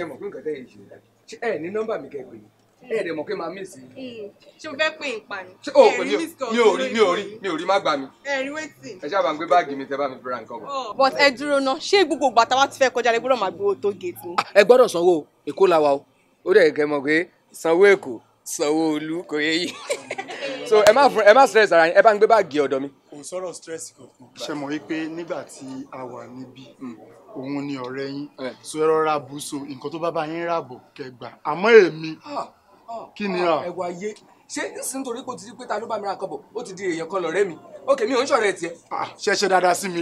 ṣe mọ̀ pé nǹkan tẹ́yìn ṣe ẹ ní nọ́mbà mi kẹ́ pé ẹ ẹ̀rẹ̀ mọ̀ pé máa mí sí. ṣé o fẹ́ pè é pa ni. ṣé o pè mí mi ò rí mi ò rí mi ò rí má gbà mí. ẹ̀rí wẹ́tì. ẹ ṣáà bá ń gbé báàgì mi tẹ bá mi fi ra nǹkan bọ̀. Oh, but ẹ dúró ná ṣé gbogbo ìgbà táwa ti fẹ́ kọjá lè gbọ́dọ̀ máa gbowó tó géètì ni. Ah, ẹ gbọ́dọ̀ sanwó èkó la wa o ó dẹ̀ kẹ́ mọ̀ pé sanwó èkó sanwó olú kò yẹ yìí so ẹ má fún ẹ má stress ara yín ẹ bá ń gbé báàgì ọ̀dọ̀ mi. kò sọ̀rọ̀ stress kankan. ṣe mọ̀ wípé nígbà tí a wà níbí hmm òun ni ọ̀rẹ́ yín so ẹ rọra bù so nǹkan tó bá bá yín ràbò kẹgbà àmọ́ èmi kí ni ọ. ẹwà ayé ṣé nísìnyí torí kò ti di pé ta ló bá mi ra kọ́bọ̀ ó ti di èèyàn kan lọ́rẹ́ mi ókè mi ò ń ṣọ̀rẹ́ tiẹ̀. ṣẹṣẹ dáadáa sí mi.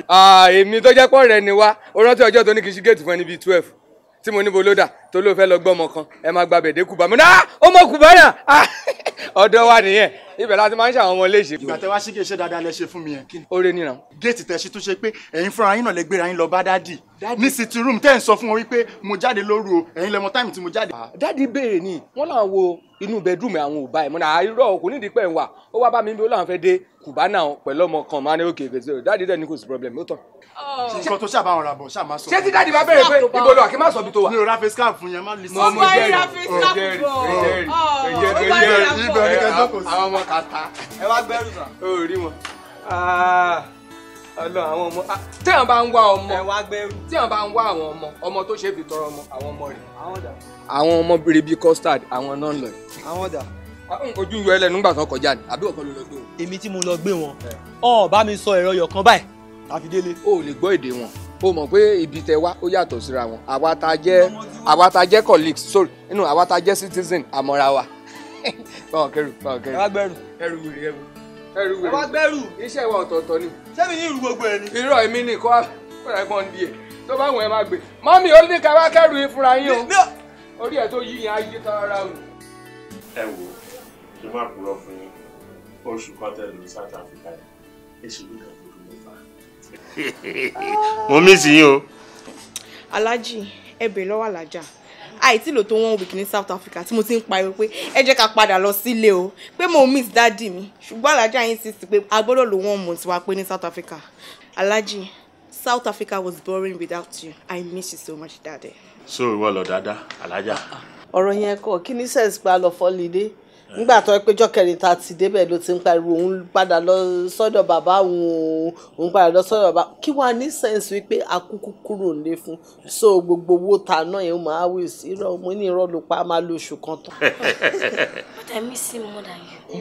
èmi tó jẹ́ pọ̀ rẹ̀ ni wá ó rántí ọjọ́ tó ní kí n ṣí géètì fún ẹni bíi twelve tí mo ní bolódà tó ló fẹ́ lọ gbọ́mọ kan ẹ máa gba bẹ̀dẹ́kù bá mi ah, náà ó mọ̀ kù báyà ọ̀dọ̀ wa nìyẹn ibẹ̀ láti máa ń ṣe àwọn ọmọ iléeṣẹ́. ìgbà tẹ wá sí kí n ṣe dáadáa lẹ ṣe fún mi yẹn. oore nìran. géètì tẹ ṣí tó ṣe pé ẹ̀yin fúnra yín náà lẹ gbéra yín lọ bá dáàdì ní sitting room tẹ́ ń sọ fún wọn wípé mo jáde lóru o ẹ̀yin lẹ́mọ táìmù tí mo jáde. Ah, dáàdì béèrè ni wọ́n làwọn wo inú bedroom àwọn ò bá ẹ̀ mọ́ náà ah, irọ́ kò nídìí pẹ̀ ń wà ó wá bá mi bí ó láwọn fẹ́ dé kùbánà pẹ̀lú ọmọ kan máa ní òkè fèsì dáàdì dẹ̀ ní kò sí problem ó tán. Oh. nǹkan tó ṣàbà wọn ra bọ̀ ṣáà máa sọ. ṣé tí dáàdì bá béèrè pé ibo lo àkè má sọ bí tó wà. mi ò ra face cap fún yẹn má lè sọ. mo máa ń ra face cap oh, bọ̀ kàtà ẹ wá gbẹrù sàn. o rí wọn ah, ọlọ àwọn ọmọ ah, tí wọn bá ń wá ọmọ ẹ wá gbẹrù tí wọn bá ń wá àwọn ọmọ ọmọ tó ṣe fi tọrọ ọmọ àwọn ọmọ rẹ. àwọn dà. àwọn ọmọ bèrè bíi custard àwọn náà lọ. àwọn dà. Ah, ojú yọ ẹlẹnu gbà tán kọjá ni àbí ọkọ ló lọ gbé wọn. èmi tí mo lọ gbé wọn ọ bá mi sọ ẹ̀rọ yọ̀kan báyìí àfi délé. o ò lè gbọ́ èdè wọn o mọ̀ pé ibi tẹ wá ó yàtọ̀ síra wọn àwa ta jẹ́ àwa ta jẹ́ colleagues sorry inú àwa ta jẹ́ citizen àmọ́ra wa báwọn kẹrù báwọn kẹrù. bàbá gbẹrù. ẹrù wèrè ẹrù. ẹrù wèrè. bàbá gbẹrù. iṣẹ́ ìwà ọ̀tọ̀ọ̀tọ̀ ni. sẹ́mi ní ìrù gbogbo ẹ̀ ni. irọ́ èmi ni kọ́ ọ̀rẹ́ kan di ẹ̀ tó bá wọn ẹ máa gbé. mọ́mí ó ní ká wá kẹrù yín fúnra yín o. orí ẹ̀ tó yí yẹn á yí tọ́ra o. ẹ wo kí n má purọ́ fún yín oṣù kọ́tẹ́ ní South Africa èṣù ló kàn fún mi fa. mo mí sí yín o. aláàjì ẹ bè lọ́wọ́ alájà àìtí lò tó one week ní South Africa tí mo ti ń pariwo pé ẹ jẹ́ ká padà lọ sílé o pé mo miss dáàdì mi ṣùgbọ́n alájà yín ti sì pé a gbọ́dọ̀ lò one month wá pé ní South Africa alájì South Africa was boring without you I miss you so much dáadé. so ìwọ lọ dáadáa alájà. ọ̀rọ̀ yẹn kọ kí ni sẹ́ẹ̀sì pa lọ fọ́lídé nígbà tó ẹ péjọ kẹrin ta ti débẹ̀ ló ti ń pariwo òun padà lọ sọ́dọ̀ bàbá òun òun padà lọ sọ́dọ̀ bàbá kí wàá ní sẹ́ǹsì wípé akúkú kúrò nílé fún so gbogbo owó ta náà yẹn máa wí sí irọ́ mo ní irọ́ ló máa lo oṣù kan tán. But I miss him more than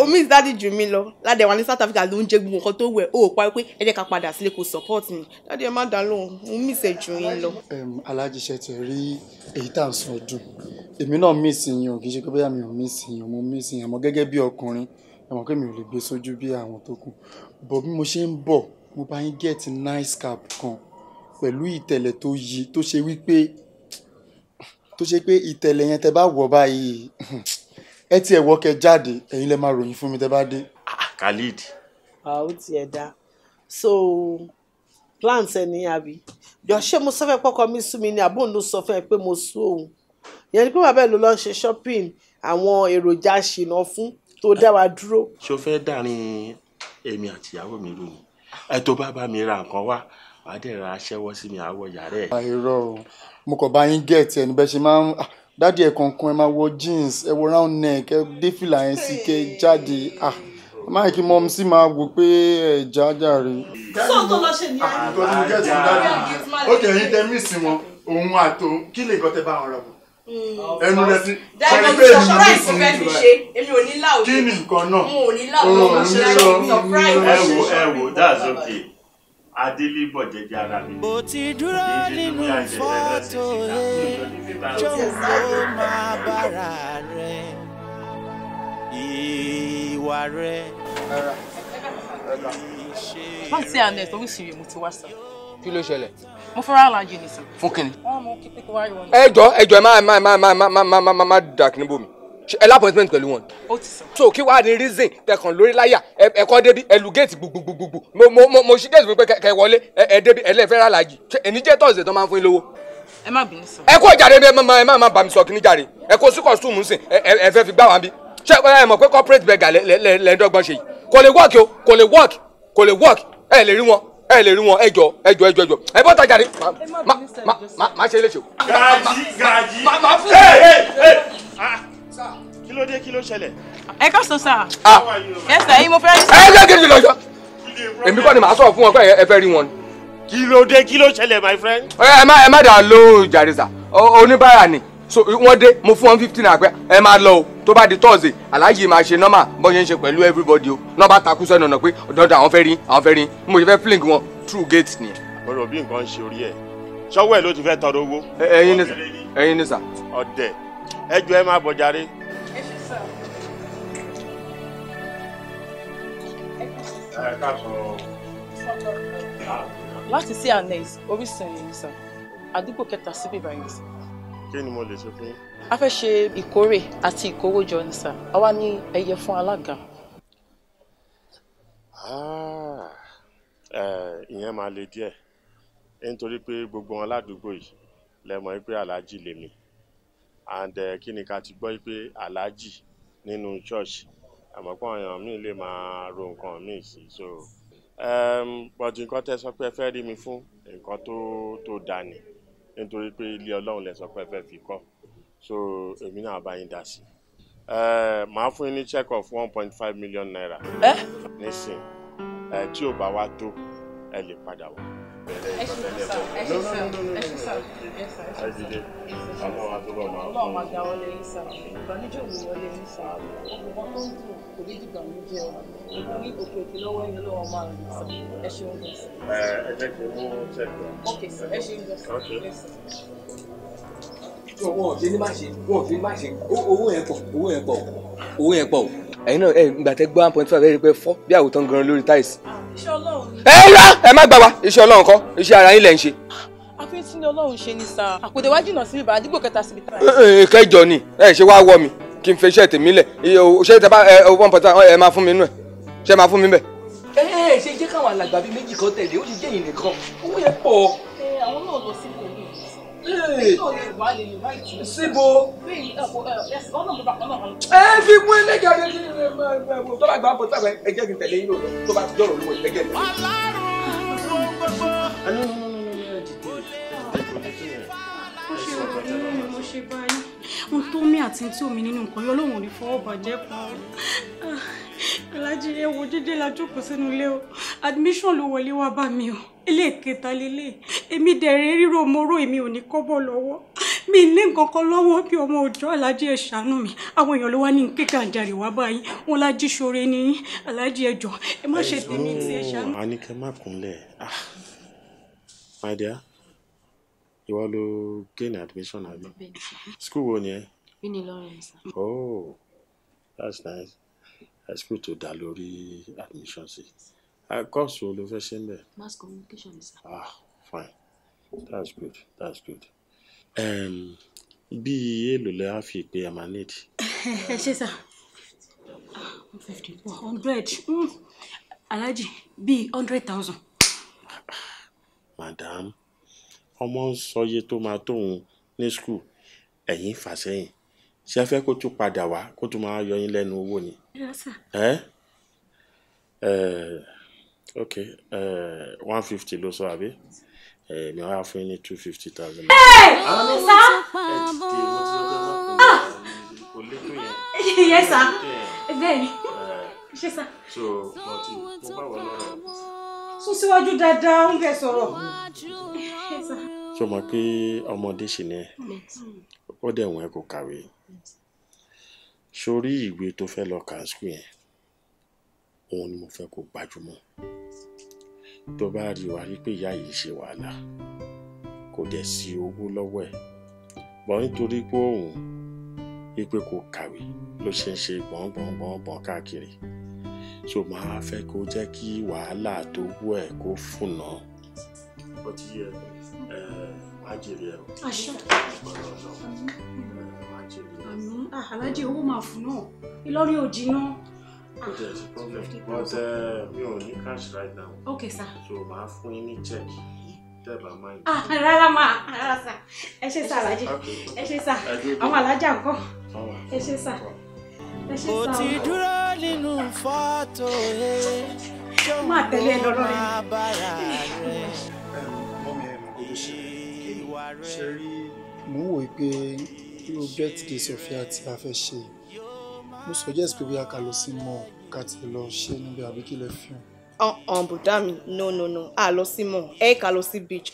omi ìsádìí jù mí lọ ládẹ wa ní South Africa ló ń jẹ gbogbo nǹkan tó wẹ ó parí pé ẹ jẹ́ ká padà sílé kó support mi ládẹ ẹ má dá lóhùn mo mí ìsẹjù yín lọ. alájíṣẹ́ ti rí èyí tá à ń sọ dùn èmi náà mí ìsìnyàn kì í ṣe pé bóyá mi ò mí ìsìnyàn mo mí ìsìnyàn mọ gẹ́gẹ́ bí ọkùnrin ẹ pé mi ò lè gbé sójú bí àwọn tó kù bọ̀ bí mo ṣe ń bọ̀ mo bá yín get nice cap kan pẹ̀lú ìtẹ̀lẹ̀ tó yí tó ṣe wípé tó ṣe pé ìtẹ̀lẹ̀ yẹn tẹ bá wọ̀ báyìí ẹ ti ẹ̀ wọ́kẹ́ jáde ẹ̀yin lẹ máa ròyìn fún mi tẹ́ bá dé. Ah, Khalid. àwọn ah, ti ẹ̀ dá so plan ẹni àbí jọ ṣé mo sọ fẹ́ pọ́kọ mi sú mi ni àbò ló sọ fẹ́ pé mo sú òun yẹn ni pé bàbá ẹ̀ ló lọ́ọ́ ṣe shopping àwọn èròjà ṣìnà fún tó dá wa dúró. ṣo fẹ́ dàrin èmi àti ìyàwó mi rú ni ẹ tó bá bá mi ra nǹkan wá wàá dẹ̀ ra aṣẹ́wó sí mi àwọ̀ yàrá ẹ̀. àìrọ̀ ah, mo kàn bá yín gẹ̀ẹ́tì ẹni bẹ́ẹ̀ ṣe máa ń dáàdi ẹ̀ kọ̀ọ̀kan ẹ máa wọ jeans ẹ wọ round neck ẹ dé fìlà yẹn sí kẹ jáde ah máa kí mọ́ máa wò pé ẹ̀já jàre. sọ́ọ̀tọ̀ lọ ṣe ah, ní àná. àtọ́ ni mo jẹ́ dájú ó kẹ́ ẹ̀yin tẹ́ mísì wọn òun àtò kí lè gọ́tẹ́ bá wọn rà bọ̀. Hmm. ẹnu rẹ ti sọ́ni pé èmi ní mísì ní ìtura kí ni nǹkan náà òun ò ní lọ oh, mm, ẹ wò ẹ wò that's okay adélébọ̀ jẹjẹ ara mi. bó ti dúró nínú fọ́tò rẹ̀ jọ̀wọ́ máa bára rẹ̀ ìwà rẹ̀ ìṣe. láti àná ẹ̀tọ́ oríṣiríṣi mo ti wá sọ. kí ló ṣẹlẹ̀. mo fẹ́ ràlà jìnnì sàn. fún kínní. wọ́n mú kí pípé wáyé wọn. ẹ jọ ẹ jọ ẹ má má má má má má má má dà kí ní ẹ lápọ̀ntmẹ́ntì pẹ̀lú wọn. ó ti sọ. so kí wàá ní reason tẹkàn lórí láyà ẹkọ débi ẹlù géètì gbogbogbogbo mo mo mo ṣí géètì pé kẹ wọlé ẹ débi ẹlẹ́fẹ̀rẹ́ alájì ẹni jẹ́ tọ́sídẹ̀ẹ́ tó máa ń fún yín lówó. ẹ má bínú sọ. ẹ kó jàre ẹ má ẹ má má bàmí sọ kíní jàre ẹ kó sí kọ́sùmù sìn ẹ fẹ́ fi gbá wa bí. ṣé ẹ mọ̀ pé corporate beggar lẹ́ẹ̀dọ́gbọ́n ṣe yìí kò lè work o kò lè work kò lè work ẹ lè rí wọn ẹ lè rí wọn ẹjọ ẹjọ ẹjọ ẹjọ ẹ bọ́ tajà ni má má má ṣe é léṣe. gàjí gàjí. má má fún mi kí ló dé kí ló ṣẹlẹ̀. ẹ kọ́ sọ sá. yes sir yín mo fẹ́ rí. ẹ jẹ́ kí n lọ jọ. èmi kọ́ ni màá sọ̀rọ̀ fún wọn pé ẹ fẹ́ rí wọn. kí ló dé kí ló ṣẹlẹ̀ my friend. ẹ má ẹ má dà ló jàre sà oníbàárà ni so wọ́n dé mo fún wọn fifteen àpẹ ẹ máa lọ o tó bá di thursday aláàyè máa ṣe normal bó ṣe ń ṣe pẹ̀lú everybody o náà bá takú sẹ́nu ọ̀nà pé dandan àwọn fẹ́ rí àwọn fẹ́ rí mo ṣe fẹ́ fling wọn through gate ni. ọ̀rọ̀ bí nǹkan ṣe orí ẹ̀ ṣọ́wọ́ ẹ̀ ló ti fẹ́ tọrọ owó. ẹ̀yin ni sà ẹ̀yin ni sà. ọ̀dẹ̀ ẹjọ́ ẹ máa bọ̀ jàre láti sí anes Orísun ẹ̀yìn sàn àdúgbò kẹta síbí báyìí sàn. kí ni mo lè ṣe fún yín. a fẹ́ ṣe ìkórè àti ìkówójọ ni sàn a wá ní ẹyẹ fún alága. Ah, ìyẹn máa le díẹ̀ nítorí pé gbogbo wọn ládùúgbò yìí lẹ mọ̀ pé aláàjì lèmi and kí ni ká ti gbọ́ pé aláàjì nínú ṣọ́ọ̀ṣì àmọ́ pọ̀ èèyàn míì lè máa ro nǹkan míì sí so pọ̀jù um, nǹkan tẹ́ sọ pé ẹ fẹ́ rí mi fún nǹkan tó tó da ni nítorí pé ilé ọlọ́run lẹ sọ pé ẹ fẹ́ fi kọ́ so èmi náà bá yín dá sí eh, màá fún yín ní check of one point five million naira eh? nísìn eh, tí ò bá wá tó ẹ lè padà wá. É é isso isso isso isso aí, Não, não, não, não, não, não. Não, owó yẹn pọ̀ owó Não, pọ̀ owó yẹn pọ̀ o ẹ̀yin náà ẹ ìgbà tẹ gbọ́ one point five ẹ rí pé fọ́ bí àwòtán gan lórí táìsì. Ah, iṣẹ́ ọlọ́run ni. ẹ rà ẹ má gbà wá iṣẹ́ ọlọ́run kọ́ iṣẹ́ ara yín lẹ̀ ń ṣe. àfihàn tí ní ọlọ́run ṣe ni sà àkùdé wá jìnnà síbi ìbàdàn àdúgbò kẹta síbi tá. kẹjọ ni ẹ ṣe wá wọ mi kí n fẹ́ iṣẹ́ tèmi lẹ ṣé tẹ bá one point five ẹ máa fún mi nù ẹ ṣe máa fún mi bẹ. ẹ ẹ ṣe jẹ́ káwọn alàgbà bíi méjì kan tẹ̀lé ó ti jẹ́ ìnìkan owó yẹn pọ̀. àwọn náà lọ síbò síbo. ẹ fi mú ilé jáde ní ilé tó bá gbà bọ́ tó bá ẹjẹ́ kí n tẹ̀lé yín lò tó bá jọ̀rọ̀ lówó ẹjẹ́ mi. mo tó mí àti tí omi nínú nǹkan yọ lóhùn ní fọwọ́ bàjẹ́ kan alájí ewo jíjẹ́ la jókòó sínú ilé o admission ló wọlé wá bá mi o ilé ìkẹta lélẹ̀ èmi dẹ̀rẹ̀ ríro moro èmi ò ní kọ́bọ̀ lọ́wọ́ mi ní nǹkan kan lọ́wọ́ bí ọmọ òjọ́ alájí ẹ̀ ṣàánú mi àwọn èèyàn ló wá ní kéka àjàrè wá báyìí wọn lájí ṣoore ní alájí ẹjọ ẹ má ṣe tèmi tí ẹ ṣàánú. àníkẹ́ má kúnlẹ̀ ah my ló gain admission àbí school wo ni ẹ. Unilọrin sir. oh that's nice high school tó dá lórí admission sí. Ah, course wo ló fẹ́ ṣe ń bẹ̀. mass communication sir. ah fine that's good that's good. Um, bí èèlò lè á fi pé ẹ máa need. ẹ ṣe sá fifty four hundred hmm. alhaji bíi hundred thousand. madam ọmọ ń sọ iye tó máa tóun ní school ẹ̀yìn fà sẹ́yìn ṣe fẹ́ kó tún padà wá kó tún máa yọ yín lẹ́nu owó ni. ẹ ẹ ok one fifty ló sọ àbí ẹ eh, mi wá fún ní two fifty thousand. ẹ sá. ẹ ti di mo ti lọ́jọ́ náà ah! kò sá bẹ́ẹ̀ ṣe sá. so mo ti mo bá wọ lọ́rọ̀. sún síwájú dáadáa ń bẹ sọ̀rọ̀. ṣé o mọ̀ ọmọdé ṣì ni ẹ ó dẹ̀ wọ́n ẹ kò kàwé sórí ìwé tó fẹ́ lọ kà á sùn yẹn òun ni mo fẹ́ kó gbajúmọ̀ tó bá rí wa rí pé ìyá yìí ṣe wàhálà kò dẹ̀ sí owó lọ́wọ́ ẹ̀ bọ́n nítorí pé òun wípé kò kàwé ló ṣe ń ṣe gbọ̀ngbọ̀ngbọ̀ngbọ̀n káàkiri so máa fẹ́ kó jẹ́ kí wàhálà tó wú ẹ̀ kó fúnà. o. àṣà àmì àlájì owó máa fún náà ìlọrin ò jìnnà. But there's a problem. But mi ò ní cash right now. Okay, sir. So màá fún yín ní check. Tẹ́bà máa yìí. Ah, rárá máa, rárá sà. Ẹ ṣé sà Alhaji. Ẹ ṣé sà. Àwọn alájà ńkọ́. Ẹ ṣé sà. Ẹ ṣé sà. Ó ti dúró nínú fọ́tò rẹ̀. Má tẹ̀lé ẹ lọ lọ́rẹ́. Mọ́mi ẹ̀ mọ̀ Ṣé rí? Mo ń wòye pé irú birthday Sofia tí a fẹ́ ṣe yìí mo suggest pé bóyá ká lọ sí mall ká ti lọ ṣe níbi àbí kí lè fi hàn. ọ̀hún bùdá mi no no no a lọ sí mall ẹ ká lọ sí beach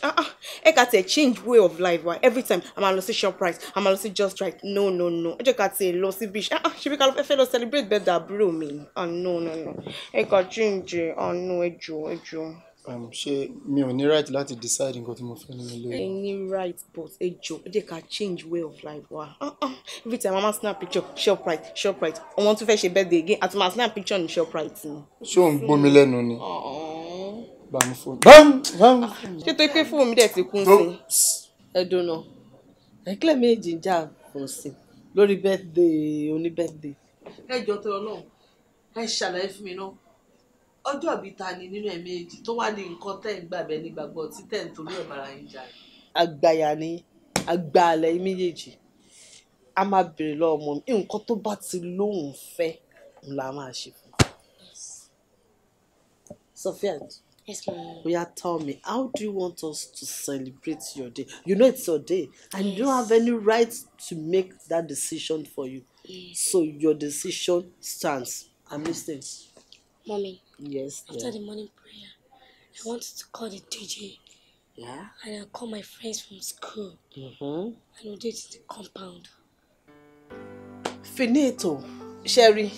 ẹ ká tiẹ̀ change way of life wa every time a máa lọ sí shoprite a máa lọ sí just right no no no ẹ jẹ́ ká tiẹ̀ lọ sí beach ṣebí ká lọ fẹ́ lọ celebrate birthday àbúrò mi ah, no no no ẹ ká change Ah, no, ọ̀nù ẹjọ́ ẹjọ́ um, ṣé mi ò ní right láti decide nǹkan tí mo fẹ́ nínú ilé. ẹ ní right but ẹ jọ ẹ jẹ́ ká change way of life wa ah, ah. every time I máa snap picture shoprite shoprite ọmọ tún fẹ́ ṣe birthday again àti máa snap picture ní shoprite ni. ṣé ò ń gbómi lẹ́nu ni. bá mi fóònù. bam bam. ṣé tó pé fóònù mi dẹ̀ ti kún sí i. ẹ dùnà ẹ̀kílẹ̀ méjì ń jà kò sí lórí birthday oní birthday. ẹ jọ tó ọ náà ẹ ṣàlàyé fún mi náà ọjọ́ ìbí ta ni nínú ẹ̀mí èjì tó wà ní nǹkan tẹ̀ ń gbàgbẹ́ ní gbàgbọ́ tí tẹ̀ ń torí ẹ̀ yín jà. àgbàyà ni àgbàlẹ̀ méjèèjì a máa béèrè lọ́wọ́ ọmọ mi nǹkan tó bá ti lóun fẹ́ òun la máa ṣe fún un. Sophia yes ma'am oya tell me how do you want us to celebrate your day you know it's your day and yes. you don't have any right to make that decision for you yes. so your decision stands i'm listening. Mommy. Yes. After yeah. the morning prayer, I wanted to call the DJ. Yeah. And I call my friends from school. Mm-hmm. And we do it in the compound. Finito, Sherry.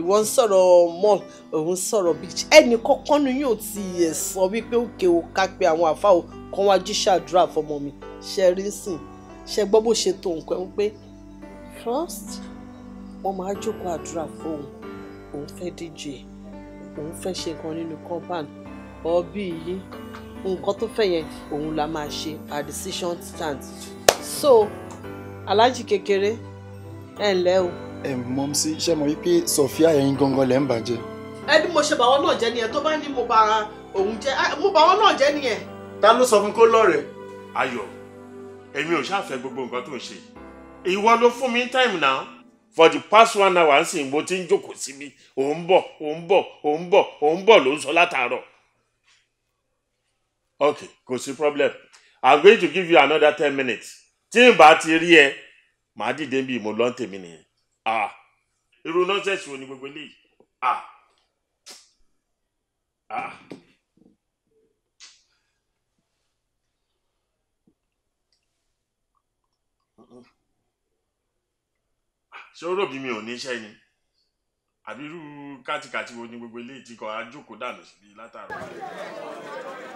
ìwọ ń sọ̀rọ̀ mall òun sọ̀rọ̀ beach ẹnì kọ́kọ́ nu yóò ti ẹ̀ sọ wípé òkè o ká pé àwọn àfa o kàn wá jí ṣàdúrà fọmọ mi ṣe rí sìn ṣe gbọ́ bó ṣe tó nǹkan ń pé first wọ́n máa jókòó àdúrà òun fẹ́ ṣe nǹkan nínú compound ọbí yìí nǹkan tó fẹ́ yẹn òun la máa ṣe our decision stand so alájì kékeré ẹ ǹlẹ́ o. ẹ mọ sí ṣé mo rí pé sofia ẹyin gangan lẹ ń bàjẹ́. ẹ bí mo ṣe bàwọn náà jẹ nìyẹn tó bá ní mo bá òun jẹ mo bàwọn náà jẹ nìyẹn. ta ló sọ fún kó lọ́rẹ̀ẹ́. ayọ̀ èmi ò ṣàfẹ́ gbogbo nǹkan tó ń ṣe ìwọ ló fún mi time now. for the past one hour nsìn mo ti ń jókòó sí mi ò ń bọ̀ ò ń bọ̀ ò ń bọ̀ ò ń bọ̀ ló ok kò sí problem i'm going to give you another ten minutes tí ti rí ẹ màá dìde bí mo lọ tèmi nìyẹn ah ni gbogbo ah. ṣé ó rò bí mi ò níṣẹ́ ni àbí irú kátìkàtì wo ni gbogbo ilé ìtìkọ àjókòó dànù síbi látàrọ.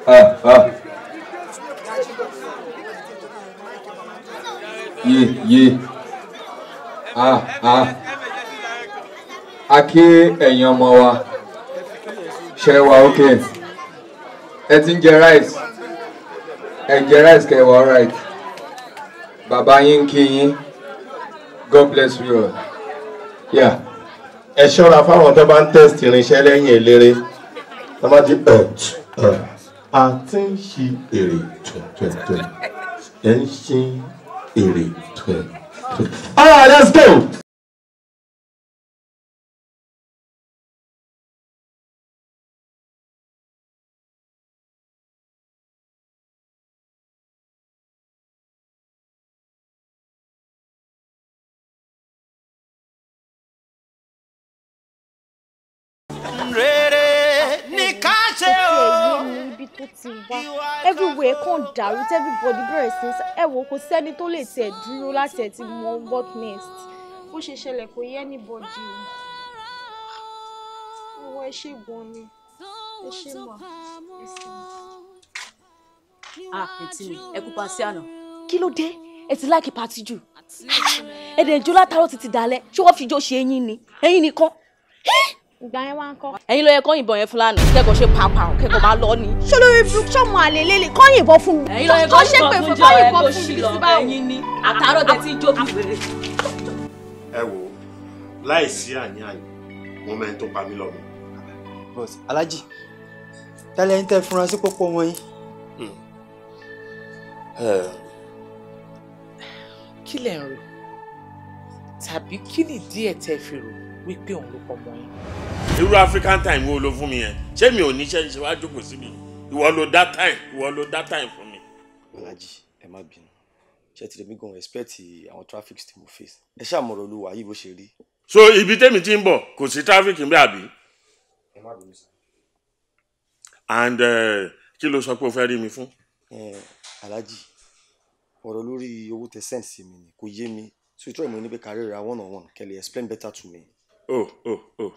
Ah, ah. yé yé a ah, a a kí ẹ̀yin ọmọ wa ṣe wa ókè ẹ ti ń jẹ rice ẹ jẹ rice kẹ wà right bàbá yín kí yín. God bless you all. Yeah. Ẹ ṣọ́ra fáwọn tó bá ń test irinṣẹ́ lẹ́yìn eléré. Tó bá ti ẹ̀ a ti ń ṣe èrè tuntun. Ẹ ń ṣe èrè tuntun. All right, let's go. everything wá everywhere kàn dàrú tí everybody bẹ̀rẹ̀ sí ẹ wò kò sẹ́ni tó lè tiẹ̀ dúró láti ẹ̀ ti mọ what next bó ṣe ṣẹlẹ̀ kò yẹ anybody o ọwọ́ ẹ ṣe gan ni ẹ ṣe mà ẹ sì mà. a ah, ètí mi ẹ kú paṣí àná. kí ló dé ẹ ti láàkì pàtí jù ẹ dẹ̀ jó látàárọ̀ títí dalẹ̀ ṣé wọ́n fi jó ṣe eyín ni eyín nìkan ìgbà yẹn wá ń kọ́. ẹ̀yin ló yẹ kọ́ yìnbọn yẹn fúlàní kẹ́kọ̀ọ́ ṣe pàápàá kẹ́kọ̀ọ́ máa lọ ni. ṣọlọ́rí ṣọ́mù àlè lélẹ̀ kọ́ yìnbọn fún un. ẹ̀yin ló yẹ kọ́ yìnbọn fún jọ ẹ kó sì lọ ẹ̀yin ni àtàrọ̀ tẹ ti jó bìbèrè. ẹ wo láì sí àní-àní mo mẹ́ni tó pa mí lọ́mọ. bọ́s alájì tẹ́lẹ̀ ń tẹ́ fúnra sí pọ́pọ́ wọn yín. Hmm. kí lẹ̀ ń rò tàbí kí nìdí ẹ̀ tẹ́ fi rò wípé òun ló pọ̀ yín. irú african time wo ló fún mi yẹn ṣé mi ò níṣẹ́ ṣe wá jókòó sí mi ìwọ ló dá time ìwọ ló dá time fún mi. ọ̀làjì ẹ má bínú ṣé ti lèmi gan respect àwọn traffic tí mo face ẹ ṣàmọ̀rọ̀ olúwa yìí bó ṣe rí. so ibi tẹ́mi ti ń bọ̀ kò sí traffic ń bẹ àbí. ẹ má bínú sir. and eh, kí ló sọ pé o fẹ́ rí mi fún. alájì ọ̀rọ̀ lórí owó tẹ send mi kò yé mi so ìtura ìmọ̀ ní pé kárẹ́ra one on one kẹ́lẹ́ explain better to me oh oh oh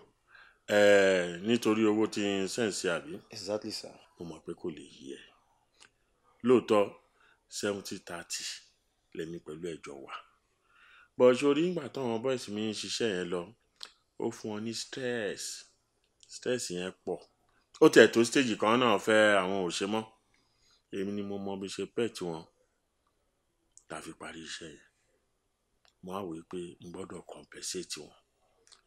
ẹ̀ẹ́ eh, nítorí owó tí n sẹ́ǹsì àbí. exactly sir. mo mọ̀ pé kò lè yí ẹ lóòótọ́ seventy thirty lẹ́mi pẹ̀lú ẹ̀jọ̀ wa bọ̀ sórí ìgbà táwọn boys mi ń ṣiṣẹ́ yẹn lọ ó fún ọ ní stress stress yẹn pọ̀ ó tẹ̀ tó stage kan náà fẹ́ àwọn ò ṣe mọ́ èmi ni mo mọ bí ṣe pet wọn tàfi parí iṣẹ́ yẹn mo á wòye pé n gbọ́dọ̀ compensate wọn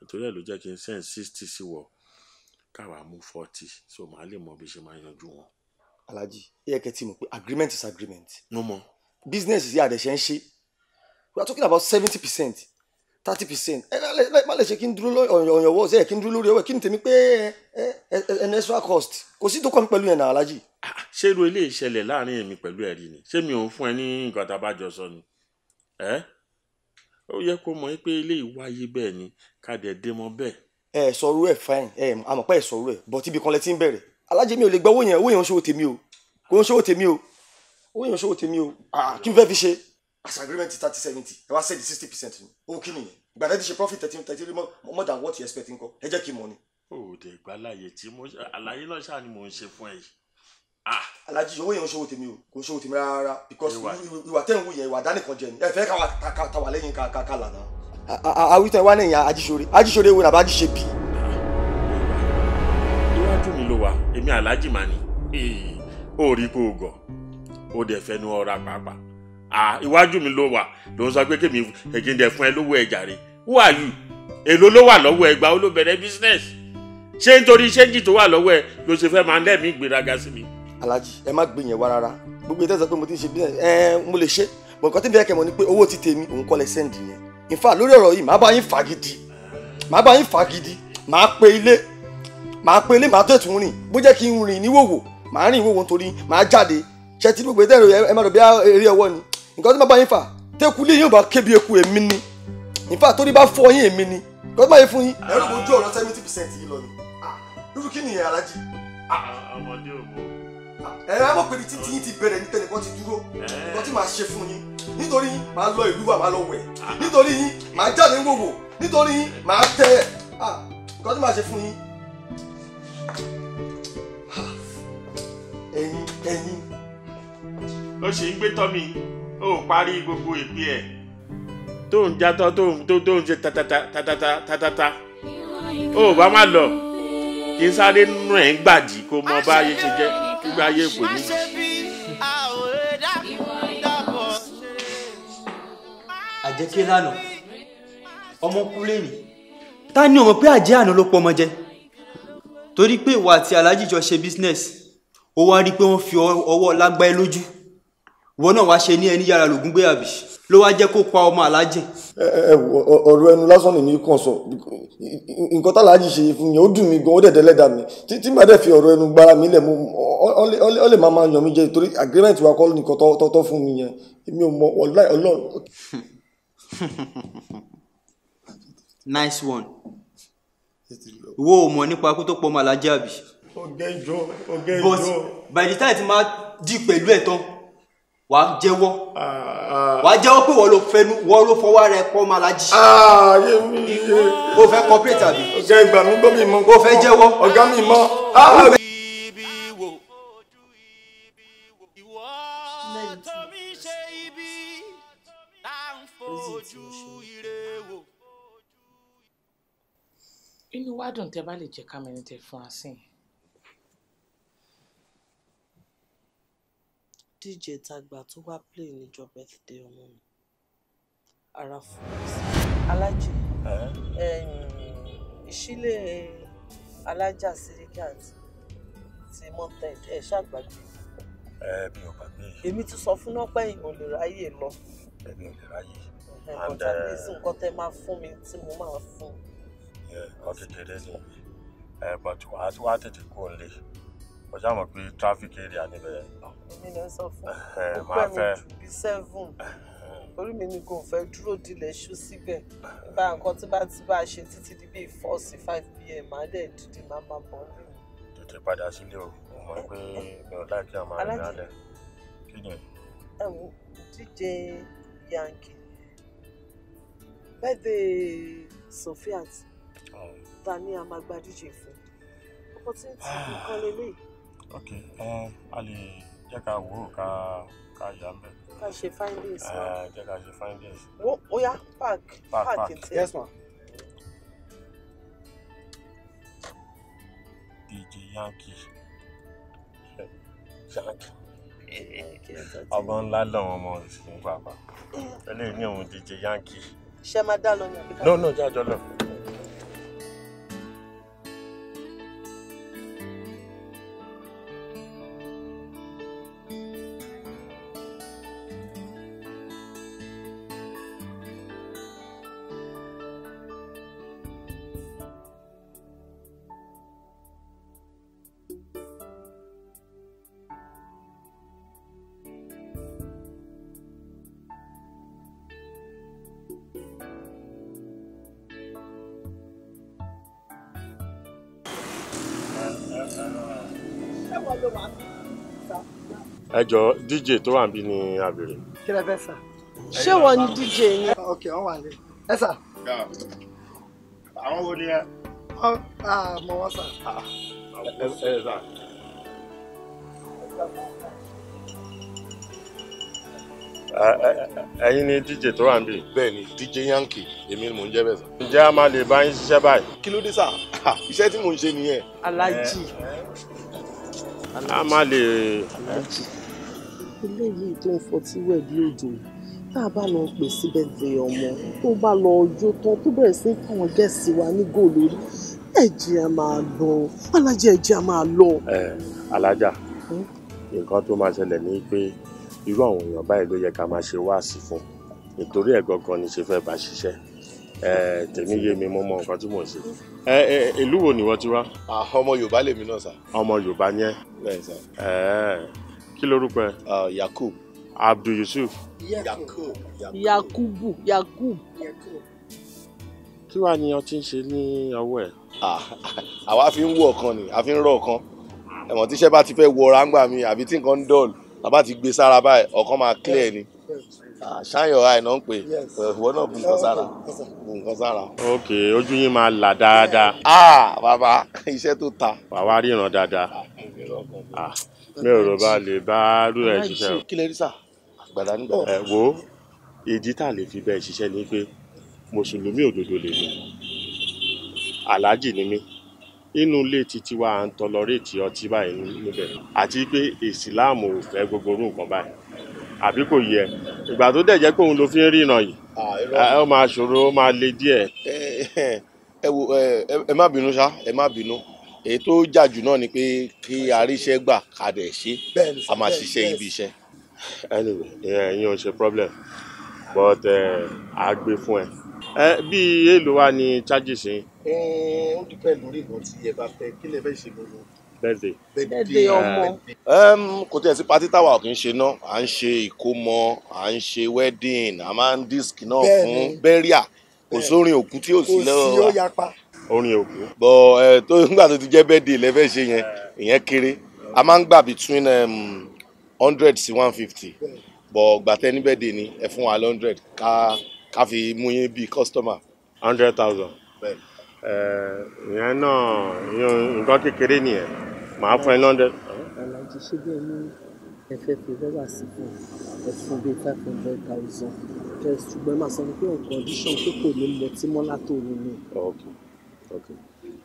nítorí ẹ̀ ló jẹ́ kí n send sixty sí wọ káwa mú forty so màá lè mọ bí ṣe máa yanjú wọn. alhaji ẹ kẹ́ tí mo pé agreement is agreement. no mo business yìí àdẹ̀ṣẹ̀ ń ṣe we are talking about seventy percent thirty percent ẹ má lè ṣe kí n dúró ọ̀yàn wọ́ọ̀sì ẹ kí n dúró lórí ọwọ́ ẹ kí n tèmi pé ẹ ẹ ẹ extra cost kò sí tó kọ́ mi pẹ̀lú yẹn náà alhaji. Ah, ah, ṣé irú ilé ìṣẹ̀lẹ̀ láàrin èmi pẹ̀lú ẹ̀rí ni ṣé mi ò ń fún ẹ ní nǹkan tá a bá jọ sọ ni ó yẹ kó mọ̀ pé ilé ìwáyé bẹ́ẹ̀ ni ká dẹ̀ dé mọ bẹ́ẹ̀. ẹ sọ̀rọ̀ ẹ fine ẹ àmọ́ pé ẹ sọ̀rọ̀ ẹ bọ tíbi kan lẹ ti ń bẹ̀rẹ̀ alájẹ mi ò lè gbọ́ owó yẹn owó yẹn ń ṣòwò tèmi o kò ń ṣòwò tèmi o owó yẹn ń ṣòwò tèmi o kí n fẹ́ fi ṣe. as agreement thirty seventy ẹ wá sẹ́ẹ̀dì sixty percent ni owó kí nìyẹn gbàdá ti ṣe profit thirteen thirty three more than what you expect nǹkan ẹ jẹ́ kí n mọ̀ ni. o ò dẹ̀ gbàláyè tí mo àlàyé lọ́sàn-án ni mò ń ṣe fún ẹ yìí Ah. alájí owó yẹn ń ṣòwò tèmi o kò ń ṣòwò tèmi rárá because ìwà tẹ̀ ń wù yẹn ìwà dánìkan jẹ ni ẹ fẹ́ ká wà lẹ́yìn ká lànà. àwítọ́ ìwà lẹ́yìn ajíṣore ajíṣore wo làbá ajíṣe bí. Ah, iwájú mi ló wà èmi alájí mà ní ó rí kó o gọ̀ ó dẹ̀ fẹ́ nu ọ̀rá pàápàá ah, iwájú mi ló wà ló ń sọ pé kémi ẹ̀jìndẹ̀ fún ẹ lówó ẹ̀ jàre who are you èló ló wà lọ́wọ́ ẹgbàá ó ló bẹ̀rẹ̀ business ṣé nítorí ṣéǹjì tó wà lọ́wọ́ ẹ ló ṣe fẹ́ máa ń lẹ́mìí ìgbéraga sí mi Alaji, ẹ má gbìyànjú wa rárá gbogbo ìtẹ́sọ̀ pé mo ti ń ṣe bí ẹ mo lè ṣe bọ̀ nǹkan tí mi kẹ́ mọ̀ ni pé owó ti tèmi òun kọ́ lẹ sẹ́ǹdì yẹn in fact lórí ọ̀rọ̀ yìí màá bá yín fà gidi màá bá yín fà gidi màá pe ilé màá pe ilé màá tó ètò rìn bó jẹ́ kí n rìn níwòwò màá rìn ìwòwò nítorí màá jáde ṣe ti gbogbo ìtẹ́rọ ẹ má rò bí eré ọwọ́ ni nǹkan tí màá bá yín fà tẹ́kulé yóò bá kébi eku èmi ni in fact torí bá fọ yín èmi ni nǹkan tí màá yín fún yín. ẹ̀rọ ìbojú ọ̀rọ̀ seventy percent yìí lọ ni ah, irú kí nìyẹn alájì. Ah, ah, ọmọdé ògbó ẹ ẹ mọ̀ pé ibi títí yín ti bẹ̀rẹ̀ ní tẹnìkan ti dúró eh. nǹkan tí màá ṣe fún yín nítorí yín màá lọ ìlú wa màá lọ wẹ̀ nítorí yín màá jáde ń wòwò nítorí yín màá tẹ ẹ nǹkan tí màá ṣe fún yín. ẹ̀yin ẹ̀yin. ó ṣe ń gbé tọ́mi ó parí gbogbo ìpín ẹ̀ tó ń jatọ́ tó ń tó ń ṣe tatatata ó bá má lọ kí n sáré nù ẹ̀ ń gbàdí kó mọ bá yé ṣe jẹ́ gbogbo ayé kò ní. àjẹkẹ́ lánàá ọmọ kú lẹ́nu ta ni ọmọ pé àjẹ́ àná ló pọ̀ jẹ torí pé ìwà àti aláàjì ṣe business ó wá rí i pé wọ́n fi ọwọ́ lágbáyé lójú wọn náà wá ṣe ní ẹni yàrá lògùn gbé àbí ló wá jẹ́ kó pa ọmọ aláàjì. ẹ ọ̀rọ̀ ẹnu lásán nìyí kàn sọ nǹkan tàlàjì ṣe fún yẹn ó dùn mí gan ó dẹ̀dẹ̀ lẹ́dà mi tí màá dẹ̀ fi ọ̀rọ̀ ẹnu gbára mi lẹ̀ mú ọ lè máa máa yàn mí jẹ torí agreement wa kọ́ nìkan tọ́tọ́ fún mi yẹn èmi ò mọ ọ̀la ọlọ́run. nice one wo ò mọ̀ nípa kó tó pọ̀ ọmọ aláàjì àbí. ọ̀gá ìjọ ọ̀gá ìjọ. but by the time ti máa dì pẹ̀lú ẹ̀ tán wà á jẹ́wọ́ wà á jẹ́wọ́ pé wọ́n ló fẹnu wọ́n ló fọwọ́ rẹ pọ́ máa lajì. o fẹ́ cooperate àbí. ọ̀gá ìgbà mi gbọ́ mi mọ́. o fẹ́ jẹ́wọ́. ọ̀gá mi mọ́. Ah, inú wa dùn tẹ́ bá lè jẹ́ ká mẹ́rin tẹ́ fún wa sí i. dj tágbà tó wá play níjọ birthday ọmọ mi ara fún mi sí alájì ìṣílẹ̀ alájà sirikant ti mountain ẹ̀ ṣàgbàgbé. ẹ mi ò gbàgbé. èmi ti sọ fún ọpẹ yìí ò lè ráyè lọ. èmi ò lè ráyè. ọjà bíi nǹkan tẹ máa fún mi tí mo máa fún. nǹkan kékeré ni ẹ bọ̀tù wàá tètè kó o lè mo ṣáà mọ̀ pé traffic area níbẹ̀. mi ló sọ fún ọ pẹ́ mi bí seven orí mi ni kò fẹ́ dúró dilẹ̀ ṣú síbẹ̀ bá nǹkan tí bá ti bá a ṣe títí di bíi four sí five pm má dẹ̀ dìde má má bọ̀ ọ́ tètè padà sílé o mo mọ̀ pé mi ò láì kí a máa rìn lálẹ́ kí ni. ẹ wo díje yankee bẹ́ẹ̀dẹ̀ sofiat oh. ta ni a máa gba díje fún opportunity kan lélẹ́yìí ok um, a lè jẹ́ wo ka ka ká ká yà ń bẹ̀. ká ṣe findings. Eh, jẹ́ ká ṣe findings. wo ó yá park park ti. yes ma. dj yankee yankee ọmọ ńlá lọ́wọ́ ọmọ ìsìn pàápàá eléyìí ní òun dj yankee. ṣé máa dá lọ ní àbíká. no no jájọ ẹjọ dj tó wà níbí ni a béèrè. kí lẹ fẹ́ sà ṣé wọ́n ní dj ni. ok wọ́n wà ní ẹ sà. àwọn wo ni ẹ. mọ wọn ah. sà. ẹ ẹ sà. ẹ̀yin ni dj tó wà níbí. bẹ́ẹ̀ni dj yankee èmi ni mò ń jẹ́ bẹ́ẹ̀ sà. ǹjẹ́ a máa lè bá yín ṣiṣẹ́ báyìí. kí ló dé sà iṣẹ́ tí mò ń ṣe nìyẹn. alájì. a máa lè. alájì eléyìí tó ń fọtí wẹ̀ bí òjò tá a bá lọ pè sí bẹ́ẹ̀ ọmọ tó bá lọ ọjọ́ tán tó bẹ̀rẹ̀ sí káwọn gẹ̀ẹ́sì wa ní gòlórí ẹ̀jẹ̀ a máa lọ alájà ẹ̀jẹ̀ a máa lọ. ẹ alájà hmm? nǹkan tó máa ṣẹlẹ̀ ni pé irú àwọn èèyàn báyìí ló yẹ ká máa ṣe wáàsí fún nítorí ẹ̀ gangan ni ṣe fẹ́ bá ṣiṣẹ́ tèmi yé mi mo mọ nǹkan tí mò ń ṣe. ẹ ẹ ìlú wo ni wọ́n ti wá. Ah, ọmọ yorùbá lèmi náà sà. ọmọ yorùbá yẹn. bẹ́ẹ̀ sà. ẹ kí lorúkọ ẹ. yakub. abdul yusuf. yakub. yakubu yakub. kí wàá ni ọtí ń ṣe ní ọwọ́ ẹ. àwa fi ń wọ ọ̀kan ni a fi ń rọ ọ̀kan ẹ̀wọ̀n tíṣẹ́ bá ti fẹ́ wọ ráńgbà mi àbí tí nǹkan ń dọ̀lù bàbá ti gbé sára báyìí ọ̀kan máa clear ni ṣáyọ̀ àìná ń pè ìwọ náà bu nǹkan sára bu nǹkan sára. ok ojú yín máa là dáadáa. ah bàbá iṣẹ́ tó ta. wàá wá ríran dáadáa mi ò rò bá lè bá rúra ẹ̀ ṣiṣẹ́ o. kí lè rí sà àgbàdá nígbà. ẹ wo ìdí tá a lè fi bẹ́ẹ̀ ṣiṣẹ́ ni pé mùsùlùmí òdodo lè mí aláàjì ni mí inú ilé títí wa à ń tọlọréètì ọtí báyìí níbẹ̀ àti pé ìsìláàmù ò fẹ́ gbogbo orú nǹkan báyìí àbí kò yẹ ìgbà tó dẹ̀ jẹ́ pé òun ló fi ń rìnà yìí ó máa ṣòro ó máa le díẹ̀. ẹ wo ẹ má bínú ṣá ẹ má bínú èyí tó jà jù náà ni pé kí aríṣẹ́ gbà ká dẹ̀ ṣe a máa ṣiṣẹ́ ibi iṣẹ́. anyway ìyẹn ò ṣe problem but eh, a gbé fún ẹ. ẹ eh, bí èèlò wa ni charges yín. Eh, ó dúpẹ́ lórí ìbọn tí ẹ bá fẹ́ kí lè fẹ́ ṣe gbogbo. birthday. ọmọ. kò tí ẹ sí patí táwa kì í ṣe náà à ń ṣe ìkómọ à ń ṣe wedding à máa ń disc náà fún burial kò sórin òkú tí ò sí lọ́wọ́ kò sí ó yapa orin òkú. bọ ẹ eh, tó nígbà tó ti jẹ birthday lẹfẹ ṣe yẹn ìyẹn kéré a máa ń gbà between um, hundred to one fifty bọ gbàtẹ́ ní birthday ni ẹ fún wa hundred ká ká fi mú yín bíi customer. hundred thousand eh, ìyẹn náà nǹkan kékeré nìyẹn màá fún ẹ ní hundred. alájí ṣé bẹ́ẹ̀ ni ẹ fẹ́ fi rọ́bà sí fún ẹ fún bíi five hundred thousand kẹ́ ẹ ṣùgbọ́n ẹ máa sọ pé on condition pé kò ní lọ tí mọ́lá tó wù ní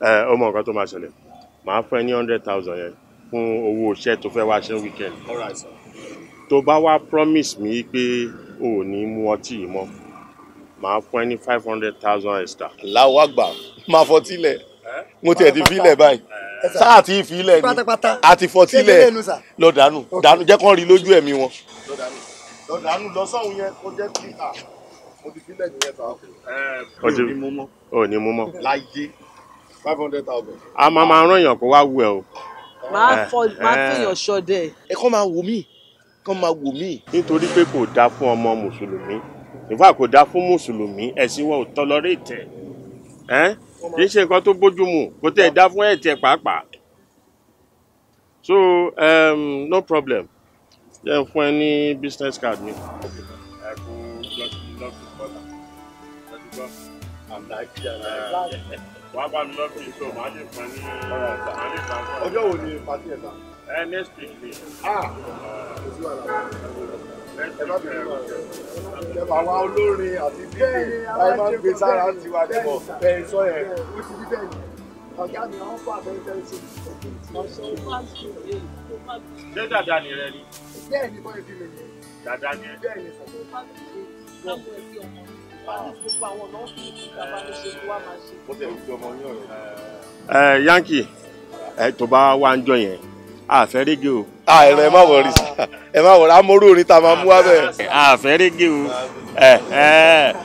ó mọ nǹkan tó máa ṣẹlẹ̀ màá fún ní hundred thousand yẹn fún owó iṣẹ́ tó fẹ́ wá ṣe weekend tó bá wá promise mi pé o ò ní mu ọtí yìí mọ́ màá fún ní five hundred thousand extra. láwọn àgbà máa fọtí lẹ̀ mo tiẹ̀ ti filẹ̀ báyìí sáà ti filẹ̀ ni àti fọtí lẹ̀ lọ dànù dànù jẹ́ kán rí lójú ẹ̀mí wọn. lọ dànù lọ sọ́hun yẹn kó jẹ́ kí mo ti filẹ̀ nìyẹn ta ọkùnrin. mi ò ni mú mọ́. láyé five hundred thousand. a máa máa rán èèyàn kó wá wù ẹ o. máa eh, fọ máa eh. fèèyàn ṣọdẹ. ẹ kàn máa wò mí kàn máa wò mí. nítorí pé kò dáa fún ọmọ mùsùlùmí ìfà kò dáa fún mùsùlùmí ẹ̀sìn wọn ò tọlọrẹ ìtẹ̀ eh? kì í ṣe nǹkan tó bójú mu kò tẹ̀ dáa fún ẹ̀tẹ̀ pàápàá so um, no problem jẹ́ fún ẹ ní business card mi. wà ọjọ́ wo ni pàtí ẹ̀ ta. ẹ eh, ah! ẹ bá wa olórin àti bíbí ẹ má gbé sára ti wa dẹ́bọ̀ bẹ́ẹ̀ sọ yẹn. ó mi wọ́n fún àbẹ̀rẹ̀ tẹ́lẹ̀ sí i. ọ̀sẹ̀ ó máa ń sùn lé ó máa ń sùn. ṣé dàda ni rẹ ni. bẹ́ẹ̀ ni bọ́ọ̀ ìbí mi ni. dàda ni. bẹ́ẹ̀ ni sọ. ó máa ń sùn ọmọ ẹ yankee ẹ tó bá wá ń jọ yẹn àfẹ́ rége o. ẹ̀rọ ẹ má wọ rí ẹ má wọ rí amóró orin tá a máa mú wá bẹ́ẹ̀. àfẹ́ rége o.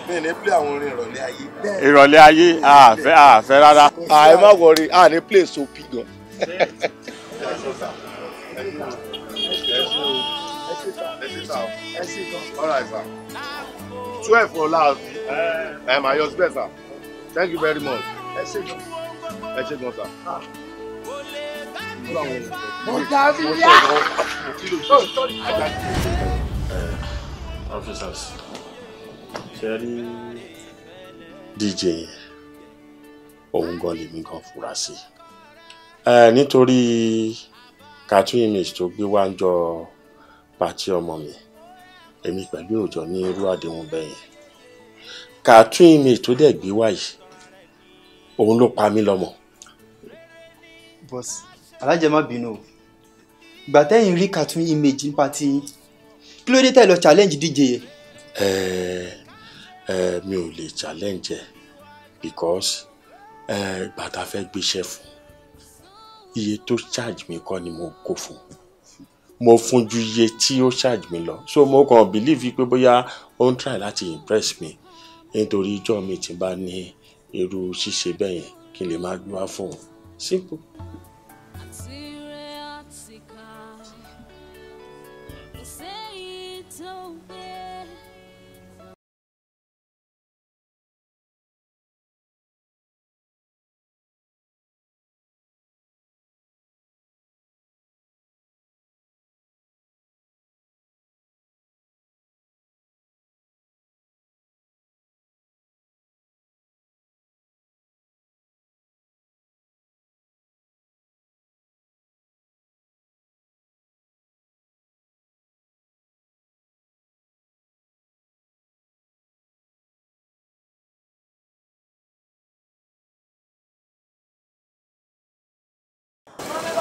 mi ní play àwọn orin ìrọ̀lẹ́ ayé. ìrọ̀lẹ́ ayé àfẹ́ àfẹ́ rárá. ẹ má wọ rí a ní play sopi gan. All right, sir twelve ọ̀la ẹ̀ máa yọ síbẹ̀ sà thank you very much Let's ṣe Let's ẹ ṣe gan sà. Ah. Oh, eh, officers ṣe dj yẹn òun gan lèmi gan fura sí eh, nítorí cartoon image to gbé wá ń jọ pàtí ọmọ èmi pẹ̀lú òjò ní irú àdéhùn bẹ́ẹ̀ yẹn cartoon image tó dẹ̀ gbé wáyé òun ló pa mí lọ́mọ. bọ́sì alájẹ má bínú o ìgbà tẹ́yìn rí cartoon image nípa ti kí ló dé tẹ̀ lọ challenge díje yẹn. ẹ ẹ mi ò lè challenge ẹ because ẹ bàtà fẹ́ gbéṣẹ́ fún iye tó charge mi kọ́ ni mo kó fún un mo fún ju iye tí ó charge mi lọ so mo kàn believe pé bóyá ó ń try láti impress me nítorí ijọ́ mi ti bá ní irú ṣíṣe bẹ́ẹ̀ yẹn kí n lè máa gbé wá fún un simple.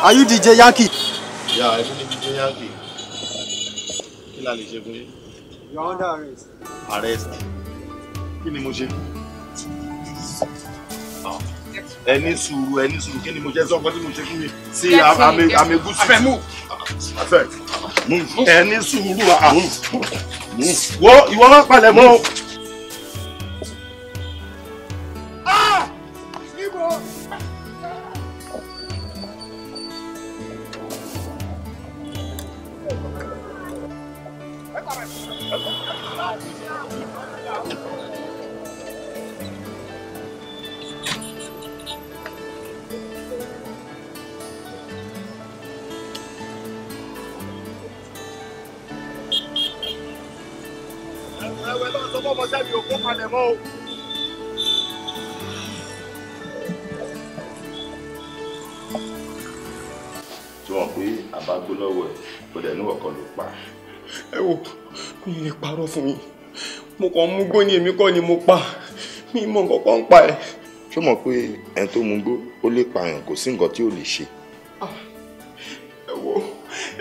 Are you DJ Yankee? Yeah, I'm DJ Yankee. Kí la lè ṣe fún yín? You are under arrest. Arrest? Kí ni mo ṣe? Ah, ẹ ní sùúrù ẹ ní sùúrù kí ni mo ṣe sọ́kọ́ tí mo ṣe fún mi? Sí Move. Afẹ́ Move. Afẹ́ ah, mú. Move. Move. sùúrù. Wo ìwọ máa palẹ̀ mọ́ o. kàn mú gbó ni èmi kọ́ ni mo pa mi mọ nǹkan kan pa ẹ̀. ṣé o mọ̀ pé ẹni tó mú gbó ó lè pààyàn kò sí nǹkan tí ò lè ṣe. Ah, ẹ wo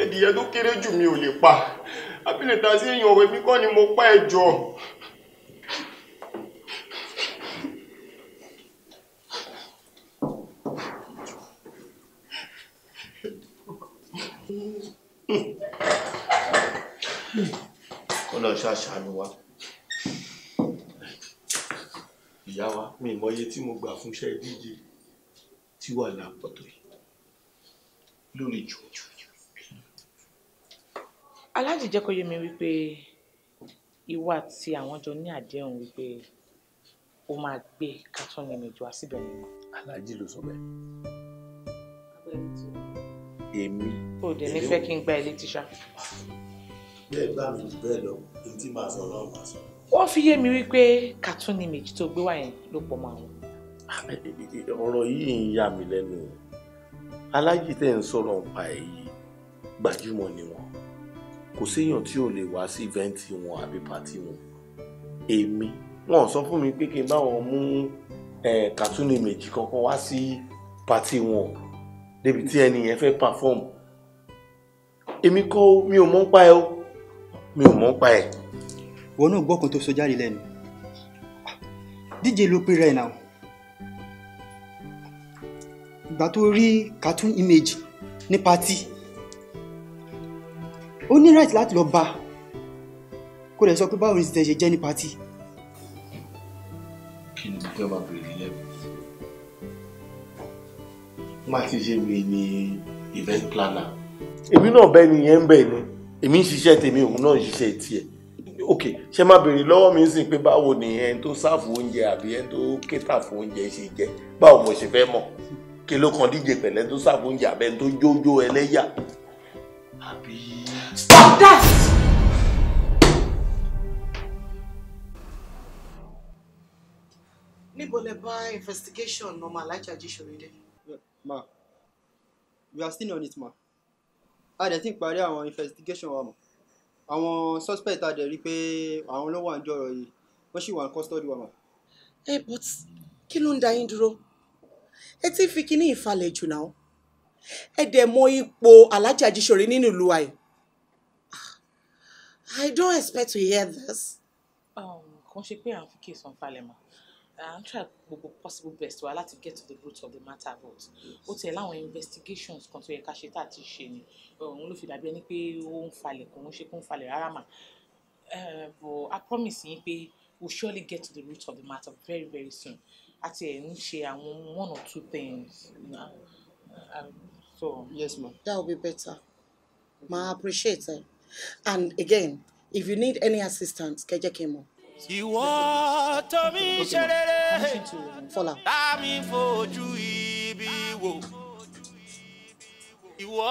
ẹdìyẹ tó kéré jù mi ò lè pa abílẹ̀ ta sí èèyàn ọ̀rọ̀ èmi kọ́ ni mo pa ẹ̀ jọ. ó ṣàṣàánú wa ìyá wa mi mọ tí mo gbà fún iṣẹ́ díje tí wà lápọ̀tọ̀ yìí lórí jòjò. aláàjì jẹ́ kó yé mi wípé ìwà tí àwọn jọ ní àdéhùn wípé ó máa gbé carton image wá síbẹ̀ nínú. aláàjì ló sọ bẹ́ẹ̀. èmi. o dẹ̀ ní fẹ́ kí n gba ẹ létí ṣá. bẹ́ẹ̀ bá mi jù bẹ́ẹ̀ lọ ohun tí màá sọ ọlọ́run máa sọ wọ́n fi yé mi wípé cartoon image tó gbé wá yẹn ló pọ̀ mọ́ àwọn. ọ̀rọ̀ yìí ń yà mí lẹ́nu alájì tẹ̀ ń sọ̀rọ̀ nípa èyí gbajúmọ̀ ni wọ́n kò séèyàn tí ò lè wá sí ìvẹ́ǹtì wọn àbí pàtí wọn èmi wọn sọ fún mi pé kí n bá wọn mú cartoon image kankan wá sí pàtí wọn débi tí ẹni yẹn fẹ́ perform èmi kọ́ mi ò mọ̀ ń pa ẹ o mi ò mọ̀ ń pa ẹ wọn náà gbọ́ kan tó sọ jáde lẹ́nu DJ ló pé rẹ̀ náà ìgbà tó rí cartoon image ní pati ó ní right láti lọ bá kó lè sọ pé báwo ni ti tẹ̀ ṣe jẹ́ ní pati. kí ni mo fẹ́ máa bèrè lẹ́nu má ti ṣe mi ní event planner. èmi náà bẹ́ẹ̀ ni yẹn ń bẹ̀ ni èmi ń ṣiṣẹ́ tèmi òun náà ń ṣiṣẹ́ tiẹ̀ ok ṣe máa béèrè lọ́wọ́ mi sìn pé báwo ni ẹni tó sáàfù oúnjẹ àbí ẹni tó kéta fún oúnjẹ ṣe jẹ báwo mo ṣe fẹ́ mọ̀ kí ló kan díje pẹ̀lẹ́ tó sáàfù oúnjẹ àbẹ́ tó jójó ẹlẹ́yà àbí. stop that. níbo lè bá investigation ọmọ alájà jíṣòro dé. ma we are still on it ma a dẹ̀ ti parí àwọn investigation wa mọ̀ àwọn suspect adẹ̀ rí pé àwọn ló wà ń yìí wọ́n sì wà ní custody wa mà. ẹ eh, but kí ló ń da yín dúró ẹ ti fi kíní ìfalẹ̀ jù náà ẹ dẹ̀ mọ ipò alájà jíṣòrí nínú ìlú wa ah, I don't expect to hear this. Ah, kàn ṣe pé à fi kí ìsọ̀nfalẹ̀ mọ́ I'm trying try gbogbo possible best wa láti get to the root of the matter but ó tiẹ̀ láwọn investigations kan to yẹ ká ṣe tá a ti ṣe ni òun ló fi dàbí ẹni pé ó ń falẹ̀ kò ń ṣe kó ń falẹ̀ rárá mà eh, but I promise yín pé we we'll surely get to the root of the matter very very soon àti ẹ̀ ń ṣe àwọn one or two things you um, so. yes ma. that will be better ma appreciate it and again if you need any assistance kẹ́ jẹ́ kí n mọ̀ ìwọ tómi ṣerere bá mi fojú ibi wò ìwọ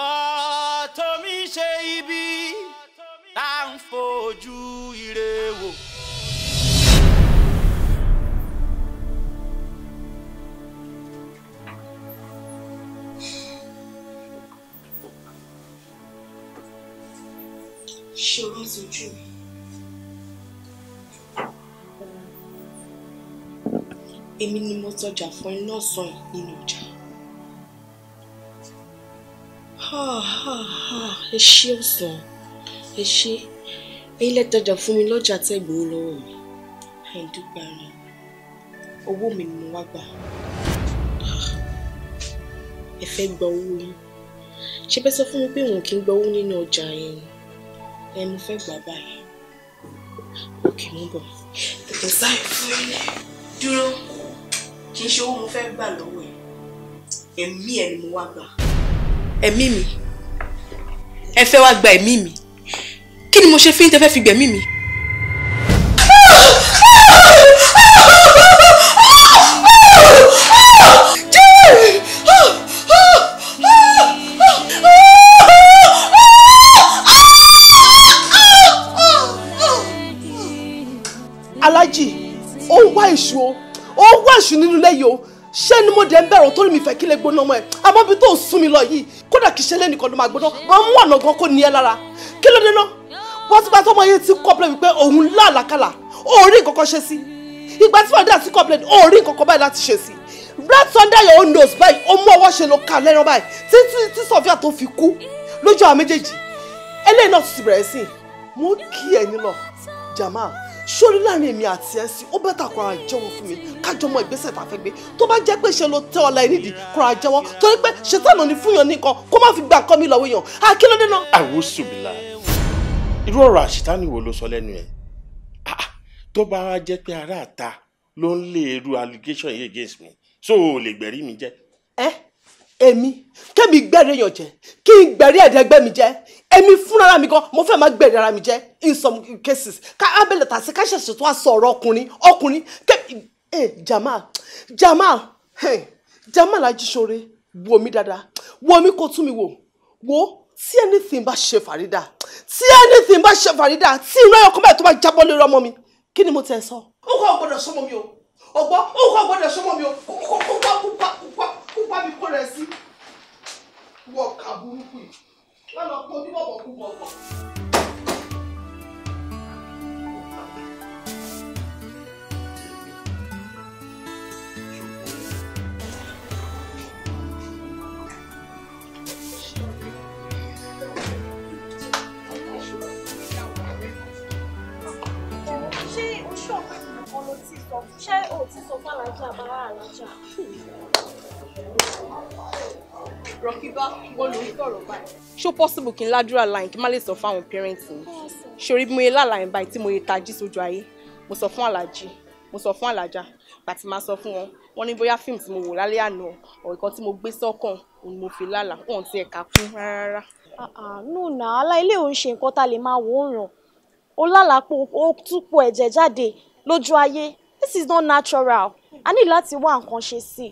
tómi ṣe ibi tá ń fojú ire wò. ṣòro tójú mi. èmi ni mo tọjà fún ẹ náà sàn nínú ọjà. ẹ ṣé ọ̀sán ẹ ṣé ẹ̀yin lẹ tọjà fún mi lọ́jà tẹ́gbòó lọ́wọ́ mi ẹ̀ dúpẹ́ ara owó mi ni mo wá gbà ẹ fẹ́ gba owó yín ṣé bẹ́ẹ̀ sọ fún mi pé wọn kì í gba owó nínú ọjà yẹn ẹ mo fẹ́ gbà báyìí òkè mo bọ̀ ẹ̀ sáré fún dúró kì í ṣe owó mo fẹ́ gbà lọ́wọ́ ẹ̀ ẹ̀mí ẹ̀ ni mo wá gbà. ẹ̀mí mi ẹ fẹ́ wá gba ẹ̀mí mi kí ni mo ṣe fi ń tẹ́ fẹ́ fi gbẹ̀mí mi. bẹ́ẹ̀ ni mo dẹ̀ ń bẹ̀rù torí mi fẹ́ kí lè gbóná ọmọ ẹ̀ àmọ́ bí tó sún mi lọ yìí kódà kìí ṣẹlẹ̀ nìkan ló máa gbóná máa mú ọ̀nà gan kó ní ẹ lára kí ló dé ná wọ́n ti gba tọ́mọ yẹn ti complain wípé òun làlàkàlà òórí nǹkan ṣe sí ìgbà tí fàdé àti complain òórí nǹkan kan báyìí láti ṣe sí right under your own nose báyìí ó mú ọwọ́ ṣe ló kà lẹ́rọ báyìí títí tí Sofia tó fi kú lójú àwọn méjèèjì eléyìí náà ti bẹ̀rẹ̀ sí mú kí ẹ̀yin lọ Jamal sórí láàrin èmi àti ẹ sí ó bẹ́tà kọ́ra jẹ́wọ́ fún mi kájọ mọ ìgbésẹ̀ tá a fẹ́ gbé tó bá jẹ́ pé ṣe ló tẹ́ ọ la ẹni dì kọ́ra jẹ́wọ́ torí pé ṣètànà ni fún yàn nìkan kó má fi gba nǹkan mi lọ́wọ́ yàn á náà. àwòsùn mi irú ọ̀rọ̀ àṣìtánì wo ló sọ lẹ́nu ẹ̀ tó bá wá jẹ́ pé ará àta ló ń lé irú allegation yìí against me so o lè gbẹ̀rí mi jẹ́. ẹ èmi kẹ́mi gbẹ̀rí èèyàn jẹ kí n gbẹ̀rí ẹ̀dẹ́gbẹ́ mi jẹ èmi fúnra mi gan mo fẹ́ máa gbẹ̀rẹ̀ ara mi jẹ́ in some cases ká abẹ́lẹ̀ tà sí ká ṣẹ̀ṣẹ̀ tó wá sọ ọ̀rọ̀ ọkùnrin ọkùnrin ké ẹ Jamal Jamal Jamal Ajíṣọ̀rẹ́ wo mi dáadáa wo mi kó tún mi wò wo tí anything bá ṣe Farida tí anything bá ṣe Farida tí inú ẹ̀yọ̀kan báyìí tó bá jábọ́ lórí ọmọ mi kí ni mo tẹ̀ sọ. ó kọ́ gbọ́dọ̀ sọmọ mi o ọgbọ́ ó kọ́ gbọ́dọ̀ sọmọ mi o kó pa kó pa kó pa kó pa mi kó rẹ̀ sí wọ́ọ̀kà burúkú yìí wọ́n ṣé o ti sọ fún alájà bá alájà rọkíbá ṣó possible kí n ládùúrà láyìn kí n má lè sọ fáwọn parents mi ṣorí bí mo yẹ láàlàyìn báyìí tí mo yẹ tají sójú ayé mo sọ fún alájí mo sọ fún alájà bàtí máa sọ fún wọn wọn ní bóyá fíìmù tí mo wò lálẹ́ àná ọ̀rọ̀ kan tí mo gbé sọ́kàn òun mo fi lálà wọn ti ẹ̀ka kún rárá. nù nà álá ilé òun ṣe nǹkan tá lè máa wò ó ràn ó lálàpọ̀ ó túpọ̀ ẹ̀jẹ̀ jáde lójú ayé this is not natural a ní láti wá nǹkan ṣe sí i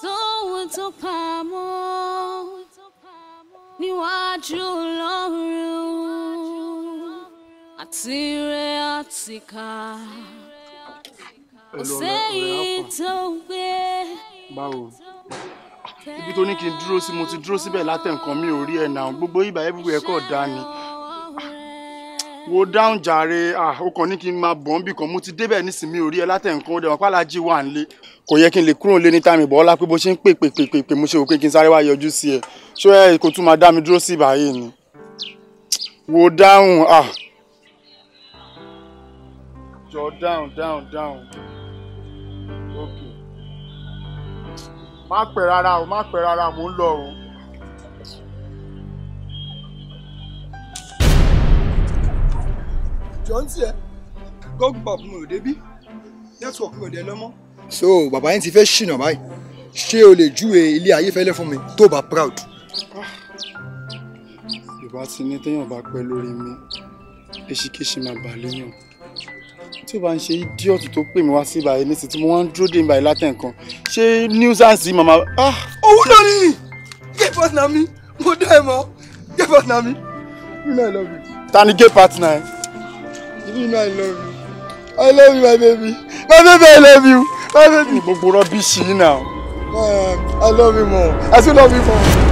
sóhun tó pamọ́ níwájú Ọlọ́run àti rẹ̀ àtìká kò séyìí tó gbé. báwo ibi tó ní kí n dúró sí mo ti dúró síbẹ̀ látẹ̀ǹkan mi ò rí ẹ̀ náà gbogbo ibà ẹ̀ búburú ẹ̀ kọ̀ dá ni ah, wo dáhùn jàre ó ah, kàn ní kí n máa bọ̀ ọ́n bì kan mo ti débẹ̀ nísìnyí mi ò rí ẹ látẹ̀ǹkan ó dẹ̀ wọ́n pàlájì wà ń lé kò yẹ kí n lè kúrò lé ní táìmì bọ́ ọlá pé bó ṣe ń pè pè pè pè pè mo ṣe wò pé kí n sáré wá yọjú sí ẹ ṣó ẹ kò tún máa dá mi dúró sí ìbáyé ni wò dáhùn à ah. jọ dáhùn dáhùn dáhùn ok má pẹ́ rárá o má pẹ́ rárá mò ń lọ o. jọ̀ọ́ ń tiẹ̀ gọ́gbọ̀n mi ò débí nẹ́tíwọ̀kì ò dé lọ́mọ́ so bàbá yẹn ti fẹ́ ṣìnà báyìí ṣé o lè júwe ilé ayéfẹ́lẹ́ fún mi tó bá proud. yorùbá ti ní téèyàn bá pẹ́ lórí mi èṣìkéṣì máa bà léèyàn tí o bá ń ṣe idiot tó pè mí wá sí ìbàyè ní títí mo wá ń dúró dé ìbàyè látẹ̀ǹkan ṣé nuisance màmá. Ah, owó náà ni gay partner mi mo dá ẹ mọ gay partner mi you know i love you. ta ni gay partner ẹ. you know i love you i love you my baby my baby i love you. I love you more. I still love you more.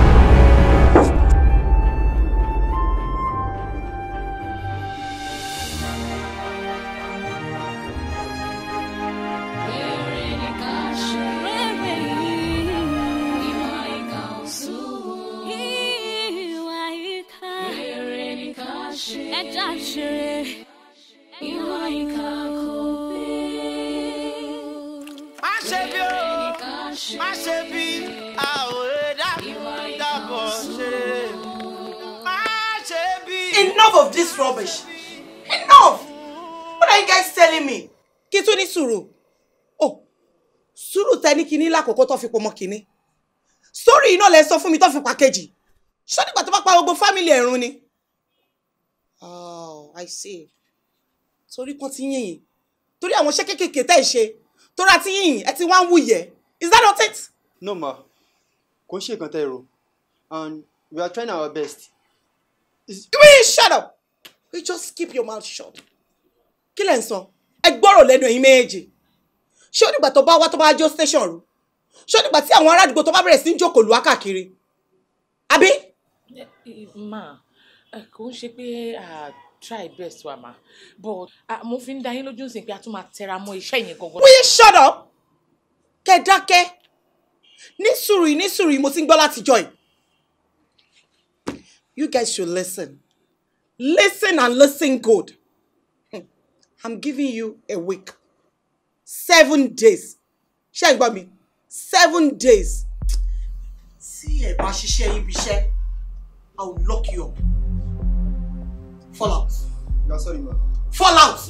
kinní lákòókò tó fi pọmọ kinní sórí iná lẹ sọ fún mi tó fi pa kejì ṣó nígbà tó bá pa gbogbo fámìlì ẹ̀rún ni. oh i see torí kan ti yìnyín torí àwọn iṣẹ́ kéékèèké tẹ́ ẹ ṣe torí àti yìnyín ẹ ti wá ń is that not it. no ma kò ń ṣe nǹkan tẹ́ and we are trying our best. will you shut up you just keep your mouth shut kí lẹ̀ ń sọ ẹ gbọ́rọ̀ lẹ́nu ẹ̀yin méjèèjì ṣé onígbà tó bá wá tó bá jó station rú ṣó nígbà tí àwọn ará tó bá bẹ̀rẹ̀ sí ń jókòó lù wá àbí. ma eh, kò ń ṣe pé try best wa ma but mo fi ń da yín lójú sí pé a tún máa tẹra mọ́ iṣẹ́ yẹn gangan. will you shut up kẹ dákẹ́ ní sùúrù ní mo ti ń gbọ́ láti jọ yìí you guys should listen listen and listen good hmm. i'm giving you a week seven days ṣé ẹ gbọ́ mi seven days. tí ẹ bá ṣiṣẹ́ ibi iṣẹ́ i will lock you up fall out. na sorry ma. fall out.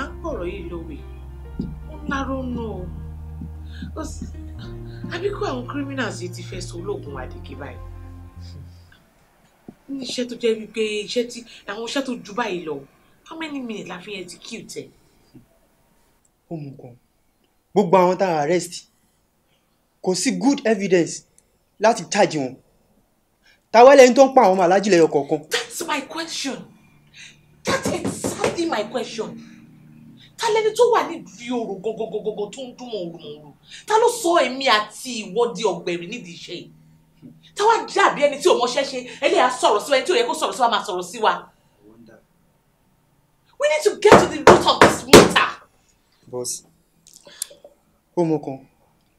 à ń pọ̀rọ̀ yìí lówe ó láró nù ó àbíkú àwọn criminals yìí ti fẹ́ so olóògùn àdìgí báyìí ní iṣẹ́ tó jẹ́ wípé iṣẹ́ tí àwọn iṣẹ́ tó ju báyìí lọ how many minutes la fi yẹn ti kí tẹ. ó mú kan gbogbo àwọn tá a arrest kò sí good evidence láti charge wọn táwa lẹni tó ń pa àwọn ọmọ aláàjì lẹ́yọ kọ̀ọ̀kan. that's my question that's exactly my question ta lẹni tó wà nídìí oòrùn gangan gangan tó ń dún mọ̀ òrùn òrùn ta ló sọ èmi àti ìwọ́de ọ̀gbẹ̀rì nídìí iṣẹ́ yìí tó wá dàbí ẹni tí ò mọṣẹ́ ṣe ẹlẹ́yà sọ̀rọ̀ sí wa ẹni tí ò yẹ kó sọ̀rọ̀ sí wa máa sọ̀rọ̀ sí wa. we need to get to the root of this matter. boss ó mo kan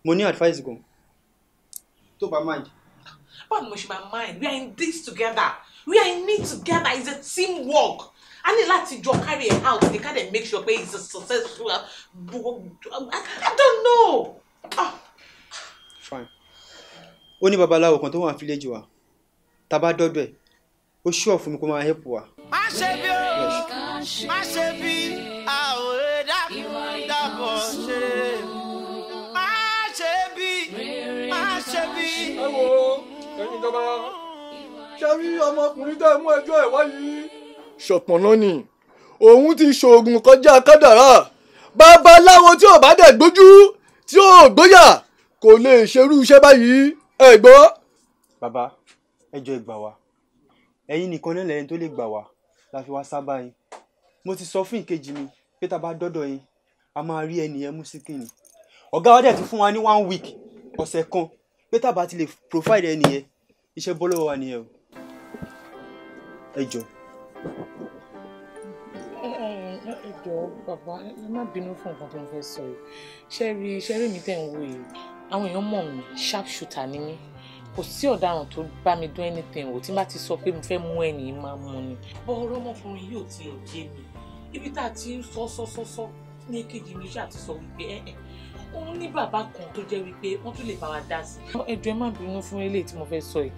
mo ní advice gan tó bá mind. báwo ni mo ṣe máa mind we are in this together we are in it together it's a team work a ní láti jọ carry it out ní kind dẹ̀ make sure pé it's a successful I, uh, I don't know. Oh. fine ó ní babaláwo kan tó wà fílẹ̀jì wa tá a bá dọ́dọ̀ ẹ̀ ó ṣúọ̀ fún mi kó máa hẹ́pù wa. má ṣe bí o má ṣe bí a ò lè dàpọ̀ ṣe má ṣe bí má ṣe bí. ẹ wo ẹ̀yin ìjọba ṣe rí ọmọkùnrin tẹ́ mú ẹjọ́ ẹ̀ wáyé. ṣọ̀pọ̀n náà òun ti ṣoògùn kọjá kádàrá babaláwo tí ò bá dẹ̀ gbójú tí ò gbóyà kò lè ṣerú iṣẹ́ báyìí. Ìgbòho. bàbá ẹ jọ ẹ gbà wá ẹ̀yin nìkan náà lẹ́yìn tó lè gbà wá la fi wá sábà yín mo ti sọ fún ìkejì mi pé tá a bá dọ́dọ̀ yín a máa rí ẹnìyẹn mú síkì ni ọ̀gá wa dẹ̀ ti fún wa ní one week ọ̀sẹ̀ kan pé tá a bá ti lè provide ẹnìyẹn iṣẹ́ bọ́ lọ́wọ́ wa nìyẹn o ẹ jọ. ẹ jọ bàbá ẹ má bínú fún nǹkan tó ń fẹ́ sọ yìí ṣé rí mi tẹ̀ ń wò yìí àwọn èèyàn mọ̀ mí sharp shooter ni mí kò sí ọ̀daràn tó bá mi dún anything wò tí n bá ti sọ pé mo fẹ́ mú ẹ̀yìn máa mú ni. bọ́ ọ̀rọ̀ ọmọkùnrin yóò ti ẹ̀ jẹ́ mi ibi tá a ti ń sọ sọ sọ sọ ní kejì mi ṣáà ti sọ wípé ẹ ẹ òun ní bàbá kan tó jẹ́ wípé wọ́n tún lè bá wa dá sí. ẹjọ́ ẹ má bínú fún eléyìí tí mo fẹ́ sọ yìí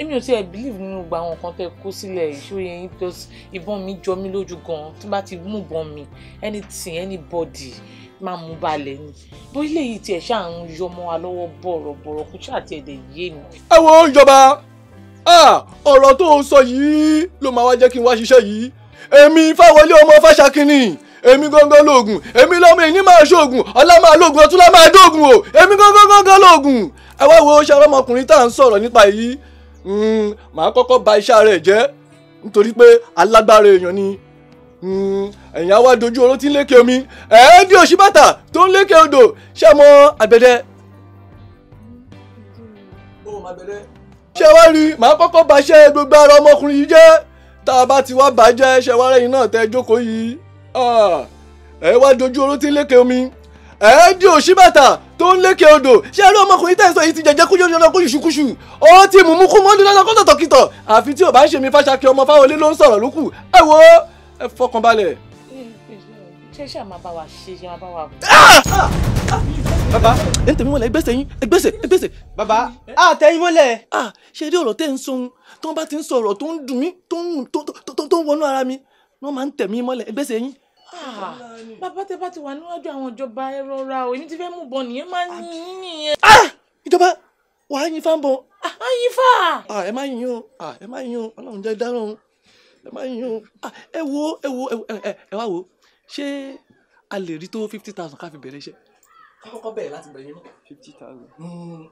èmi ò tiẹ̀ believe nínú gba àwọn nǹkan tẹ́ kó sílẹ̀ ìṣòye yín plus ìbọn mi jọ mí lójú gan-an tí bá ti mú ìbọn mi anything anybody máa mú balẹ̀ ni bó ilé yìí tiẹ̀ ṣáà ń yọ wa lọ́wọ́ bọ̀rọ̀bọ̀rọ̀ kú ṣáà tiẹ̀ dẹ̀ yé mi. ẹ wo ọ̀rọ̀ tó ń sọ yìí ló máa wá jẹ́ kí n wá ṣiṣẹ́ yìí èmi fáwọlé ọmọ fáṣakínì èmi gángan lóògùn èmi lọ́mọ èyí máa ṣoògùn ọ̀la máa lóògùn ọ̀túnla máa dóògùn o èmi gángan gángan lóògùn ẹ wá wo ṣe ọmọkùnrin tá à ń sọ̀rọ̀ nípa yìí hmm, màá kọ́kọ́ ba iṣẹ́ rẹ̀ jẹ́ nítorí pé alágbára èèyàn ni Hmm, ẹ̀yin á wá dojú oró tí ń lékè omi ẹ̀ ń di òṣìbàtà tó ń lékè odò ṣé mọ àgbẹ̀dẹ. ṣé wá rí màá kọ́kọ́ bá ṣe gbogbo ara ọmọkùnrin yìí jẹ́ tá a bá ti wá bàjẹ́ ṣe wá rẹ́yìn náà tẹ́ jókòó yìí ẹ̀ wá dojú oró tí ń lékè omi ẹ̀ ń di òṣìbàtà tó ń lékè odò ṣé ẹrú ọmọkùnrin tẹ̀sán yìí ti jẹjẹ kújọ lọ́dọ̀ kó ṣùṣùkúṣù ó ti mú mú kú mọ́ndún lọ́dọ̀ àfi tí ò bá ń ṣe mi fáṣakẹ́ ọmọ fáwọn ló ń sọ̀rọ̀ lókù ẹ̀ ẹ fọkàn balẹ̀. ṣé ṣáà máa bá wa ṣe ṣe máa bá wa. Ah! Ah! Ah! bàbá ẹ ń tẹ̀mí mọ́lẹ̀ ẹgbẹ́sẹ̀ yín ẹgbẹ́sẹ̀ ẹgbẹ́sẹ̀. bàbá a tẹ̀yìn mọ́lẹ̀. a ṣe eré ọ̀rọ̀ tẹ́ ń sọ ohun tí wọ́n bá ti ń sọ ọ̀rọ̀ tó ń dùn mí tó ń wọnú ara mi wọ́n máa ń tẹ̀mí mọ́lẹ̀ ẹgbẹ́sẹ̀ yín bàbá tẹ bá ti wà níwájú àwọn ìjọba ẹ rọra o èmi ti fẹ́ mú bọ nìyẹn máa ń yín nìyẹn. ìjọba wàá yin fáńbọ. àyìn fà. ẹ má yin o ẹ má yin o ọlọ́run jẹ́ dáràn o ẹ máa ń yan ah, ẹ wo ẹ wo ẹ wá wo ṣé a lè rí tó fifty thousand ká fi bẹ̀rẹ̀ iṣẹ́. ká kọ́kọ́ bẹ̀rẹ̀ láti bẹ̀rẹ̀ náà. fifty thousand. Hmm.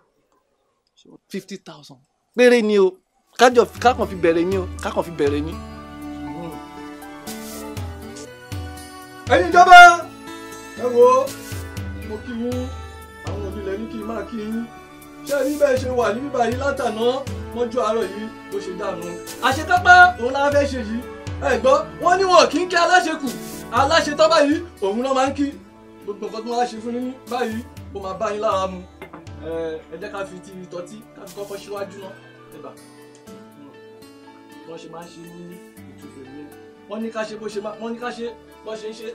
fifty thousand péré ni o kájọ kákan fi bẹ̀rẹ̀ ni o kákan fi bẹ̀rẹ̀ ni. Hmm. ẹ̀yin ìjọba ẹ wo mo kí yín àwọn onílẹ̀ ní kí n máa kí yín ṣé rí bẹ́ẹ̀ ṣe wà níbí báyìí látàná mọ́jú àárọ̀ yìí bó ṣe dànù. àṣekápá òun la fẹ́ ṣe yìí ẹ gbọ́ wọ́n wọn kì í kí aláṣekù aláṣetọ́ báyìí òun náà máa ń kí gbogbo nǹkan tó máa ṣe fún yín báyìí ó máa bá yín lára mu ẹ jẹ́ ká fi ti ìtọ́tí ká fi kọ́kọ́ síwájú náà ẹ̀bà wọ́n ṣe máa ń ṣe ní ìtùfẹ̀ ní wọ́n ní ká ṣe bó ṣe máa wọ́n ní ká ṣe bó ṣe ń ṣe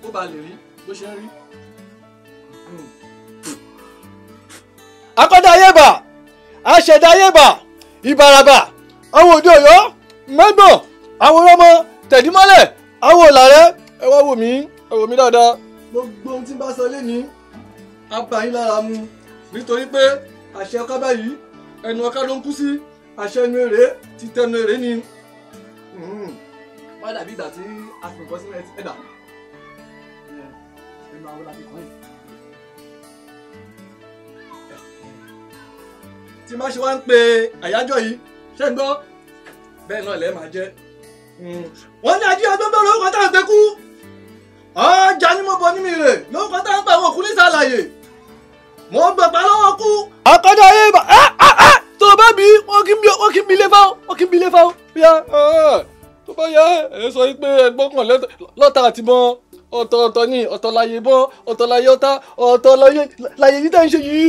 kó ba lè rí bó ṣe ń rí. Hmm akọ́dá ayébà aṣẹ̀dá ayébà ìbàràbà àwọn òde ọ̀yọ́ mẹ́gbọ̀n àwọn ọmọ tẹ̀dímọ́lẹ̀ àwọn òlàrẹ́ ẹ wá wò mí ẹ wò mí dáadáa. gbogbo ohun tí n bá sọ lẹ́ni abayín lára mu nítorí pé àṣẹ ọkọ báyìí ẹnu ọkọ ló ń kú sí àṣẹ ẹnu èrè ti tẹnu èrè ni. wọ́n hmm. dàbí ìgbà tí a fi nǹkan sílẹ̀ ẹ̀dà ẹnu àwọn làbí kan yìí. tí má ṣe wá ń pe àyájọ́ yìí ṣé ń gbọ́ bẹ́ẹ̀ náà lẹ́ẹ̀ máa jẹ́ hmm. wọ́n ní ajíyá gbogbo lórúkọ tá à ń pekú ọjà ni mo bọ ní mi rè lórúkọ tá à ń pa àwọn òkú nísàlàyé mo gbọ̀gbà lọ́wọ́ kú. àkọ́jà ayé ibà ah, ah, ah! tó o bá bí wọ́n kí n bí ilé fáwọn wọ́n kí n bí ilé fáwọn bíyà tó bá yá ẹ̀ sọ pé ẹgbọ́n kan lọ́ta àti bọ́n ọ̀tọ̀ ọ̀tọ̀ ni ọ̀tọ̀ láyé bọ́n ọ̀tọ̀ láyé ọ̀tá ọ̀tọ̀ láyé yìí tẹ̀ ń ṣe yìí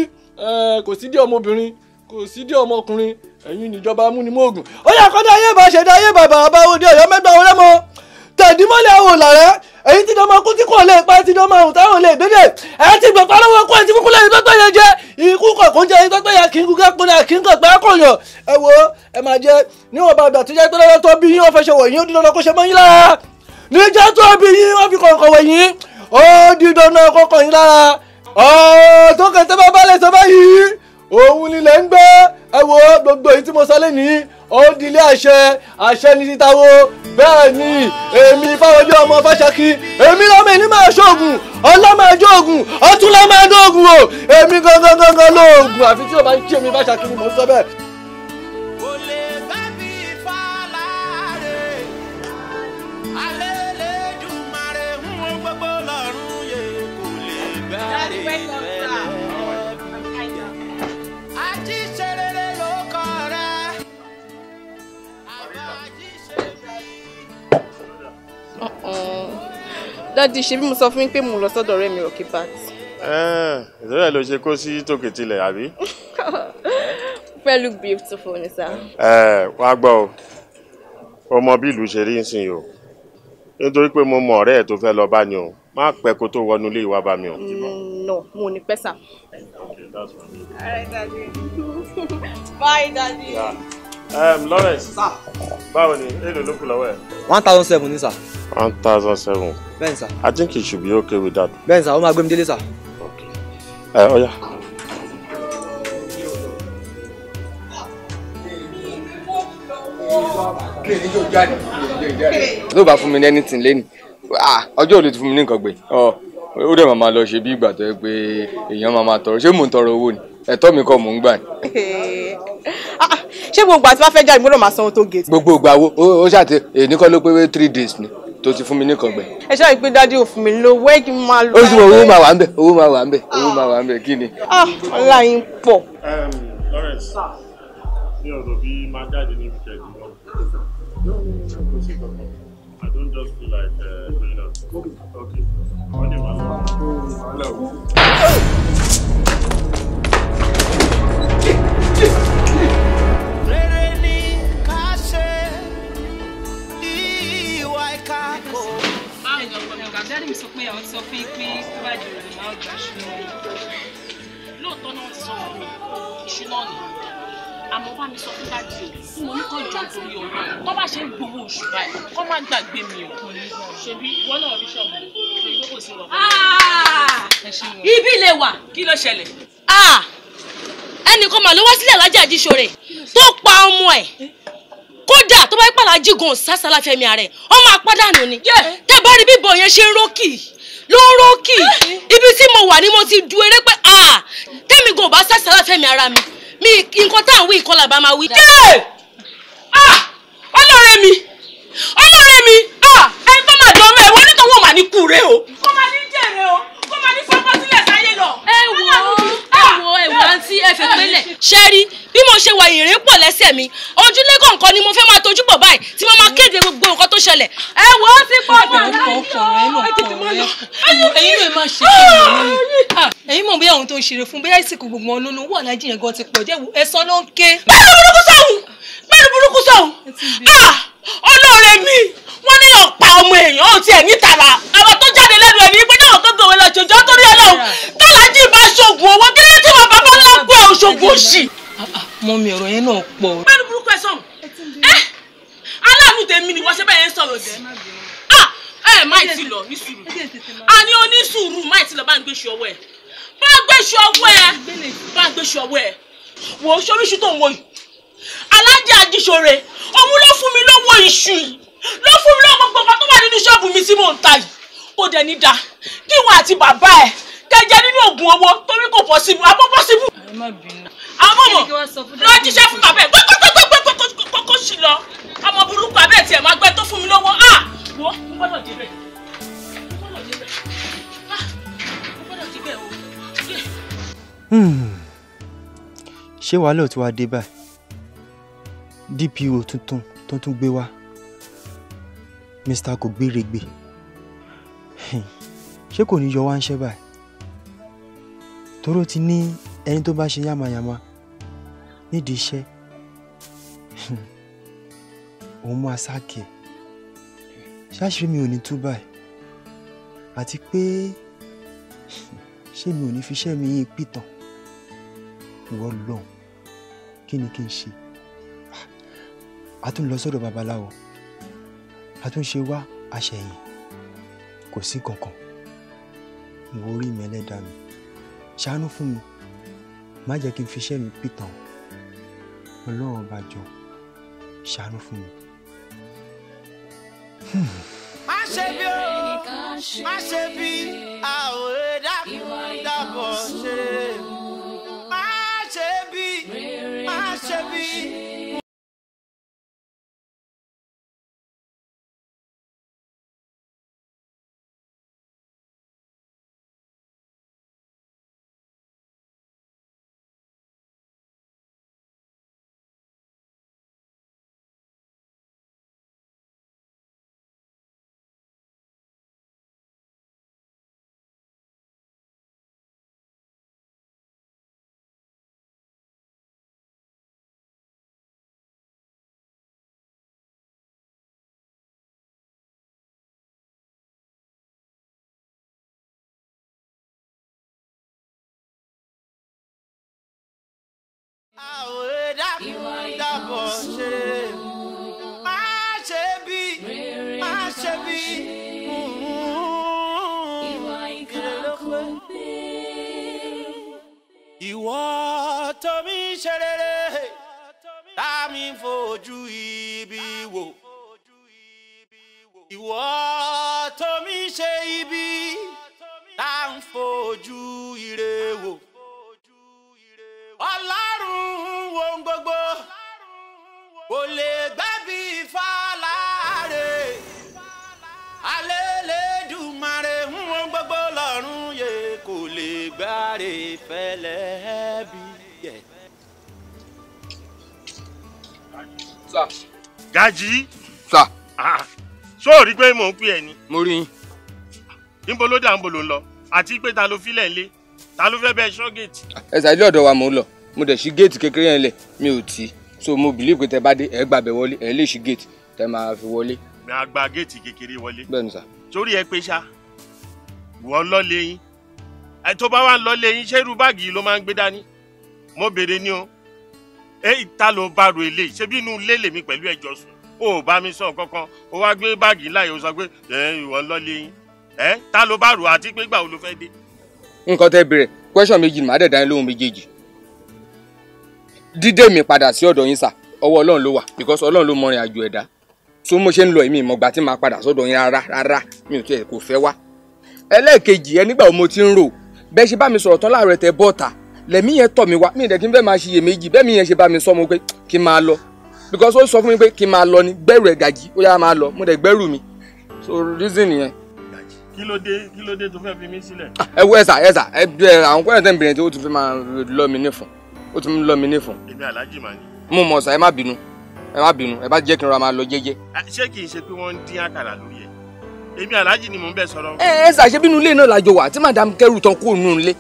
kò sí dí ọmọbìnrin kò sídìí ọmọkùnrin ẹ̀yin níjọba amúnimóògùn ó yà kọ́ dáyé bá ṣe dáyé bàbá àbáwo dé ọ̀yọ́ mẹ́gbà wọlé mọ́ tẹ̀dímọ́lẹ̀ àwọn òlàrẹ́ èyí tí dọ́mọ kú tí kò lè pa ti dọ́mọ àrùn táwọn lè gbédè ẹ ti gbẹ̀pá lọ́wọ́ kú ẹ ti kúkú lẹ́yìn tọ́tọ́ yẹn jẹ́ ikú kọ̀ọ̀kan jẹ́ tọ́tọ́ yẹn kì í kú kápẹ́ náà kì í kàn pé akọ̀yàn ẹ wo ẹ máa jẹ níwọ̀n bàbà tó jẹ́ pé lọ́dọ́ tó bí yín wọ́n fẹ́ ṣe wọ̀nyí ó di dandan kó ṣe mọ́ yín lára níjẹ́ tó bí yín wọ́n fi kọ̀ọ̀kan wọ̀nyí ó di dandan kó kàn yín lára ọ̀ tó kẹ́ tẹ́ bá bá lẹ̀ sọ báyìí òun nílẹ̀ ń gbé ẹ wo gbogbo èyí tí mo sọ lẹ́nìí ó di àṣẹ àṣẹ ní títa wo bẹ́ẹ̀ ni èmi fáwọjú ọmọ fáṣákì èmi lọ́mọ ẹni máa ṣoògùn ọlọ́mọ ẹjọ́ ògùn ọtún lọ́mọ ẹjọ́ ògùn o èmi gangan gangan lóògùn àfi tí o bá ń ṣe mi fáṣákì ni mo sọ bẹ́ẹ̀. dádì ṣe bí mo sọ fún yín pé mo lọ sọ́dọ̀ ọ̀rẹ́ mi rọ̀kì bat. ìdọ́rẹ́ ló ṣe kó sí tòkè tilẹ̀ àbí. pẹ̀lú beautiful ni sá. ẹ eh, wá gbọ́ o ọmọ bí ìlú ṣe rí nsìn o nítorí pé mo mọ ọ̀rẹ́ ẹ̀ tó fẹ́ lọ bá ni o má pẹ́ kó tó wọnú ilé ìwà bá mi o. Mm, no mo ní pẹ́ sà. Bye, Daddy. Yeah. Um, Lawrence. Sá. Báwo ni? Èlò ló kù lọ́wọ́ ẹ̀. One thousand seven ni sà. One thousand seven. Bẹ́ẹ̀ni sà. I think it should be okay with that. Bẹ́ẹ̀ni sà, ó máa gbé mi délé sà. Okay. Ẹ ọ̀ya. ló bá fún mi ní anything lẹ́nu ọjọ́ òde ti fún mi ní nǹkan gbé ó dẹ̀ máa lọ ṣe bí ìgbà tó yẹ pé èèyàn máa tọrọ ṣé mò ń tọrọ owó ni ẹ̀tọ́ mi kọ́ mò ń gbà ni. Ah, ṣé gbogbo àti wàá fẹ́ jáde gbọ́dọ̀ máa sanwó tó gate. gbogbo ìgbà wo ó ṣàtẹ èyí kọ́ ló pé three days ni tó ti fún mi ní kọ̀gbẹ́. ẹ ṣáà pé dádì ò fún mi lówó ẹ kí n máa lọ. ó sì wọ owó máa wà ń bẹ owó máa wà ń bẹ owó máa wà ń bẹ kí ni. Ah, ọlá yín pọ̀. Lawrence mi ká kó. báwo ni ah! ọgbọ́n ọ̀gá mi sọ pé àwọn ti sọ fún pé tó bá jù rẹ̀ máa gbà ṣúná lóòótọ́ náà ti sọ fún ìṣúná ni àmọ́ bá mi sọ fún dájú o tí mo ní kọ́ jọ torí ọ̀rọ̀ tó bá ṣe ń gbowó oṣù báyìí kọ́ má gbàgbé mi o. ṣebí ìwọ náà rí ṣọ́ọ̀bù ìwé ibi lè wà kí ló ṣẹlẹ̀. Ah! ẹnì kan mà ló wá sílẹ̀ lájà àjíṣore tó pa ọmọ ẹ̀ kódà tó bá pàlà jígun sásàlà fẹmi ààrẹ ọmọ àpádànù ni tẹbá rí bíbọ yẹn ṣe rókì ló rókì eh. ibi tí mo wà ni mo ti du eré pé a tẹmí gan bá sásàlà fẹmi ara mi mi nǹkan tá à ń wí ìkọlà bá máa wí. Ah, ọlọ́rẹ́ mi ọlọ́rẹ́ mi ah, ẹni tó máa dán mẹ́ẹ̀ wọ́n ní kàn wọ́n ní kú o. kó máa ní jèrè o kó máa ní fọ́pọ́ sílẹ̀ sáyé lọ. ẹ wò ẹwọ ẹwọ àǹtí ẹfẹ pẹlẹ ṣẹrí bí mo ṣe wà ìrìn pọ̀ lẹ́sẹ̀ mi ojúlé kọ̀ọ̀kan ni mo fẹ́ máa tojú bọ̀ báyìí tí mo máa kéde gbogbo nǹkan tó ṣẹlẹ̀ ẹwọ ó ti pọ̀ mọ́ aláìyọ ẹyin lè máa ṣe ẹyin ah, mọ̀ bí àwọn tó ń ṣeré fún bóyá ìsìnkú gbogbo olólùwọ̀ aláìjìyàn gan ti pọ̀ jẹ́ ẹ̀sán ló ń ké. báyọ̀ olókùn sọ̀hún gbẹ́rù burúkú sọ̀hún ọlọ́ọ̀rẹ́ ah! mi wọ́n ní ọ̀pá ọmọ èèyàn ò tiẹ̀ ní tààrà àwọn tó jáde lẹ́nu ẹ̀ ní pé náà tó gbòwe lọ jòjó torí ọlọ́run tọ́lájì bá ṣoògùn owó kí ló ti wà bàbá ńlá pé ò ṣoògùn òṣì. Ah, ah, mọ mi ọ̀rọ̀ yẹn náà pọ̀. gbẹ́rù burúkú ẹ sọ̀hún ẹ eh! aláàánú tèmi ni wọ́n ṣe bẹ́ẹ̀ ń sọ̀rọ̀ jẹ́ ẹ máì eh, ti lọ ní sùúrù àní onísùúrù máì ti lọ bá ń gbé ṣe ọwọ́ ẹ bá ń gbé ṣe ọwọ́ ẹ bá ń gbé ṣe ọwọ́ ẹ wò ó ṣoríṣi tó alájà àjíṣòre òun ló fún mi lówó iṣu yìí ló fún mi lówó gbogbo nǹkan tó wà nínú ṣọ́ọ̀bù mi tí mò ń ta yìí kò dẹ̀ ní da kí wọn àti bàbá ẹ̀ kẹjẹ nínú oògùn owó torí kò possible àbọ̀ possible. àwọn ọmọ lọ jíṣẹ́ fún bàbá ẹ̀ gbẹ́gbẹ́gbẹ́gbẹ́ kó sì lọ ọmọ burúkú abẹ́ tiẹ̀ máa gbẹ́ tó fún mi lówó à wọ́ n gbọ́dọ̀ débẹ̀ n gbọ́dọ̀ débẹ̀ ah n gbọ́dọ̀ débẹ̀ o. Hmm. ṣé wàá lóòótọ́ wá dé báyìí DPO tuntun tó tún gbé wá Mr. Kògbéregbe ṣé kò ní yọ wá ń ṣe báyìí tóró ti ní ẹni tó bá ṣe yàmàyàmà nídìí iṣẹ́ òun máa sáàkì ṣáṣírí mi ò ní tú báyìí àti pé ṣé mi ò ní fi iṣẹ́ mi yí pìtàn ìwọ lọ́hùn kí ni kí n ṣe a tún lọ sọ́dọ̀ babaláwo a tún ṣe wá àṣẹyìn kò sí kankan ìwọ orí mi ẹlẹ́dàá mi ṣàánú fún mi má jẹ́ kí n fi mi pìtàn ọlọ́run ọba jọ ṣàánú fún mi. má ṣe bí o má ṣe bí àwọn ẹ̀dá dàbọ̀ ṣe má ṣe bí má ṣe bí. dàbọ̀ ṣe rere má ṣe bí má ṣe bí ìwọ tó ṣe rere tá fojú ibi wò ìwọ. fẹlẹ bí yẹ. gaji. sa. Ah, sóòrí pé mò ń pè ẹ ni. mo rí yín. níbo ló dà ń bolo lọ àti pé ta ló filẹ̀ lé ta ló fẹ́ bẹ ṣọ́ géètì. ẹ ṣàdé ọ̀dọ̀ wa mò ń lọ mo dẹ̀ ṣí géètì kékeré yẹn lẹ̀ mi ò tí so mo believe pé tẹ bá dé ẹ gbàbẹ wọlé ẹ lè ṣí géètì tẹ máa fi wọlé. mi àgbà géètì kékeré wọlé. bẹ́ẹ̀ni sà. torí ẹ pé ṣá ìwọ lọ lẹ́yìn ẹ tó bá wà lọlé yín ṣé báàgì yìí ló máa ń gbé dání mo béèrè ní o ẹ ìta ló bá ro eléyìí ṣé bí inú ilé lèmi pẹ̀lú ẹ̀jọ̀ sùn o ò bá mi sọ kankan o wá gbé báàgì ńlá yìí o sọ pé ẹ ìwọ lọlé yín ẹ ta ló bá ro àti pé gbà wo ló fẹ́ dé. nǹkan tẹ́ béèrè question méjì ni màá dẹ̀ dání lóhùn méjèèjì dídé mi padà sí ọ̀dọ̀ yín sà ọwọ́ ọlọ́run ló wà because ọlọ́run ló mọrin àjò ẹ̀dá so mo ṣe ń lọ èmi ìmọ̀gbà tí màá padà sọ́dọ̀ yín rárá rárá mi ò tiẹ̀ kò fẹ́ wá ẹlẹ́ẹ̀kejì ẹ nígbà wo mo ti ń rò bẹ́ẹ̀ ṣe bá mi sọ̀rọ̀ tán láàárọ̀ tẹ bọ́ọ̀ta lẹ́mí yẹn tọ̀ mí wá mí ìdẹ́kin fẹ́ máa ṣiyèméjì bẹ́ẹ̀ mi yẹn ṣe bá mi sọ mo pé kí n máa lọ because ó sọ fún mi pé kí n máa lọ ni gbẹ́rù ẹ̀ gàjí ó yá máa lọ mo dẹ̀ gbẹ́rù mi so reason yẹn. kí ló tó fẹ́ fi mí sílẹ̀. Ah, ẹ wo ẹ̀sà ẹ̀sà àwọn kọ́ńtà tẹ̀ bìnrin tí ó ti fi máa lọ mi nífun ó ti lọ mi ní. mo mọ̀ èmi aláàjì ni mò ń bẹ sọ̀rọ̀. ẹ ẹ ṣàṣẹ bínú ilé náà lájọ wà tí madam kẹrù tán kó nù lé.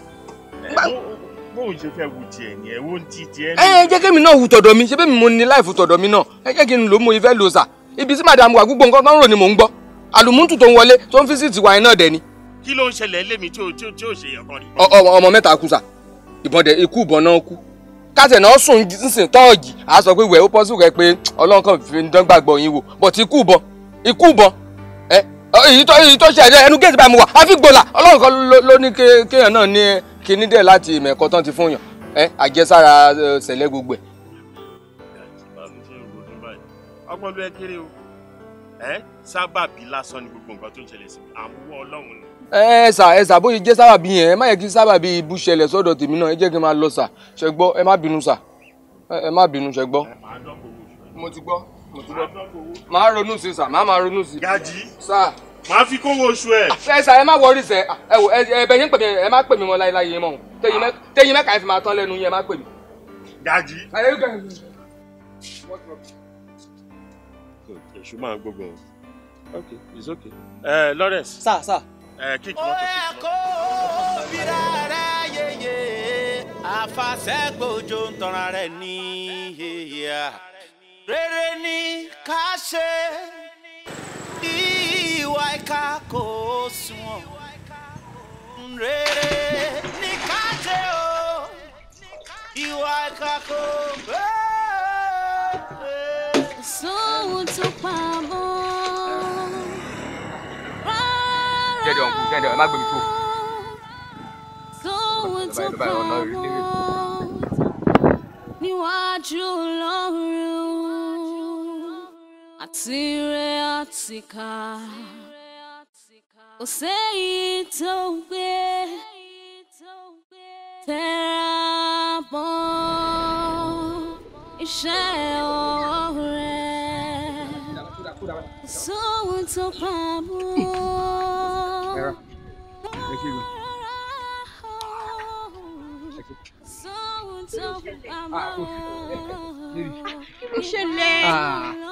o ṣe fẹ́ wù tiẹ̀ ni ẹ̀ wọ́n ti tiẹ̀ ní. ẹ jẹ́ kémi náà wù tọ̀dọ̀ mi ṣé bẹ́ẹ̀ mo ní láìfù tọ̀dọ̀ mi náà ẹ jẹ́ kí n lò ó mo ìfẹ́ lò sà ibi tí madam wà gbogbo nǹkan tó ń rò ni mò ń gbọ́ àlùmúntù tó ń wọlé tó ń físìtì wà iná dẹ ni. kí ló ń ṣẹlẹ̀ lémi tí ò tí ò ṣe yẹn kan ni. ọmọ mẹ́ta kú sà ìbọn dẹ ikú ìbọn náà sùn nísìn tọ́ọ̀gì àá sọ pé wẹ̀ ó pọ́sùn rẹ pé ọlọ́run fi ń dán gbàgbọ́ yín wò bọ̀t ikú ìbọn ikú ìbọn èyí tó èyí tó ṣẹ̀dẹ̀ ẹnu géètì báyìí mo wà àfi gbòòlà ọlọ́run kan ló ní kéèyàn náà ní kinní dẹ̀ láti mẹ̀kọ́ tán ti fún yàn ẹ àjẹsára ṣẹlẹ̀ gbogbo ẹ̀. ọgbọ́n ló kéré o ẹ sábàbí lásán ni gbogbo nǹkan tó ń ṣẹlẹ̀ sí àmúwọ́ ọlọ́run ni. ẹ sà ẹ sà bóyá jẹ́ sábàbí yẹn ẹ má yẹ kí sábàbí ibú ṣẹlẹ̀ sọ́dọ̀ tèmi náà ẹ jẹ́ kí n máa lọ sà ṣẹgbọ́ ẹ má bínú sà ẹ má bínú ṣẹgbọ́. mo ti gbọ́ máa ronú sí sà máa máa ronú sí. Gaji sà. máa fi kówó oṣù ẹ. Ah, ẹ sà ẹ má wọrí sẹ ah, ẹ wò ẹ bẹ yín pè mí ẹ má pè mí mọ láyéláyé mọ tẹyin mẹka ẹ fi máa tán lẹ́nu yín ẹ má pè mí. Gaji. Ah, èṣù máa gbogbo o ok it's ok. ẹ Lawrence. sà sà. ẹ kíkì mọ́tò kíkì ó yẹ kó bíra rẹ yeye àfàṣẹ́gbòjò ń tanra rẹ̀ ní yeye rere ni ká ṣe ìwà ìka kò sunwọ̀n rere ni ká ṣe o ìwà ìka kò gbé. sóhun tó pa mọ́. jẹ́jọ́ ọ̀nkú ẹ má gbé tó. sóhun tó pa mọ́ níwájú lọ́rùn àtìrẹ àtìkà kò séyìí tó gbé tẹ́ra bọ́ iṣẹ́ ọwọ́ rẹ̀ sóhun tó pamọ́. Thank kí ló ṣẹlẹ̀.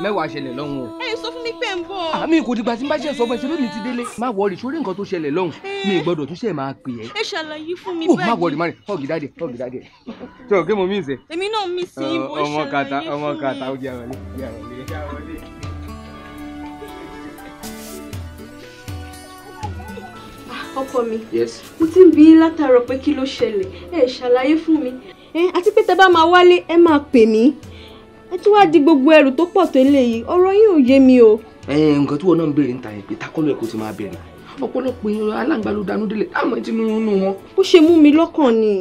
mẹ́wàá ṣẹlẹ̀ lọ́hùn o. ẹ sọ fún mi pé ń bọ̀. àmì kò dìgbà tí n bá ṣe sọ fún ẹ ṣe bẹ́ẹ̀ mi ti délé. má wọrí sórí nǹkan tó ṣẹlẹ̀ lọ́hùn mi gbọ́dọ̀ tún ṣe máa pè ẹ́. ẹ ṣàlàyé fún mi báyìí. má wọrí má rìn ọ̀gì dáadé ọ̀gì dáadé. tó o kí mo mí ìsẹ. èmi náà mí sí ibo ṣàlàyé fún mi. ọmọ kàtà ọmọ kàtà ó jẹ́ àwọlé jẹ́ àwọlé. ọkọ mi mo ti ń bi látàárọ̀ pé kí ló ṣẹlẹ̀ ẹ ṣàlàyé fún mi àti pé tẹ bá máa wálé ẹ máa pè mí ẹ tún wá di gbogbo ẹrù tó pọ̀ tó eléyìí ọ̀rọ̀ yín ò yé mi o. nǹkan tí wọn náà ń béèrè níta yẹn pé takọ́lọ́ ẹ̀kọ́ ti máa bẹ̀rẹ̀ ọ̀pọ̀lọpọ̀ èèyàn aláǹgbá ló danú délé láwọn ti nu inú wọn. ó ṣe mú mi lọ́kàn ni.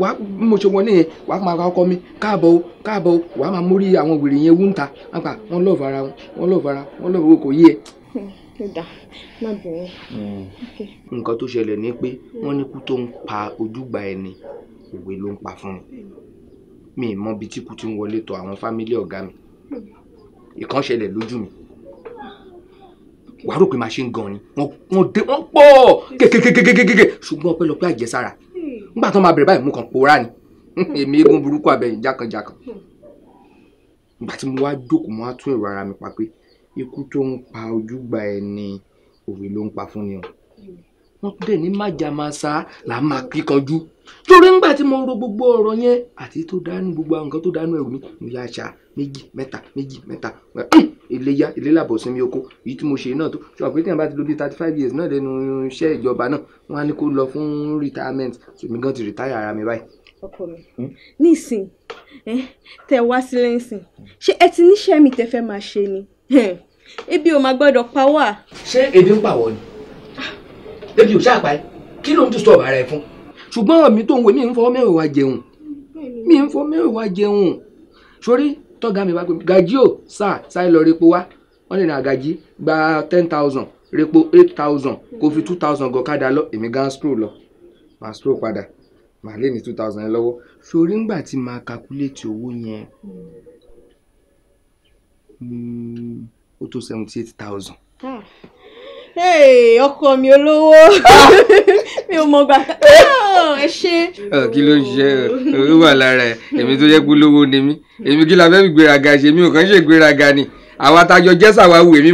wàá mo ṣe wọn nìyẹn wàá máa ra ọkọ mi káàbọ̀ o káàbọ̀ o wàá máa mórí àwọn wèrè yẹn wúńta wọn pa wọn lọ́ọ̀fù ara wọn wọn lọ́ọ̀fù ara wọn lọ́ọ̀fù kò yé ẹ nǹkan tó ṣẹlẹ̀ ni pé wọ́n ní kú tó ń pa ojúgbà ẹni òwe ló ń pa fún mi mi mọ ibi tí kú ti ń wọlé tọ̀ àwọn fámílì ọ̀gá mi ìkan ṣẹlẹ̀ lójú mi wàá rò pé máa ṣe ń gan ni wọ́n dé wọ́n pọ̀ kékékékékékéké ṣùgbọ́n ọpẹ́lọpẹ́ àjẹsára nígbà tó máa bẹ̀rẹ̀ báyìí mú kan pòórá ni èmi eégún burúkú abẹ́yìn jákànjákàn nígbà tí mo wá jókòó mo wá tún èrò ara mi pa pé ikú tó ń pa ojúgbà ẹni òwe ló ń pa fún ni o wọ́n dé ní májàmásá là á máa kí kanjú torí ńgbà tí mo ro gbogbo ọ̀rọ̀ yẹn àti tó dánú gbogbo àwọn nǹkan tó dánú ẹ̀rù mi mo yà ṣá méjì mẹ́ta méjì mẹ́ta iléyà ilélàbọ̀ sinmi oko èyí tí mo ṣe náà tó ṣùgbọ́n pé tí wọn bá ti lo bíi thirty five years náà lẹ́nu iṣẹ́ ìjọba náà wọ́n á ní kó lọ fún retirement èmi gan ti retire ara mi báyìí. ọkọ mi hmm? nísìn tẹ wá sílẹ̀ nísìn ṣé ẹ ti níṣẹ́ mi tẹ fẹ́ máa ṣe ni ebi ò máa gbọ́dọ̀ pa wá. ṣé ebi ń pàwọ́ ni ebi ò sáà pa ẹ́ kí ló ń tún sọ̀rọ̀ ara ẹ̀ fún. ṣùgbọ́n mi tó ń wé mi ń fọ mẹ́rin wa jẹun mi ń fọ mẹ́rin wa jẹun sórí tọ́gá mi bá pè gàjí ò sáà sáà lọ repo wá wọ́n lè ní àgàjí gba ten thousand repo eight thousand kò fi two thousand gọ̀kadà lọ èmi gan stroll lọ màá stroll padà màá lé ní two thousand yẹn lọ́wọ́ sórí ńgbà tí màá calculate owó yẹn hmm, ó tó seventy eight thousand. Hmm ọkọ mi olówó mi ò mọ̀ gbà ah, ẹ ṣe. kí ló ń ṣe ó wà lára ẹ èmi tó yẹ polówó ni mí èmi kí la fẹ́ fi gbéraga ṣe mi ò kàn ṣe gbéraga ni àwa tajọ jẹ́sà wa wù èmi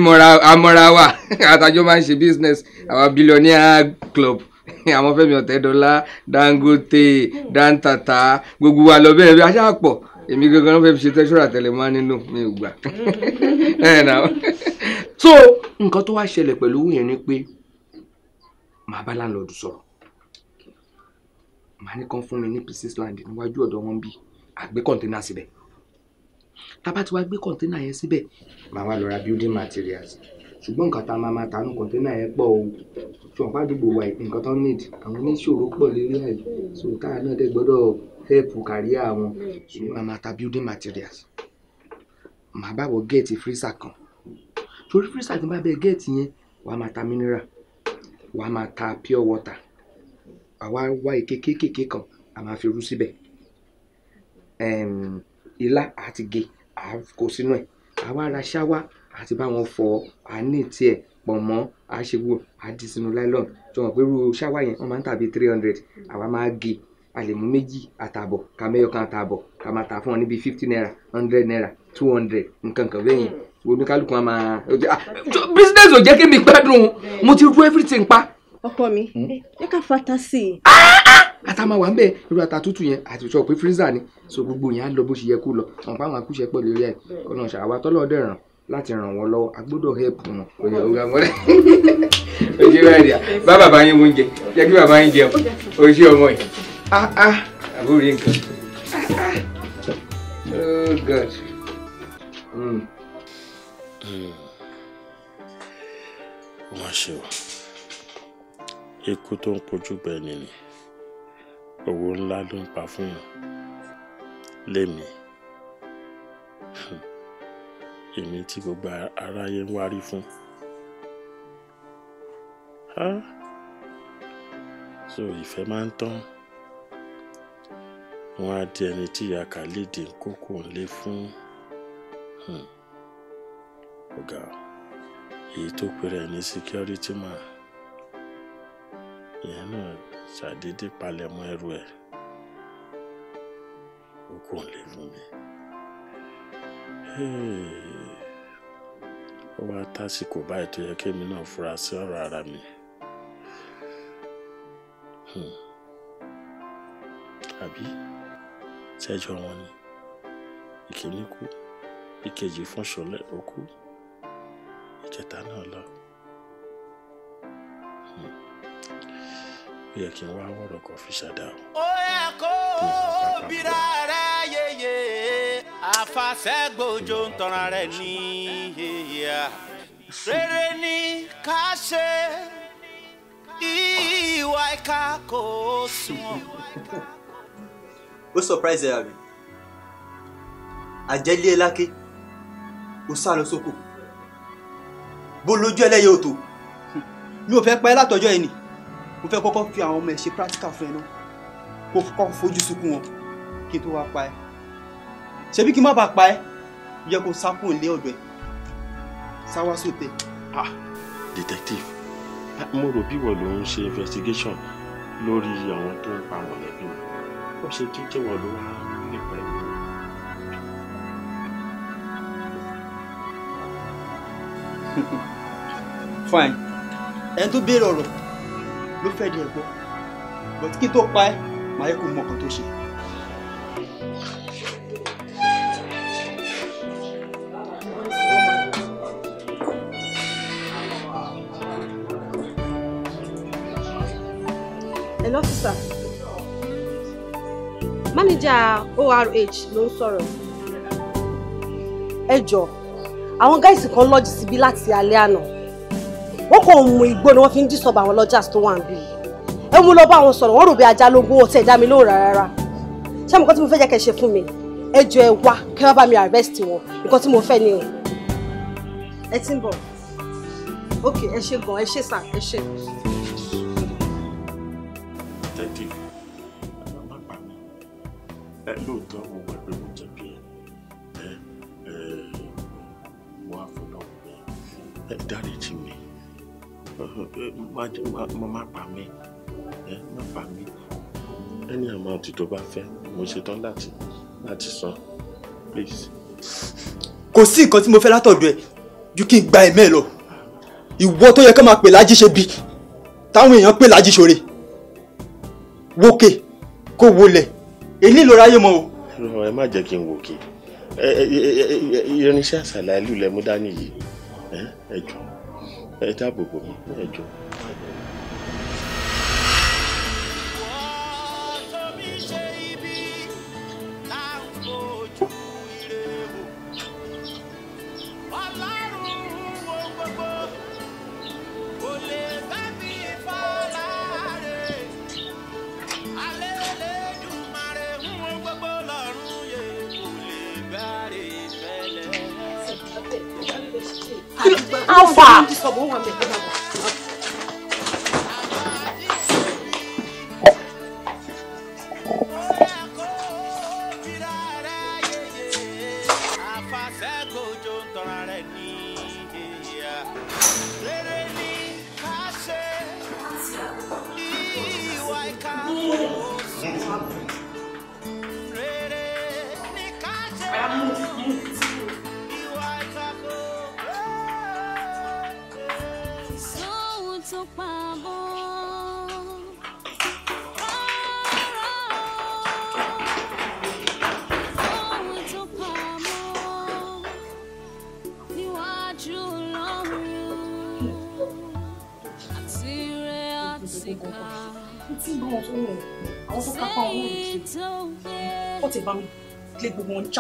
amọ́ra wa àtajọ máa ń ṣe business àwa billionaire club àwọn Fẹ́mi Ọ̀tẹ́dọ́lá Dangote Dantata gbogbo wa lọ bẹ́ẹ̀ bí aṣáà pọ̀ èmi gangan fẹ́ fi ṣe tẹ́sọ́rà tẹ́lẹ̀ máa nílò mi ò gbà. so nǹkan tó wá ṣẹlẹ̀ pẹ̀lú owó yẹn ni pé màá bá láńlọ́ọ̀dù sọ̀rọ̀ màá ní kán fún mi ní pieces land níwájú ọ̀dọ̀ wọn bí àgbé kọ̀ǹténà síbẹ̀ tá a bá gbé kọ̀ǹténà yẹn síbẹ̀ màá wá lọ ra building materials ṣùgbọ́n nǹkan tá a máa máa tà nù kọ̀ǹténà yẹn pọ̀ o ṣùgbọ́n àdúgbò wa nǹkan tó need àwọn oníṣòro pọ̀ lórí àyè so táà náà dẹ́ gbọ́dọ̀ help career wọn ṣùgbọ́n màmá ta building materials màá bá wọ géètì freezer kan torí freezer tí n bá bẹ géètì yẹn wàá máa ta mineral wàá máa ta pure water àwa wá ike kéékèèké kan a máa fi rú síbẹ̀ ilá àti ge kò sínú ẹ̀ àwa ara ṣáwá àti bá wọn fọ à ní tiẹ̀ pọ̀ mọ́ àṣewò àdìsínú nylon tí wọ́n pé irú ṣáwá yẹn wọ́n máa ń tà bíi three hundred mm. àwa máa ge a lè mú méjì àtààbọ̀ ká mẹ́yọ̀ kan àtààbọ̀ ká máa ta fún wọn níbi fifty naira hundred naira two hundred nǹkan kan bẹ́yìn oníkálukú wọn máa. Ah, business ò jẹ́ kí mi gbádùn mo ti ru everything pa. ọkọ mi hmm? ẹ ká fata sí i. Ah, ah, ata wà ń bẹ irú ata tútù yẹn àti sọ pé freezer ni so gbogbo yẹn á lọ bó ṣe yẹ kó lọ àwọn báwọn akúṣe pẹ̀lú ilé ẹ̀ kọ́nà ṣàwá tọ́lọ́ ràn láti ràn wọ́n lọ́wọ́ a gbọ́dọ̀ help wọn. oye oye amọ̀rẹ́ oye bá bàbá yín oúnjẹ jẹ́ kí bàbá yín jẹun oye ọmọ yìí. Ah ah. ah ah, oh god. wọ́n hmm. ṣe o ikú tó ń kojú gbẹ̀ni ni owó ńlá ló ń pa fún yàn lémi èmi tí gbogbo aráyé ń wárí fún. so ìfẹ́ máa ń wọ́n á di ẹni tí ìyá Khalid ń kókò ńlé fún hmm, ọgá èyí tó pèrè ní security man ìyẹn náà ṣàdédé palẹ̀mọ́ ẹrù ẹ̀ kókò ńlé fún mi ó wá tásìkò báyìí tó yẹ kémi náà fura sí ọ̀rọ̀ ara mi. Hmm ṣẹ́jọ wọn ni ìkíní kú ìkejì fún ṣọlẹ ó kú ìkẹta náà lọ hmm. ó yẹ kí n wá wọ̀rọ̀ kan fi ṣàdá o. ó yẹ kó bíra rẹ yeye àfàṣẹ́gbòjò ń tanra rẹ ní yeye rere ni ká ṣe ìwà ìka kò sùn ó surprise ẹ̀yà mi àjẹlé eláké ó sá lọ sóko bó lójú ẹlẹ́yẹ òtò mi ò fẹ́ pẹ́ látọjọ́ yìí ni mo fẹ́ kọ́kọ́ fi àwọn ọmọ ẹ̀ ṣe practical fún ẹ náà kó kọ́kọ́ fojú sunkún wọn kí n tó wá pa ẹ́ ṣebí kí n má bàa pa ẹ́ yẹ kó sá kúrò lé ọ̀dọ̀ ẹ̀ sá ah detective mo rò bí wọ́n ló ń ṣe investigation lórí àwọn tó ń pa mọ̀lẹ́bí mi 어시 진짜 와로와 이빨 fine ẹni tó béèrè ọ̀rọ̀ ló fẹ́ di ẹ̀gbọ́n but kí n tó pa ẹ́ màá yẹ kó mọ ọkàn tó ṣe. manager ORH ló ń sọ̀rọ̀ ẹ jọ àwọn gáìsì kan lọ́jì síbí láti alẹ́ àná wọ́n kò mú igbó ni wọ́n fi ń dísọ̀bù àwọn lọ́jà tó wà ń bí ẹ mú lọ bá wọn sọ̀rọ̀ wọ́n rò bí ajá lógún ọ̀tẹ̀ ẹ̀dá mi lóòrà rárá ṣé àmì kan tí mo fẹ́ jẹ́ kẹ́ ṣe fún mi ẹ jọ ẹ wá kẹ́ wá bá mi arrest wọn nǹkan tí mo fẹ́ ni o ẹ ti ń bọ̀ ok ẹ ṣe gan ẹ ṣe sà ẹ ṣe. mo má pa mí ẹ má pa mí ẹni amount tó bá fẹ́ mo ṣetán láti láti san please. kò sí nǹkan tí mo fẹ́ látọ̀dọ̀ ẹ̀ ju kí n gba ẹ̀mẹ́ lọ ìwọ tó yẹ ká máa pè lájí ṣe bí táwọn èèyàn pè lájí ṣoore wókè kó wọlẹ̀ èlé ìlọra ayé mọ́ o. ẹ má jẹ́ kí n wòkè irinṣẹ́ àṣàlà ìlú lẹ́mú dání yìí ẹ jọ̀ọ́ ẹ dáàbò bò mí ẹ jọ̀ọ́. 我。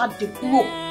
ったて言っ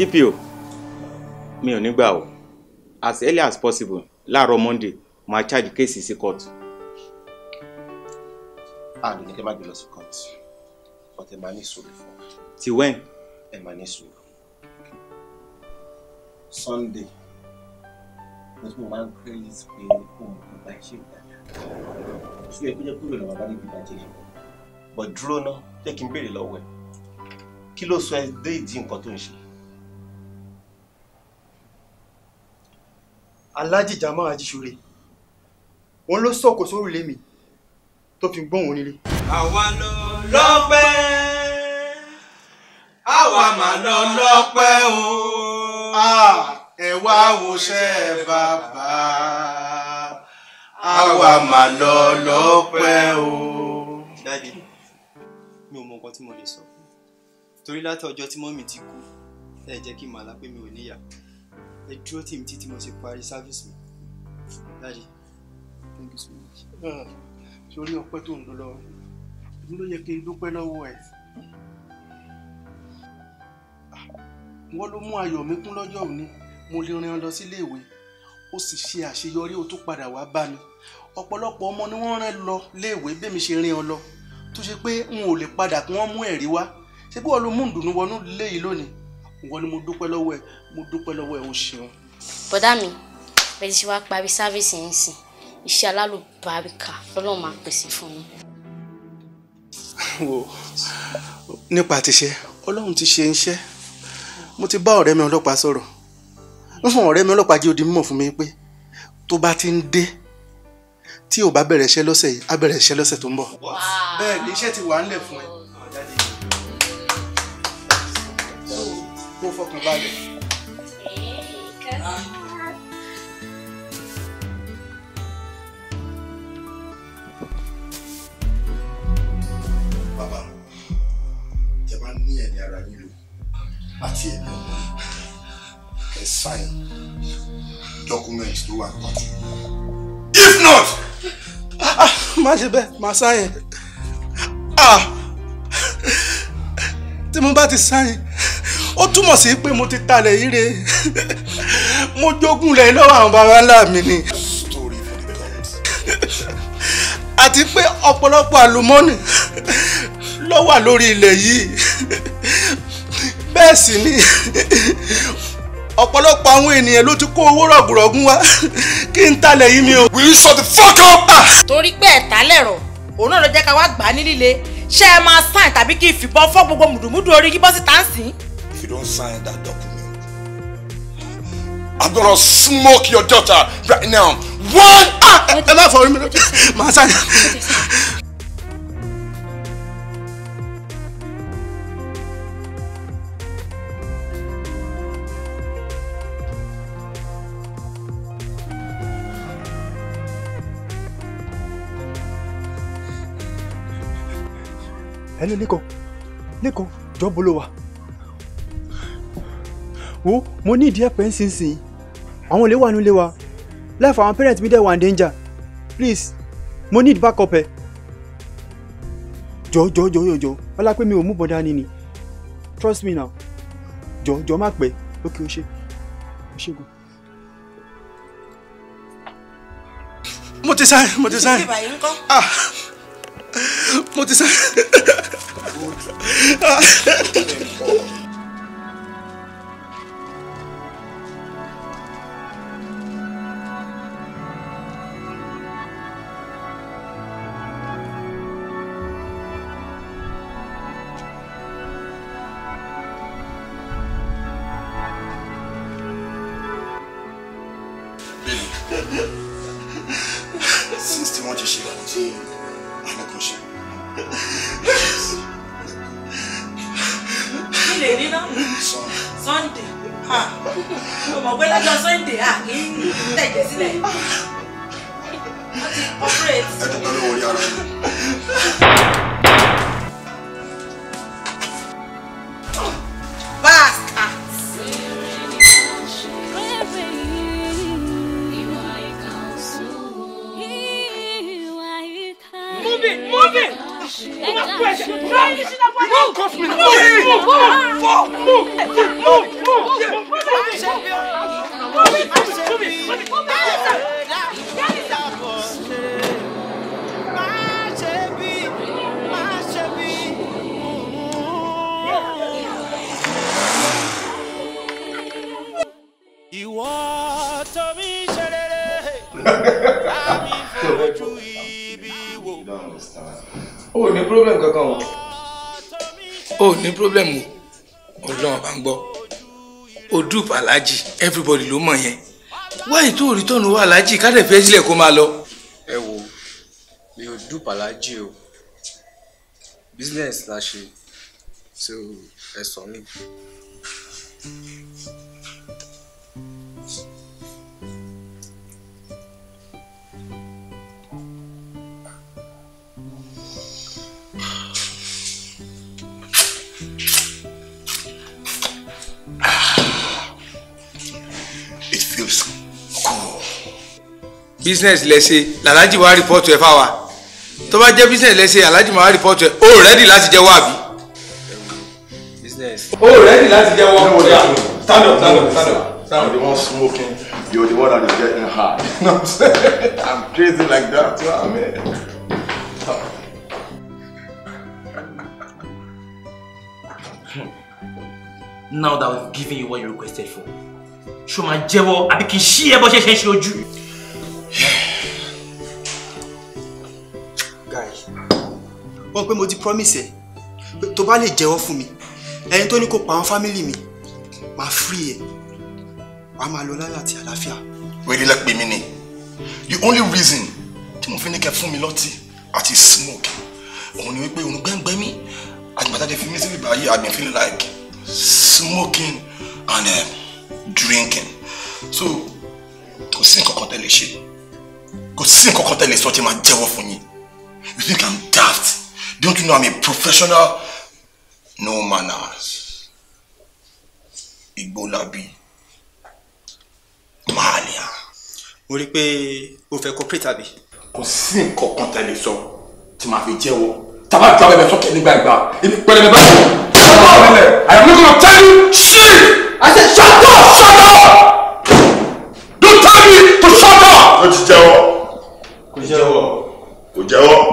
DPO mi ò ní gbà o as early as possible láàárọ̀ Monday máa charge kéèsì sí court. àná ní kí ẹ má gbé lọ sí court but ẹ máa ní sùúrù fún un. till when. ẹ máa ní sùúrù. Sunday mo tún máa ń craze pé òun kò bá ṣe dáadáa ṣé ẹ kúrò kúrò lọ́wọ́ bá níbi ìbàjẹ́ yìí but dúró náà jẹ́ kí n béèrè lọ́wọ́ ẹ̀ kí ló sọ ẹ dé ìdí nǹkan tó ń ṣe Alhaji Jamaah Ajíṣore òun ló sọ̀kò sórùlé mi tó fi gbóhùn nílé. àwa lọ lọ́pẹ́ àwa máa lọ lọ́pẹ́ o ẹ wá wòṣẹ́ bàbá àwa máa lọ lọ́pẹ́ o. dáàdi mi ò mọ nǹkan tí mo lè sọ torí láti ọjọ́ tí mọ́mì ti kú ẹ jẹ́ kí n màlá pé mi ò níyà ẹ dúró tèmi títí mo ti parí service mi dáàdi thank you so much. Hmm. sórí ọpẹ́ tó ń lọ lọ èmi ló yẹ kí n dúpẹ́ lọ́wọ́ ẹ wọn ló mú ayọ̀ mi kún lọ́jọ́ òní mo lè rìn ọ lọ sílé ìwé ó sì ṣe àṣeyọrí ó tún padà wá bá mi ọ̀pọ̀lọpọ̀ ọmọ ni wọ́n rán lọ léèwé bẹ́ẹ̀ mi ṣe rìn ọ lọ tó ṣe pé n ò lè padà kí wọ́n mú ẹ̀rí wá ṣé bí wọ́n ló mú ìdùnnú wọnú lé yìí lónìí ìwọ ni mo dúpẹ́ lọ́wọ́ ẹ mo dúpẹ́ lọ́wọ́ ẹ o ṣeun. bọ́dà mi bẹ́ẹ̀ ti ṣe wáá parí sáfíìsì yín sìn iṣẹ́ alálùbáríkà lọ́lọ́run máa pèsè fún yín. wo nípa àtiṣe ọlọ́run ti ṣe iṣẹ́ mo ti bá ọ̀rẹ́ mi ọlọ́pàá sọ̀rọ̀ ń fún ọ̀rẹ́ mi ọlọ́pàá jẹ́ odi mímọ̀ fún mi pé tó bá ti ń dé tí ò bá bẹ̀rẹ̀ iṣẹ́ lọ́sẹ̀ yìí á bẹ̀rẹ̀ iṣẹ́ lọ́sẹ̀ tó ń bọ̀. bẹ́ẹ̀ ni iṣẹ́ ti wà ńlẹ̀ fún ẹ. kó fọkàn balẹ̀. bàbá ẹ máa ní ẹ̀mí ara yín lò àti ẹ̀mí ọmọ ẹ sign documents tó wà if not. Ah, má ṣe bẹ́ẹ̀ má tí mo bá ti sáyìn ó túmọ̀ sí pé mo ti talẹ̀ ire mo jogún lẹ̀ lọ́wọ́ àwọn baba ńlá mi ni àti pé ọ̀pọ̀lọpọ̀ àlùmọ́nì ló wà lórí ilẹ̀ yìí bẹ́ẹ̀ sì ni ọ̀pọ̀lọpọ̀ àwọn ènìyàn ló ti kó owó rọ̀gùrọ̀gùn wá kí n talẹ̀ yìí mi o. will you shut the fuck up. torí pé ẹ̀ta lẹ̀rọ̀ òun náà ló jẹ́ ká wá gbà á ní líle ṣé ẹ máa sign tàbí kí n fìbọn fọ́ gbogbo mùdùmùdù orí yín bọ́ síta if you don't sign that document i'm gonna smoke your daughter right now one. Ah! ẹ má fọ orí mi lójú màá sign. hello lẹ́kọ̀ọ́ lẹ́kọ̀ọ́ jọ́bọ̀ ló wà wo mo ní ìdí ẹ̀pẹ́ nsinsin àwọn olè wà nílé wa life àwọn parents mi dẹ̀ wà in danger please mo need backup ẹ̀ jọ jọ jọ jọ jọ ọlá pé mi ò mú bọ̀ dání ni trust me now jọ jọ má pẹ́ ok o ṣe o ṣe gan. mo ti sáré mo ti sáré ah mo ti sáré. ああちょっと怖い。problem o ọlọ́run bá ń gbọ́ odúb aláàjì everybody ló mọ̀ yẹn wáyé tó rí tọ́nu wá aláàjì kádẹ̀ fẹ́ sílẹ̀ kó máa lọ. ẹ wo mi ò dúb aláàjì o business la ṣe so ẹ sọ mi. slaves. Cool. business lẹ́sẹ̀ làlájì wa rìpọ́tù ẹ̀ fáwa tó bá jẹ́ business lẹ́sẹ̀ alájì máa rìpọ́tù ẹ̀ o rẹ́dì láti jẹ́wọ́ àbí. o rẹ́dì láti jẹ́wọ́ ọmọdé àná stand up stand up stand up. Sam, the one smoking, you're the one that is getting high. You know what I'm saying? I'm crazy like that, Now that we've given you what you requested for, ṣó máa jẹ́wọ́ àbí kì í ṣí ẹ bọ́ ṣe ṣe ṣe ojú. guy wọ́n pé mo ti promise ẹ pé tó bá lè jẹ́wọ́ fún mi ẹni tó ní kó pa àwọn fámìlì mi máa free ẹ wàá máa lọ láyọ̀ àti àlàáfíà. wẹ́rẹ́ la pè mí ni the only reason tí mo fi ní kẹ́ fún mi lọ́tì àti smoke òun ni wípé òun gbẹ́ngbẹ́ mi àgbàdàdé fi mí sílẹ̀ báyìí I've feeling like smoking and. Uh, drinking so kò sí nǹkan kan tẹ́ lè ṣe kò sí nǹkan kan tẹ́ lè sọ máa jẹ́wọ́ fún yín you think i'm daft don't you know i'm a professional no manners igbólábí máàlìyà. mo rí i pé o fẹ́ cooperate àbí. kò sí nǹkan kan tẹ́ lè sọ tí máa fi jẹ́wọ́ tàbá ju abẹ́bẹ́ sókè nígbà ìgbà pẹ̀lẹ́bẹ́ báyìí. I am not gonna tell you shit! I said, shut up, shut up! Don't tell me to shut up! Ó ti jẹ́wọ́. Kò jẹ́wọ́. Kò jẹ́wọ́.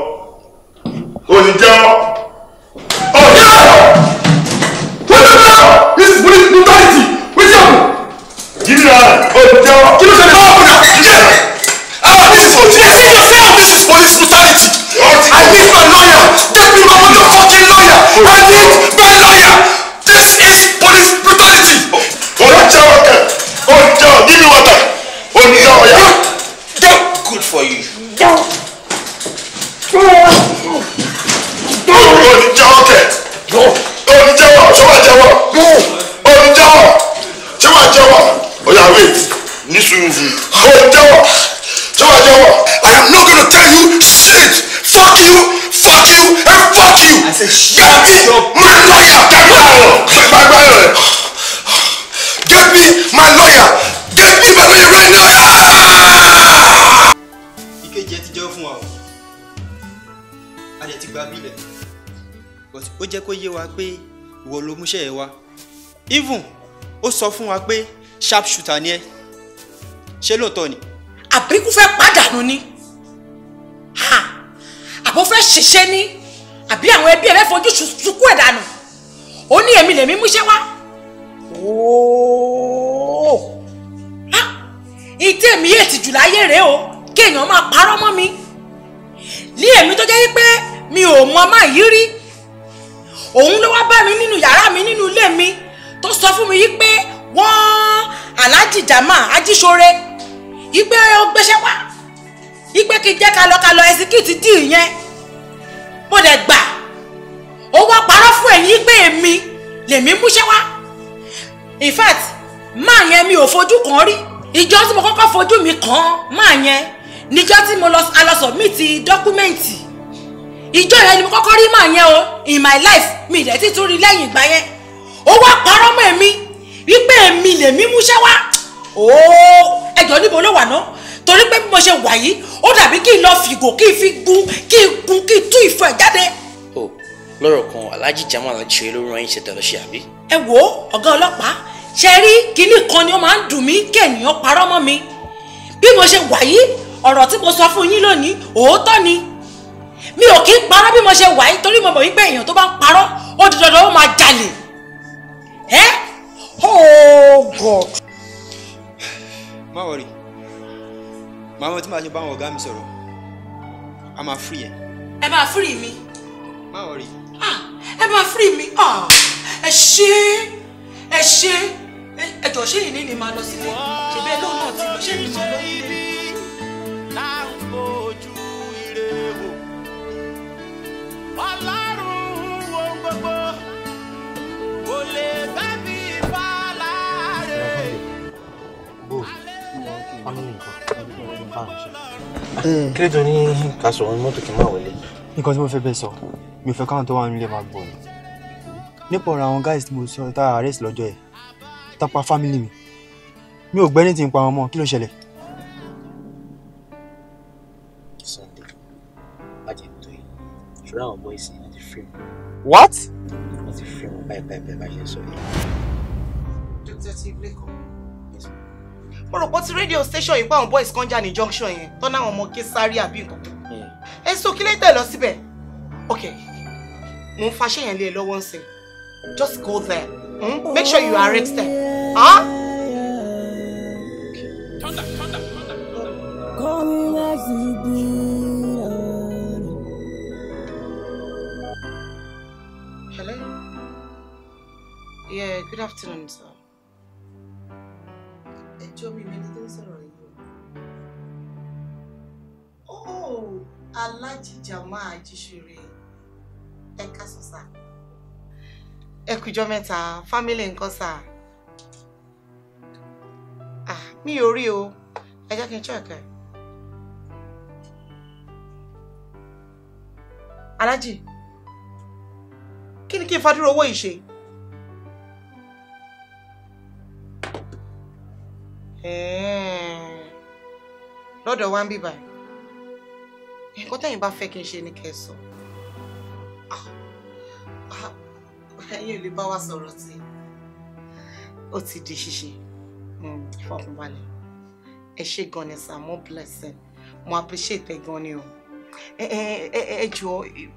sọ fún wa pé sharp shooter ni ẹ ṣé lóòótọ́ ni. àbíkú fẹ́ pàdánù ni àbó fẹ́ ṣiṣẹ́ ni àbí àwọn ẹbí ẹ fẹ́ fojú sunkú ẹ̀ dànù ó ní èmi lèmi múṣẹ́ wá. ìtẹ́ mi yé ti jù láyé rèé o kéèyàn máa parọ́ mọ́ mi ní èmi tó jẹ́ pé mi ò mọ máa yí rí òun ló wá bá mi nínú yàrá mi nínú ilé mi tó sọ fún mi yí pé wọ́n aláàjì jama ajíṣore ìgbé ó gbéṣẹ́ wá ìgbé kí n jẹ́ ká lọ ká lọ ẹsikíìtì dì yẹn mo dẹ̀ gbà ó wá parọ́ fún ẹ̀yìn ìgbé mi lèmi múṣẹ́ wá in fact máa yẹn mi ò fojú kan rí ìjọ tí mo kọ́kọ́ fojú mi kàn máa yẹn níjọ́ tí mo lọ submit dọ́kúmẹ́ǹtì ìjọ yẹn ni mo kọ́kọ́ rí máa yẹn o in my life mi ìdẹ́tí tún rí lẹ́yìn ìgbà yẹn ó wá parọ́ mọ́ èmi wípé èmi lèmi múṣẹ́ wá ooo ẹjọ́ níbo ló wà ná torí pé bí mo ṣe wà yìí ó dàbí kí n lọ fìgò kí n fi gun kí n gun kí n tú ìfọ̀ ẹ̀ jáde. o lọ́rọ̀ kan aláàjì Jamal aláàjì ṣeré ló rán yín ṣe tẹ̀lé ṣe àbí. ẹ wo ọ̀gá ọlọ́pàá ṣe rí kinní kan ni ó máa ń dùn mí kí ènìyàn parọ́ mọ́ mi bí mo ṣe wà yìí ọ̀rọ̀ tí mo sọ fún yín lónìí òótọ́ ni mi ò kí ń parọ́ bí mo ṣe wà yìí torí mo mọ̀ wípé èèyàn tó bá ń parọ́ ó di dandan ó máa jalè ẹ́ Oh God. Má wọrí, màá mọ tí màá ṣe bá àwọn ọ̀gá mi sọ̀rọ̀, a máa fúri ẹ̀. Ẹ máa fúri mi. Má wọrí. Ah, ẹ máa fúri mi. Ah, ẹ ṣé ẹ ṣé ẹ jọ̀ọ́ ṣé ìní ni màá lọ sílé? Ṣèbẹ́ lóun náà ti lọ ṣé ìní màá lọ sílé? Ọlọ́run wo gbogbo, kò lè bá mi. family ní ká sọ̀rọ̀ ní mọ́tò kí n máa wọlé. nǹkan tí mo fẹ́ bẹ́ẹ̀ sọ mi ò fẹ́ káwọn tó wà nílé máa gbọ́ ni. nípa ọ̀rọ̀ àwọn guys tí mo sọ tá a arrest lọ́jọ́ ẹ̀ tápa family mi mi ò gbẹ́ ní ti ń pa wọn mọ́ kí ló ṣẹlẹ̀. Sunday bàjẹ́ tó yìí ṣùgbọ́n àwọn boys yìí wọ́n ti mi. what. wọ́n ti mi báyìí báyìí báyìí sọ yìí. detective lẹ́kọ̀ọ́ mo rò pé ti rédíò station yìí pé àwọn boys kan jà ní junction yẹn tó náà àwọn ọmọ ké sáré àbí nǹkan kan hmm. ẹ sọ kí lẹ́tẹ̀ lọ síbẹ̀ ok mo ń faṣẹ́ yẹn lé ẹ lọ́wọ́ ń just go there hmm? make sure you arrest them. Huh? Hello? Yeah, good afternoon, sir jọ mi mẹ́ni tó ń sọ̀rọ̀ yìí o. Oh, Alhaji Jamal Ajisure ẹ káàsán sà. ẹ kújọ mẹ́ta fámílì nǹkan sà. mi ò rí o ẹ jẹ́ kí n ṣọ̀kẹ́. Alhaji kí ni kí n fa dúró owó yìí ṣe? lọ́dọ̀ wa ń bíbà nǹkan tẹ̀yin bá fẹ́ kí n ṣe ni kẹ́ ẹ sọ ẹ̀yin ò lè bá wa sọ̀rọ̀ tí ó ti di ṣíṣe fọkànbalẹ̀ ẹ ṣé gan ni sir mo blessing mo appreciate ẹ gan ni o ẹ jọ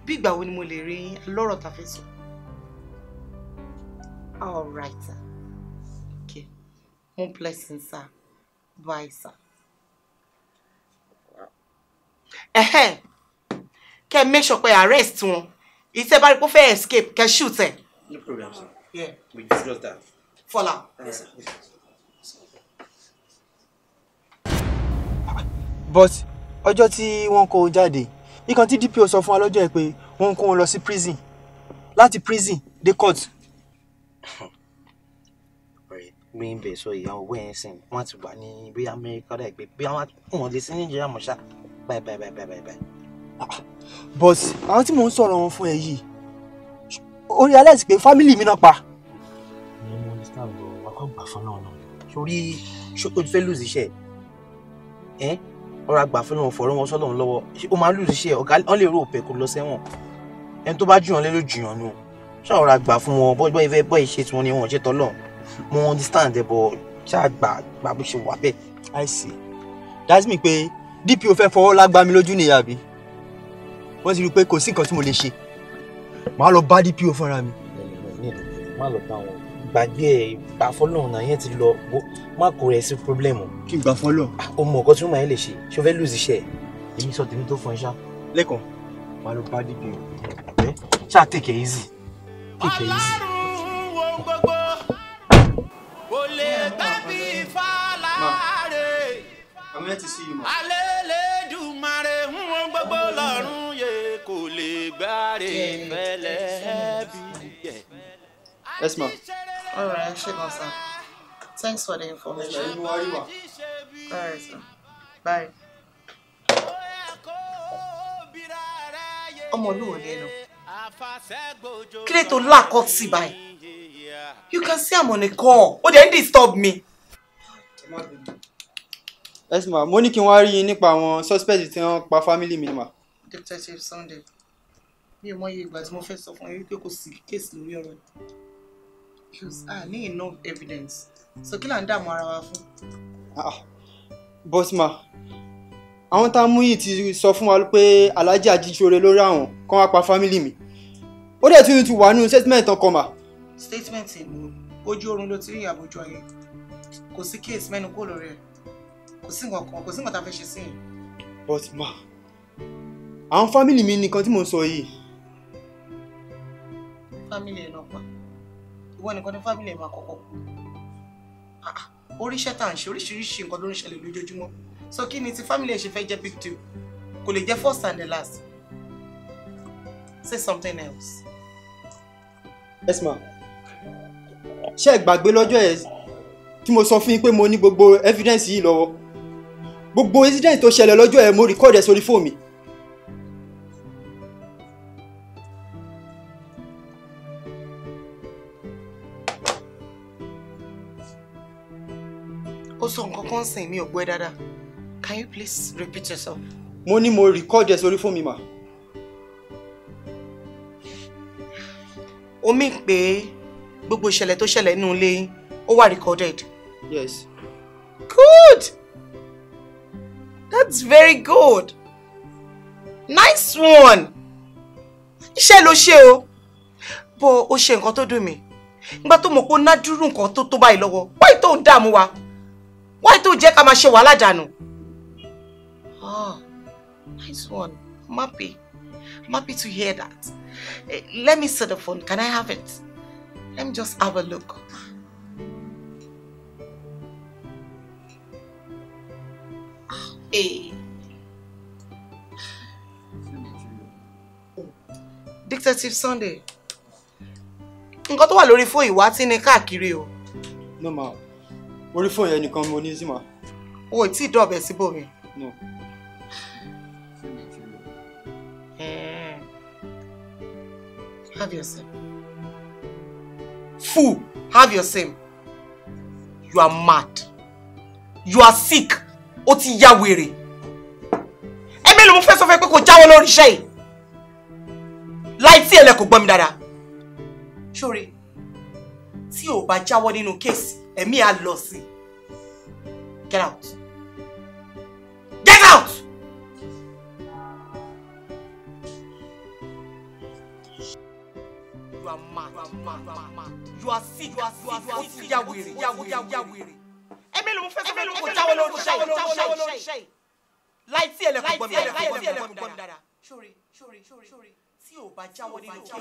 bí ìgbà wo ni mo lè rí yín lọ́rọ̀ tá fẹ́ sọ. all right okay mo blessing sir advisor. ẹ̀hẹ́n kẹ́ make sure pé arrest wọn ìtẹ́ bá rí pé escape kẹ́ shoot ẹ̀. no problem sir. Yeah. we discuss that. fọlá. Yes, sir. but ọjọ́ tí wọ́n kó jáde nǹkan tí DPO sọ fún wa lọ́jọ́ ẹ̀ pé wọ́n kó wọn lọ prison láti prison dé court. Green Bay so ìyàwó owó yẹn sìn wọ́n ti wà ní bí Amẹ́ríkà rẹ̀ pé bí wọ́n wọ́n lè sí Nàìjíríà mọ̀ ṣá báyìí báyìí báyìí báyìí but àwọn tí mò ń sọ̀rọ̀ wọn fún ẹ yìí ó realize pé family mi náà pa. ní mo ní sáà lọ akọ́ gbà fún náà náà. o ti fẹ́ lose iṣẹ́ ẹ ọ̀rọ̀ àgbà fún náà fọ̀rọ̀ wọn sọ́dọ̀ lọ́wọ́ o máa lose iṣẹ́ ọ̀gá wọn lè rò pẹ̀ kó lọ sẹ́wọ̀n ẹni tó bá jùyàn lé ló jùyàn nù ṣáà ọ̀rọ̀ àgbà fún wọn bọ́ ìfẹ́ bọ́ ìṣe tiwọn ni wọn ò ṣe tọ́lọ́run mo understand ẹ bọ̀ ṣáà gbà gbà bó ṣe wà bẹ́ẹ̀ i see that's me pé DPO fẹ́ fọwọ́ lágbá mi lójú nìyà bí wọ́n ti rí i pé kò sí nǹkan tí mo lè ṣe màá lọ bá DPO fúnra mi. má lọ bá wọn gbàgbé ẹ gbà fọlọ náà yẹn ti lọ má kó rẹ sí pírọblẹmù. kí n gbà fọlọ. Ah, o mọ nǹkan tí wọn máa ń lè ṣe ṣé o fẹ́ lùzí iṣẹ́ ẹ̀ èmi sọ tèmi tó fún ẹ lẹ́kọ̀ọ́ màá lọ bá DPO ṣáà take it easy take it easy. I'm ń wọ́n gbogbo lọ́rùn yẹ kò lè gbáre fẹ́lẹ́ bí. Yes, ma'am. All right, ṣe gan sa. Thanks for the information. Ẹ̀yin wá rí All right, sir. Bye. Ọmọ olúwo ni lọ. Kí lè tó lákọ̀ọ́ sí báyìí? You can see I'm on a call. Ó dẹ̀ ń disturb me. Ẹ yes ma mo ní kí n wá rí yín nípa àwọn suspect tí wọ́n pa family mi ma. detective sunday mi ò mọyì ìgbà tí mo fẹ́ sọ fún yín pé kò sí kéèsì lórí ọ̀rọ̀ because a ní enough evidence so kí là ń dààmú ara wa fún. Ah, but ma àwọn tá a mú yìí ti sọ fún wa pé alhaji ajíṣore lórí àwọn kan wá pa family mi ó dẹ̀ tún tún wà nínú statement tán kan ma. statement ìlú ojú oorun ló ti rí ìyàbójú ayé kò sí kéèsì mẹ́nu kó lórí ẹ̀ kò sí nǹkan kan kò sí nǹkan tá a fẹ́ ṣe sí yẹn. but ma àwọn fámìlì mi nìkan tí mò ń sọ yìí. fámìlì ẹ̀ náà pa ìwọ nìkan ní fámìlì ẹ̀ máa kọ́kọ́ kú ah, ah, oríṣẹ́ tá à ń ṣe oríṣiríṣi nǹkan ló ń ṣẹlẹ̀ lójoojúmọ́ so kí ni ti fámìlì ẹ̀ ṣe fẹ́ jẹ́ big deal kò lè jẹ́ first and the last say something else. yes ma ṣé ẹ gbàgbé lọ́jọ́ ẹ̀ tí mo sọ fún yín pé mo ní gbogbo evidence yìí lọ́wọ́ gbogbo incident tó ṣẹlẹ̀ lọ́jọ́ ẹ̀ mo record ẹ̀ sórí fóònù mi. ó sọ nǹkan kan sìn mi ò dáadáa can you please repeat yourself. mo ní mo record ẹ sórí fóònù mi mà. omi pé gbogbo ìṣẹ̀lẹ̀ tó ṣẹlẹ̀ nínú ilé ó wà recorded. yes. That's very good. Nice one. Iṣẹ́ ló ṣe o. Bọ́ o ṣe nǹkan tó dùn mí. Nígbà tó mọ̀ pé ó ná dúró nǹkan tó tó báyìí lọ́wọ́. Wáyé tó ń dààmú wa. Wáyé tó jẹ́ ká máa ṣe wàhálà dànù. Ah, nice one. I'm happy. I'm happy to hear that. Eh, let me see the phone. Can I have it? Let me just have a look. Hey. Detective Sunday. Nǹkan tó wà lórí fóònù ìwá tí ni káàkiri o. No ma, orí fóònù yẹn nìkan mo ní sí ma. O ò tí ì dọ̀bẹ̀ síbòmí. No. Eh. Have your sim. Fool, have your same. You are mad. You are sick ó ti ya wèrè ẹ mélòó mo fẹ́ sọ fún ẹ pé kò jáwọ́ lórí iṣẹ́ yìí láì tí ẹlẹ́ kò gbọ́ mi dáadáa ṣóre tí ò bá jáwọ́ nínú kéèsì ẹ̀mí á lọ sí get out get out. You are mad. You are mad. You are sick. You are sick. You are sick. You are sick. You are sick ẹ̀mí ló mú fẹ́ sẹ́mi ló mú jáwọ́ lórí iṣẹ́ yìí jáwọ́ lórí iṣẹ́ yìí láì tí ẹlẹ́kùn gbọ́ mi ẹlẹ́kùn gbọ́ mi dára sórí sórí sórí sórí tí ò bá jáwọ́ nínú òkè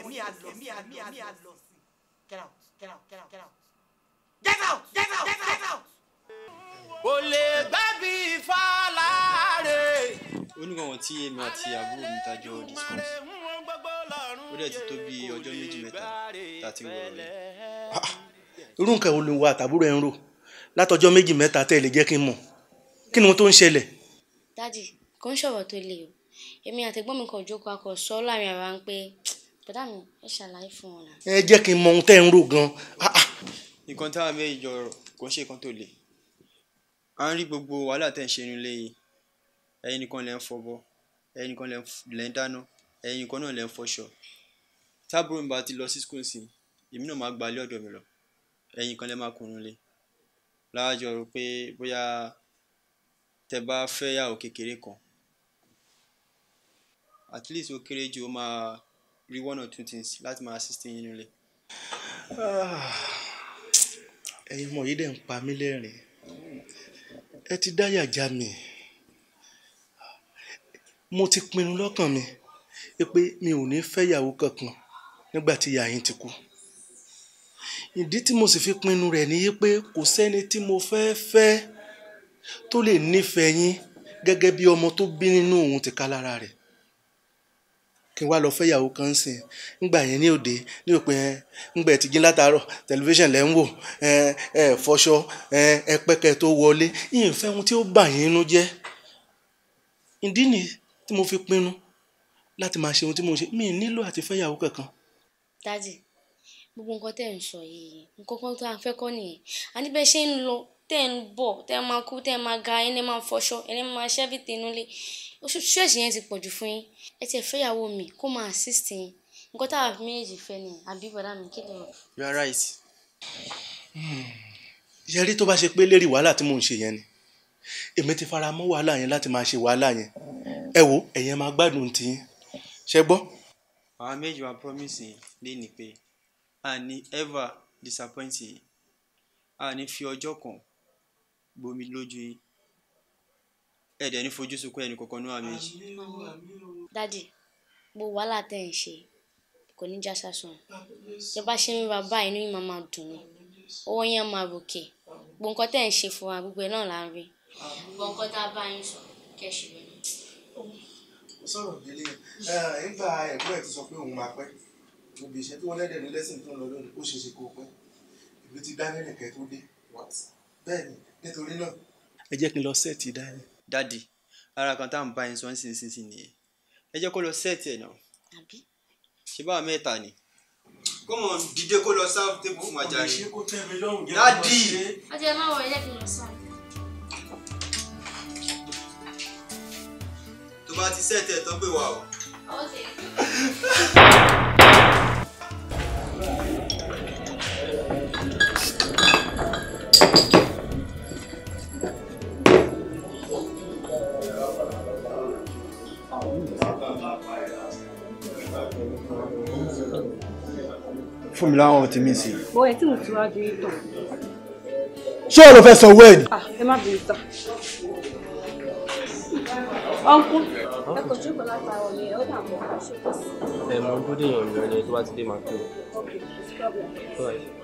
ẹ̀mí àlọ́ ẹ̀mí àlọ́ ẹ̀mí àlọ́ get out get out get out get out get out get out get out. kò lè gbẹ́bí ifá láre. onígbàwọ̀n tí èmi àti àbúrò mi tajọ discount ó dẹ̀ ti tó bí ọjọ́ méjì mẹ́ta tá a ti wọ̀ ọ́ yìí. irú nǹkan wo ló ń wá ẹ̀ ń rò látọjọ́ méjì mẹ́ta tẹ́ ẹ lè jẹ́ kí n mọ̀ kí ni mo tó ń ṣẹlẹ̀. dádì kò ń ṣọ̀rọ̀ tó le o èmi àtẹ̀gbọ́n mi kàn jókòó akọ sọ láàrin ara ń pé bàdá mi ẹ ṣàlàyé fún wọn. ẹ jẹ́ kí n mọ ohun tẹ́ ẹ ń rò gan. Ah, ah. nǹkan táwọn méjì jọ rọ kò ń ṣe nǹkan tó le à ń rí gbogbo wàhálà tẹ́ ń ṣe nílé yìí ẹ̀yin nìkan lẹ́ ń fọbọ ẹ̀yin nìkan lẹ́ ń dáná ẹ̀yin nìkan náà lẹ́ ń fọṣọ tábùrò mi bá ti lọ sí skul sí èmi náà máa gbalé ọ̀dọ̀ mi lọ ẹ̀yin kan lẹ́ máa kùnrin lé láwájú ọ̀run pé bóyá tẹ bá fẹ́ yàwó kékeré kan at least ó kéré jù ó máa rí one or two things láti máa assist yín nílé. Ah, ẹ̀yin ọmọ yìí dẹ̀ ń pa mí lẹ́rìn ẹ ti dáyà já mi mo ti pinnu lọ́kàn mi pé mi ò ní fẹ́ yàwó kankan nígbà tí ìyá yín ti kú ìdí tí mo sì fi pinnu rẹ̀ ni pé kò sẹ́ni tí mo fẹ́ fẹ́ tó lè nífẹ̀ẹ́ yín gẹ́gẹ́ bí ọmọ tó bí nínú òun ti ká lára rẹ̀ kí n wá lọ fẹ́yàwó kan sìn ńgbà yẹn ní òde ní òpin ẹ ńgbà tí jín látàárọ̀ tẹlifíṣàn lẹ́ ń wò ẹ ẹ fọṣọ ẹ ẹ pẹ́kẹ́ tó wọlé yìnyín fẹ́ ohun tí ó bà yín inú jẹ́ ìdí ni tí mo fi pinnu láti máa ṣe ohun tí mo ṣe mi nílò àti fẹ́yàwó kankan. dádì gbogbo nǹkan tẹ́ ẹ̀ ń sọ yìí nǹkan kan tó à ń fẹ́ kọ́ nìyẹn àní bẹ́ẹ̀ ṣe ń lọ tẹ́ ẹ̀ ń bọ̀ tẹ́ ẹ̀ máa kú tẹ́ ẹ̀ máa ga ẹni máa fọṣọ ẹni máa ṣẹ́ bí tinú lé ṣúẹ̀ṣì yẹn ti pọ̀ jù fún yín ẹ ti ẹ̀ fẹ́yàwó mi kó máa assist yín nǹkan tá a méjèèjì fẹ́ ni àbí bọ̀dá mi kí lè you are right. ṣe rí tó bá ṣe pé lérí wàhálà tí mò ń ṣe yẹn ni èmi ti fara mọ́ wàhálà yẹn láti máa ṣe wàhálà yẹn ẹ wo ẹ̀yẹn máa gbádùn tiyín ṣẹ gbọ́. àwọn méjì wa promise lé ní pé àní ever disappoint yín àní fi ọjọ́ kan gbomi lójú yín ẹ̀dẹ̀ ní fojú sunkún ẹnì kankan náà méjì. dádì gbogbo wàhálà tẹ̀ ń ṣe kò ní já sásán tẹ bá ṣe ń ra báyìí inú yín máa máa dùn ní owó yẹn máa ròkè gbogbo nǹkan tẹ̀ ń ṣe fún wa gbogbo ẹ̀ náà là ń rí gbogbo nǹkan tá a bá yín sọ kẹ́sì lónìí. sọ̀rọ̀ délé nígbà ẹ̀gbọ́n ẹ̀ ti sọ pé òun máa pẹ́ níbi iṣẹ́ tí wọ́n lẹ́dẹ̀ ní lẹ́sìn tó ń lọ lónìí ó ṣeéṣe kó pẹ́ ìlú ti dání nìkẹ́ tó dé bẹ́ẹ̀ ni nítorí náà. ẹ jẹ́ kí n lọ sẹ́ẹ̀tì dání. dadi ara kan tá à ń bá yín sọ ń sin nìyẹn ẹ jẹ́ kó lọ sẹ́ẹ̀tì ẹ̀ náà ṣe bá mẹ́ta ni. kọ́mọ dìde kó lọ sáà tébù fún ajá rẹ̀ dadi. ọjà ẹ má wọ ẹ kí n lọ sáà. tó bá ti sẹ́ẹ̀tì ẹ̀ tán pé wà o. ok. fún mi láwọn tí mi sí. bọ́ ẹ tí mo ti wá ju yín tán. ṣé o lọ fẹ́ sọ wẹ́ẹ̀dì. Ah, ẹ má bèrè sá. ọkú ẹ kò jókòó látara ọ̀lẹ́ ẹ̀ ó dà bọ̀ ọ́ ṣe kọ́ ẹ mọ gbọ́dọ̀ èèyàn ìrìn ọ̀lẹ́ tó bá ti dé máa pè ok no problem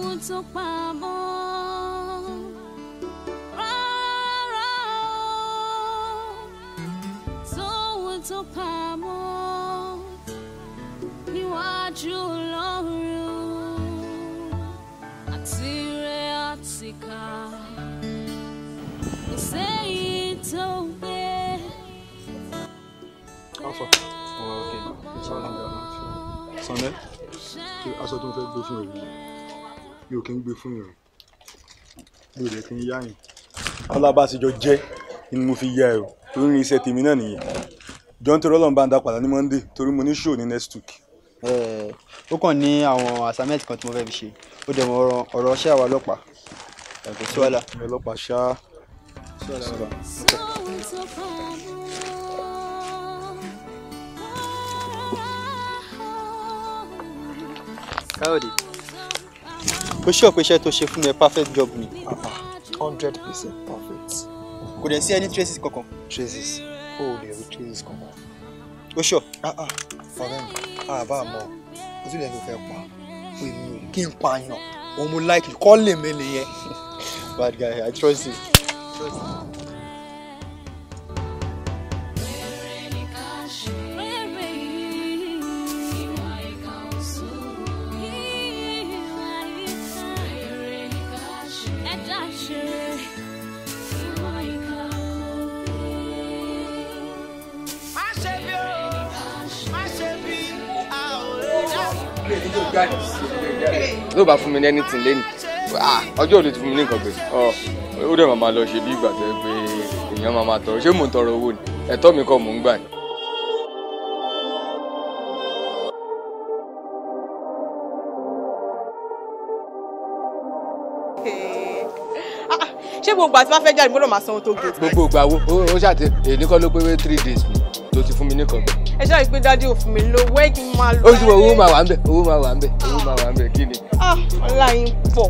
ohun tó pamọ́. Rárá o, sóhun tó pamọ́ níwájú Ọlọ́run àti rẹ̀ àtìká. Kò séyìí tó gbé. Káfọ̀, ọ̀rọ̀ òkè, ìtọ́jú ìdáná. Sọ̀nẹ́, aṣọ tó ń fẹ́ gbé fún ìrìn mi ò kí ń gbé fún yàn mi ò lè kí ń yá yàn. ọlábàṣejọ jẹ́ ni mo fi yá ẹ o torí ní iṣẹ́ tèmi náà nìyẹn john torí ọlọ́run bá ń dá padà ní monday torí mo ní show ní next week. ó kàn ní àwọn assignment kan tí mo fẹ́ fi ṣe ó dẹ̀ mọ ọ̀rọ̀ ṣé àwa ọlọ́pàá ẹ̀kọ́ sí wàhálà. ọlọ́pàá ṣá. káyọ̀dé o ṣe ọ̀pẹ iṣẹ́ tó ṣe fún mi perfect job ni. Ah, ah, hundred percent perfect. kò dẹ̀ sí any traces kankan. traces o ò lè rí traces kankan. o ṣọ. Ah, ọ̀rẹ́ mi àbá mọ̀ o tún lè fi fẹ́ pa pé mi ò kí n pààyàn òun mo like kọ́ lè mele yẹn. bad guy i trust you. Trust you. ló bá fún mi ní anything lẹ́nu ah, ọjọ́ òde ti fún mi ní nǹkan gbé ó dẹ̀ máa lọ ṣe bí ìgbà tó yẹ pé èèyàn máa máa tọrọ ṣé mò ń tọrọ owó ni ẹ̀tọ́ mi kọ́ mò ń gbà ni. ṣé gbogbo àti máa fẹ́ jáde gbọ́dọ̀ máa san owó tó gbé. gbogbo ìgbà wo ó ṣàtẹ èyí ní kọ́ ló pé three days mi ló ti fún mi ní nǹkan gbé ẹ ṣáà ìpín dájú òfin mi lówó ẹ kí n máa lọ. ó ti wọ owó máa wà ń bẹ owó máa wà ń bẹ owó máa wà ń bẹ kí ni. Ah, ọlá yín pọ̀.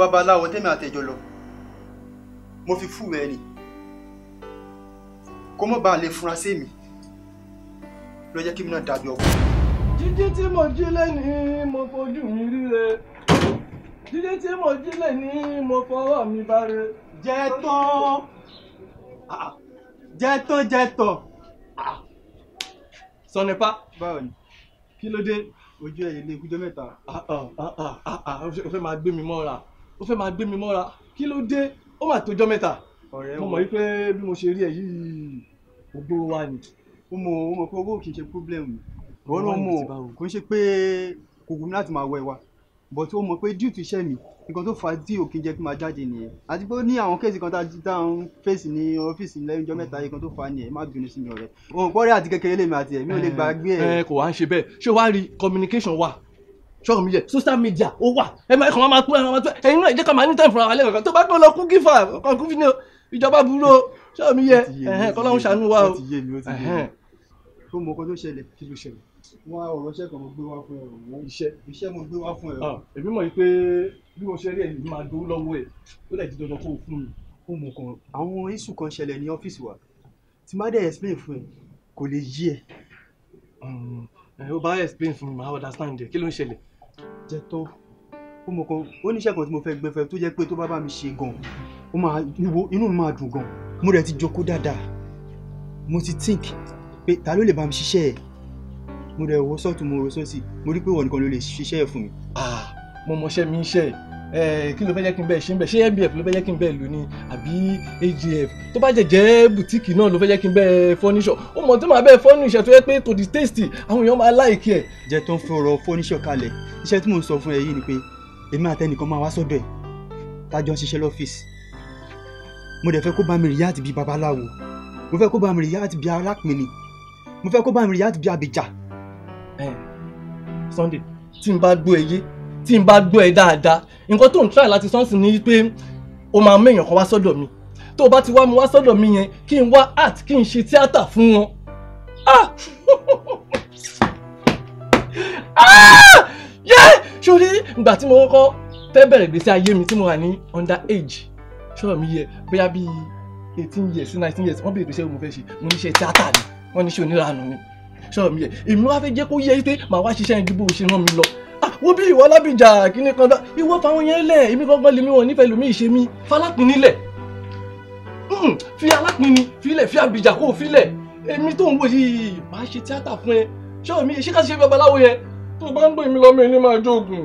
babaláwo tèmi àtẹjọ lọ mo fi fún ẹ ni kó mọ̀ bá a lè fura sí mi ló jẹ́ kí mi náà dàbí ọkọ. jíjí tí mo jí lẹ́ni mo fojú mi ríre jíjí tí mo jí lẹ́ni mo fọwọ́ mi báre. jẹ́ tán ah, ah. jẹ́ tán jẹ́ tán ah. sọnipa báwo ni kí ló dé ojú ẹ̀yìn ní ikújọ́ mẹ́ta o fẹ́ máa gbé mi mọ́ra ó fẹ́ máa gbé mi mọ́ra kí ló dé ó mà tójọ́ mẹ́ta mo mọ̀ wípé bí mo ṣe rí ẹ yìí ògbó wa ni ó mọ ó mọ pé owó kì í ṣe pírọ́blẹ̀mù wọ́n náà mọ̀ kò ń ṣe pé kò gún mi láti máa wọ ẹ wa but ó mọ̀ pé due to iṣẹ́ mi nǹkan tó fà á tí òkè jẹ́ kí n máa jáde nìyẹn àti pé ó ní àwọn kéèsì kan tá a ń fèsì ní ọ́fíìsì lẹ́yìn ọjọ́ mẹ́ta nǹkan tó fà á nìyẹn má bínú sí mi ọ̀rẹ́ òǹkọ́rẹ́ àti kékeré lèmi àti ẹ̀ mi ò lè eh. gbàgbé ẹ̀. ẹ eh, kò wá ń ṣe bẹ́ẹ̀ ṣé wàá rí communication wà sọ̀rọ̀ mi yẹ social media ó wà ẹ máa kàn máa pín ẹ máa tó ẹyin náà ìjẹ́ ká máa ní time fún ara lẹ́kọ̀ọ́ tó bá pẹ́ lọ kú gífà kan kú fínà ìjọba burú o sọ̀rọ̀ mi yẹ kọ́lọ́hún ṣàánú wa o. ó mọ ọkọ tó ṣẹlẹ̀ kí ló ṣẹlẹ̀ wọn ọ̀rọ̀ iṣẹ́ kan mo gbé wá fún ẹ o iṣẹ́ iṣẹ́ mo gbé wá fún ẹ o. Ah, èmi mọ̀ pé bí mo ṣe rí ẹ̀yìn máa dowó lọ́wọ́ ẹ̀ ó lè di dandan kó o fún mi. ó mọ kan àwọn iṣu kan ṣẹlẹ̀ ní ọ́fíìsì wa tí má explain fún ẹ kò lè yí ẹ. Ah, explain fún mi màá understand ẹ kí ló ń jẹ tán ó mọ kan ó níṣẹ́ kan tí mo fẹ́ gbẹfẹ́ tó jẹ́ pé tó bá bá mi ṣe gan ó máa ìwọ inú mi máa dùn gan mo rẹ̀ ti jókòó dáadáa mo ti think pé ta ló lè bá mi ṣiṣẹ́ ẹ̀ mo rẹ̀ wọ́ sọ́ọ̀tún mo rọ sọ́ọ̀sì mo rí pé wọ́n ló lè ṣiṣẹ́ ẹ̀ fún mi. Ah, mo mọṣẹ́ mi ń ṣe é kí ló fẹ́ jẹ́ kí n bẹ́ẹ̀ ṣe ń bẹ́ẹ̀ ṣé mbf ló fẹ́ jẹ́ kí n bẹ́ẹ̀ lò ní àbí agf tó bá jẹ̀jẹ́ bùtíkì náà ló fẹ́ jẹ́ kí n bẹ́ẹ̀ fọ́níṣọ̀ ó mọ̀ tó máa bẹ́ẹ̀ fọ́níṣọ̀ tó yẹ pé to the taste àwọn èèyàn máa láìkí ẹ̀. jẹ́ tó ń fọ̀rọ̀ fọ́níṣọ̀ kalẹ̀ iṣẹ́ tí mò ń sọ fún ẹ yìí ni pé èmi àtẹnìkan máa wá sọ́dọ̀ ẹ̀ tájọ́ ń ṣiṣẹ́ lọ́fíìsì mo dẹ̀ fẹ́ kó bá mi react bíi babaláwo mo fẹ́ kó bá mi react bíi alápinni mo fẹ́ kó bá mi react bíi abìjà. Sunday tí n bá gbọ́ eye tí n bá gbọ́ ẹ dáadáa nǹkan tó ń try láti sọ́ọ̀sì ni pé o máa mẹ́yàn kan wá sọ́dọ̀ mi tó o bá ti wá mi wá sọ́dọ̀ mi yẹn kí n wá art kí n ṣe tíátà fún wọn. Ah! sórí ah! ìgbà tí mo kọ́kọ́ fẹ́ bẹ̀rẹ̀ ìgbésí ayé mi tí mo wà ní under age sọ̀rọ̀ mi yẹ bóyá bíi eighteen years sí nineteen years wọ́n bèèrè pé ṣé mo fẹ́ ṣe mo ní ṣe tíátà ni wọ́n ní ṣe oníranù ni sọ̀rọ̀ mi yẹ èmi wá fẹ́ jẹ́ kó yẹ pé màá wá ṣiṣẹ́ yẹn ju ṣe rán mi lọ. Ah, wo bí ìwọ lábìjà kíní kan ìwọ fáwọn yẹn lẹ̀ èmi gangan lèmi wọn nífẹ̀ẹ́ lómi ìṣe mi falápinni lẹ̀ hmm, fi alápinni filẹ̀ fi àbìjà kó filẹ̀ èmi tó ń wò yìí máa ṣe tíátà fún ẹ ṣé mi ṣé ká ṣe babaláwo yẹn tó bá ń gbé mi lọ́mọ ẹni máa jóògùn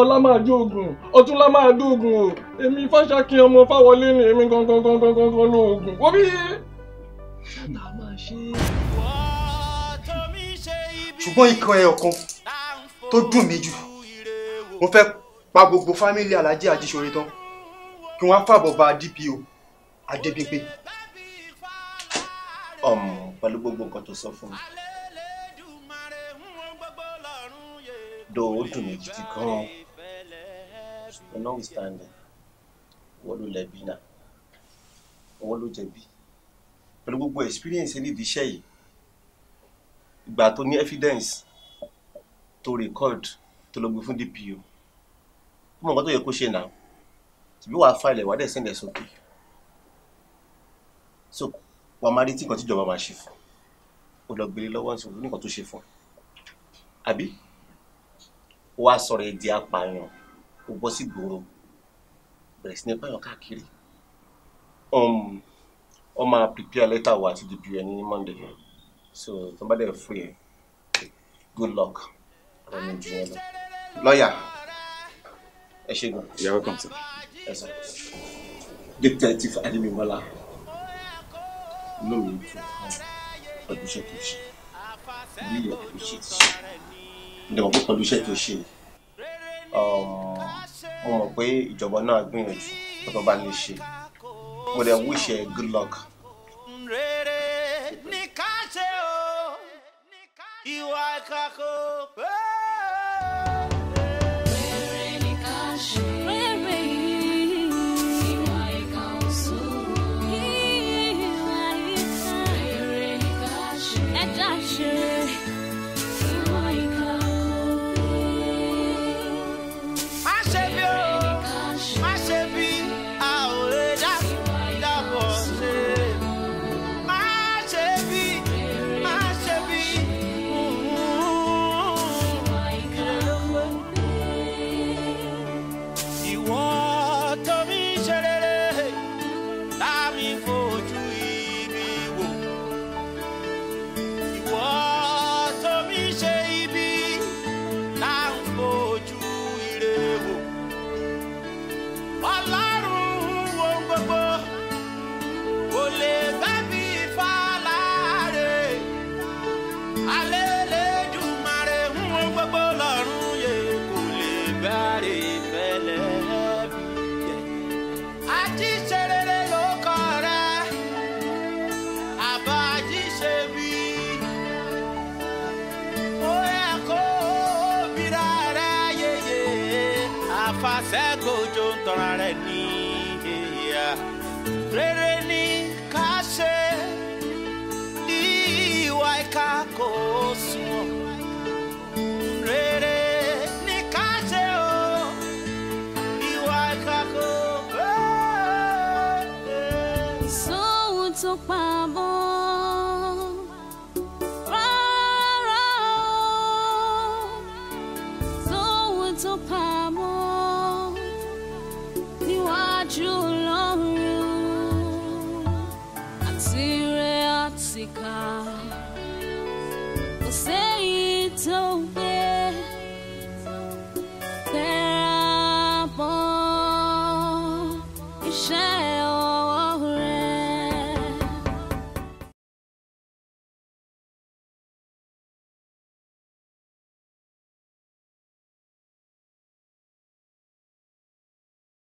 ọlá máa jóògùn ọ̀túnlá máa dóògùn o èmi fáṣákin ọmọ fáwọlé ni èmi gangan gangan gangan lóògùn wo bí. ṣùgbọ́n ikọ̀ ẹ̀ ọ̀kan tó dùn mí jù mo fẹ́ pa gbogbo fámìlì alájí àjíṣore tán kí wọ́n á fàbọ̀ bá DPO Adébímpé. Um, pẹ̀lú gbogbo nǹkan tó sọ fún mi dòwò dùn mí gidi gan-an but notwithstanding wọ́n ló lẹ́bi náà wọ́n ló jẹ̀bi pẹ̀lú gbogbo experience nídìí iṣẹ́ yìí ìgbà tó ní evidence tó record to lọ gbé fún DPO ó mọ nǹkan tó yẹ kó ṣe náà tìbí wàá fáìlẹ̀ wàá dẹ̀ sẹ́ndẹ̀ sókè so wàá máa rí tí nǹkan tíjọba máa ṣe fún ó lọ gbélé lọ́wọ́ ní sọ̀rọ̀ nǹkan tó ṣe fún àbí wàá sọ̀rọ̀ ẹ̀ di apààyàn ó bọ́ sí gbòòrò bẹ̀rẹ̀ sí ní pààyàn káàkiri ọ um, máa prepare letter wa àti DPO ẹni ní Monday so tó bá dẹ̀ fún yẹ good luck. Lawyer, ẹ you are welcome sir. ẹ detective adimimola lórí ètò pẹ̀lú iṣẹ́ tó ṣe bí ìyá tó ṣe ti ṣe ìdàgbọ́ pé pẹ̀lú iṣẹ́ tó ṣe mo um, mọ̀ pé ìjọba náà gbìyànjú lọ́tọ́ bá lè ṣe mo dẹ̀ wíṣẹ́ good luck. rere ní ká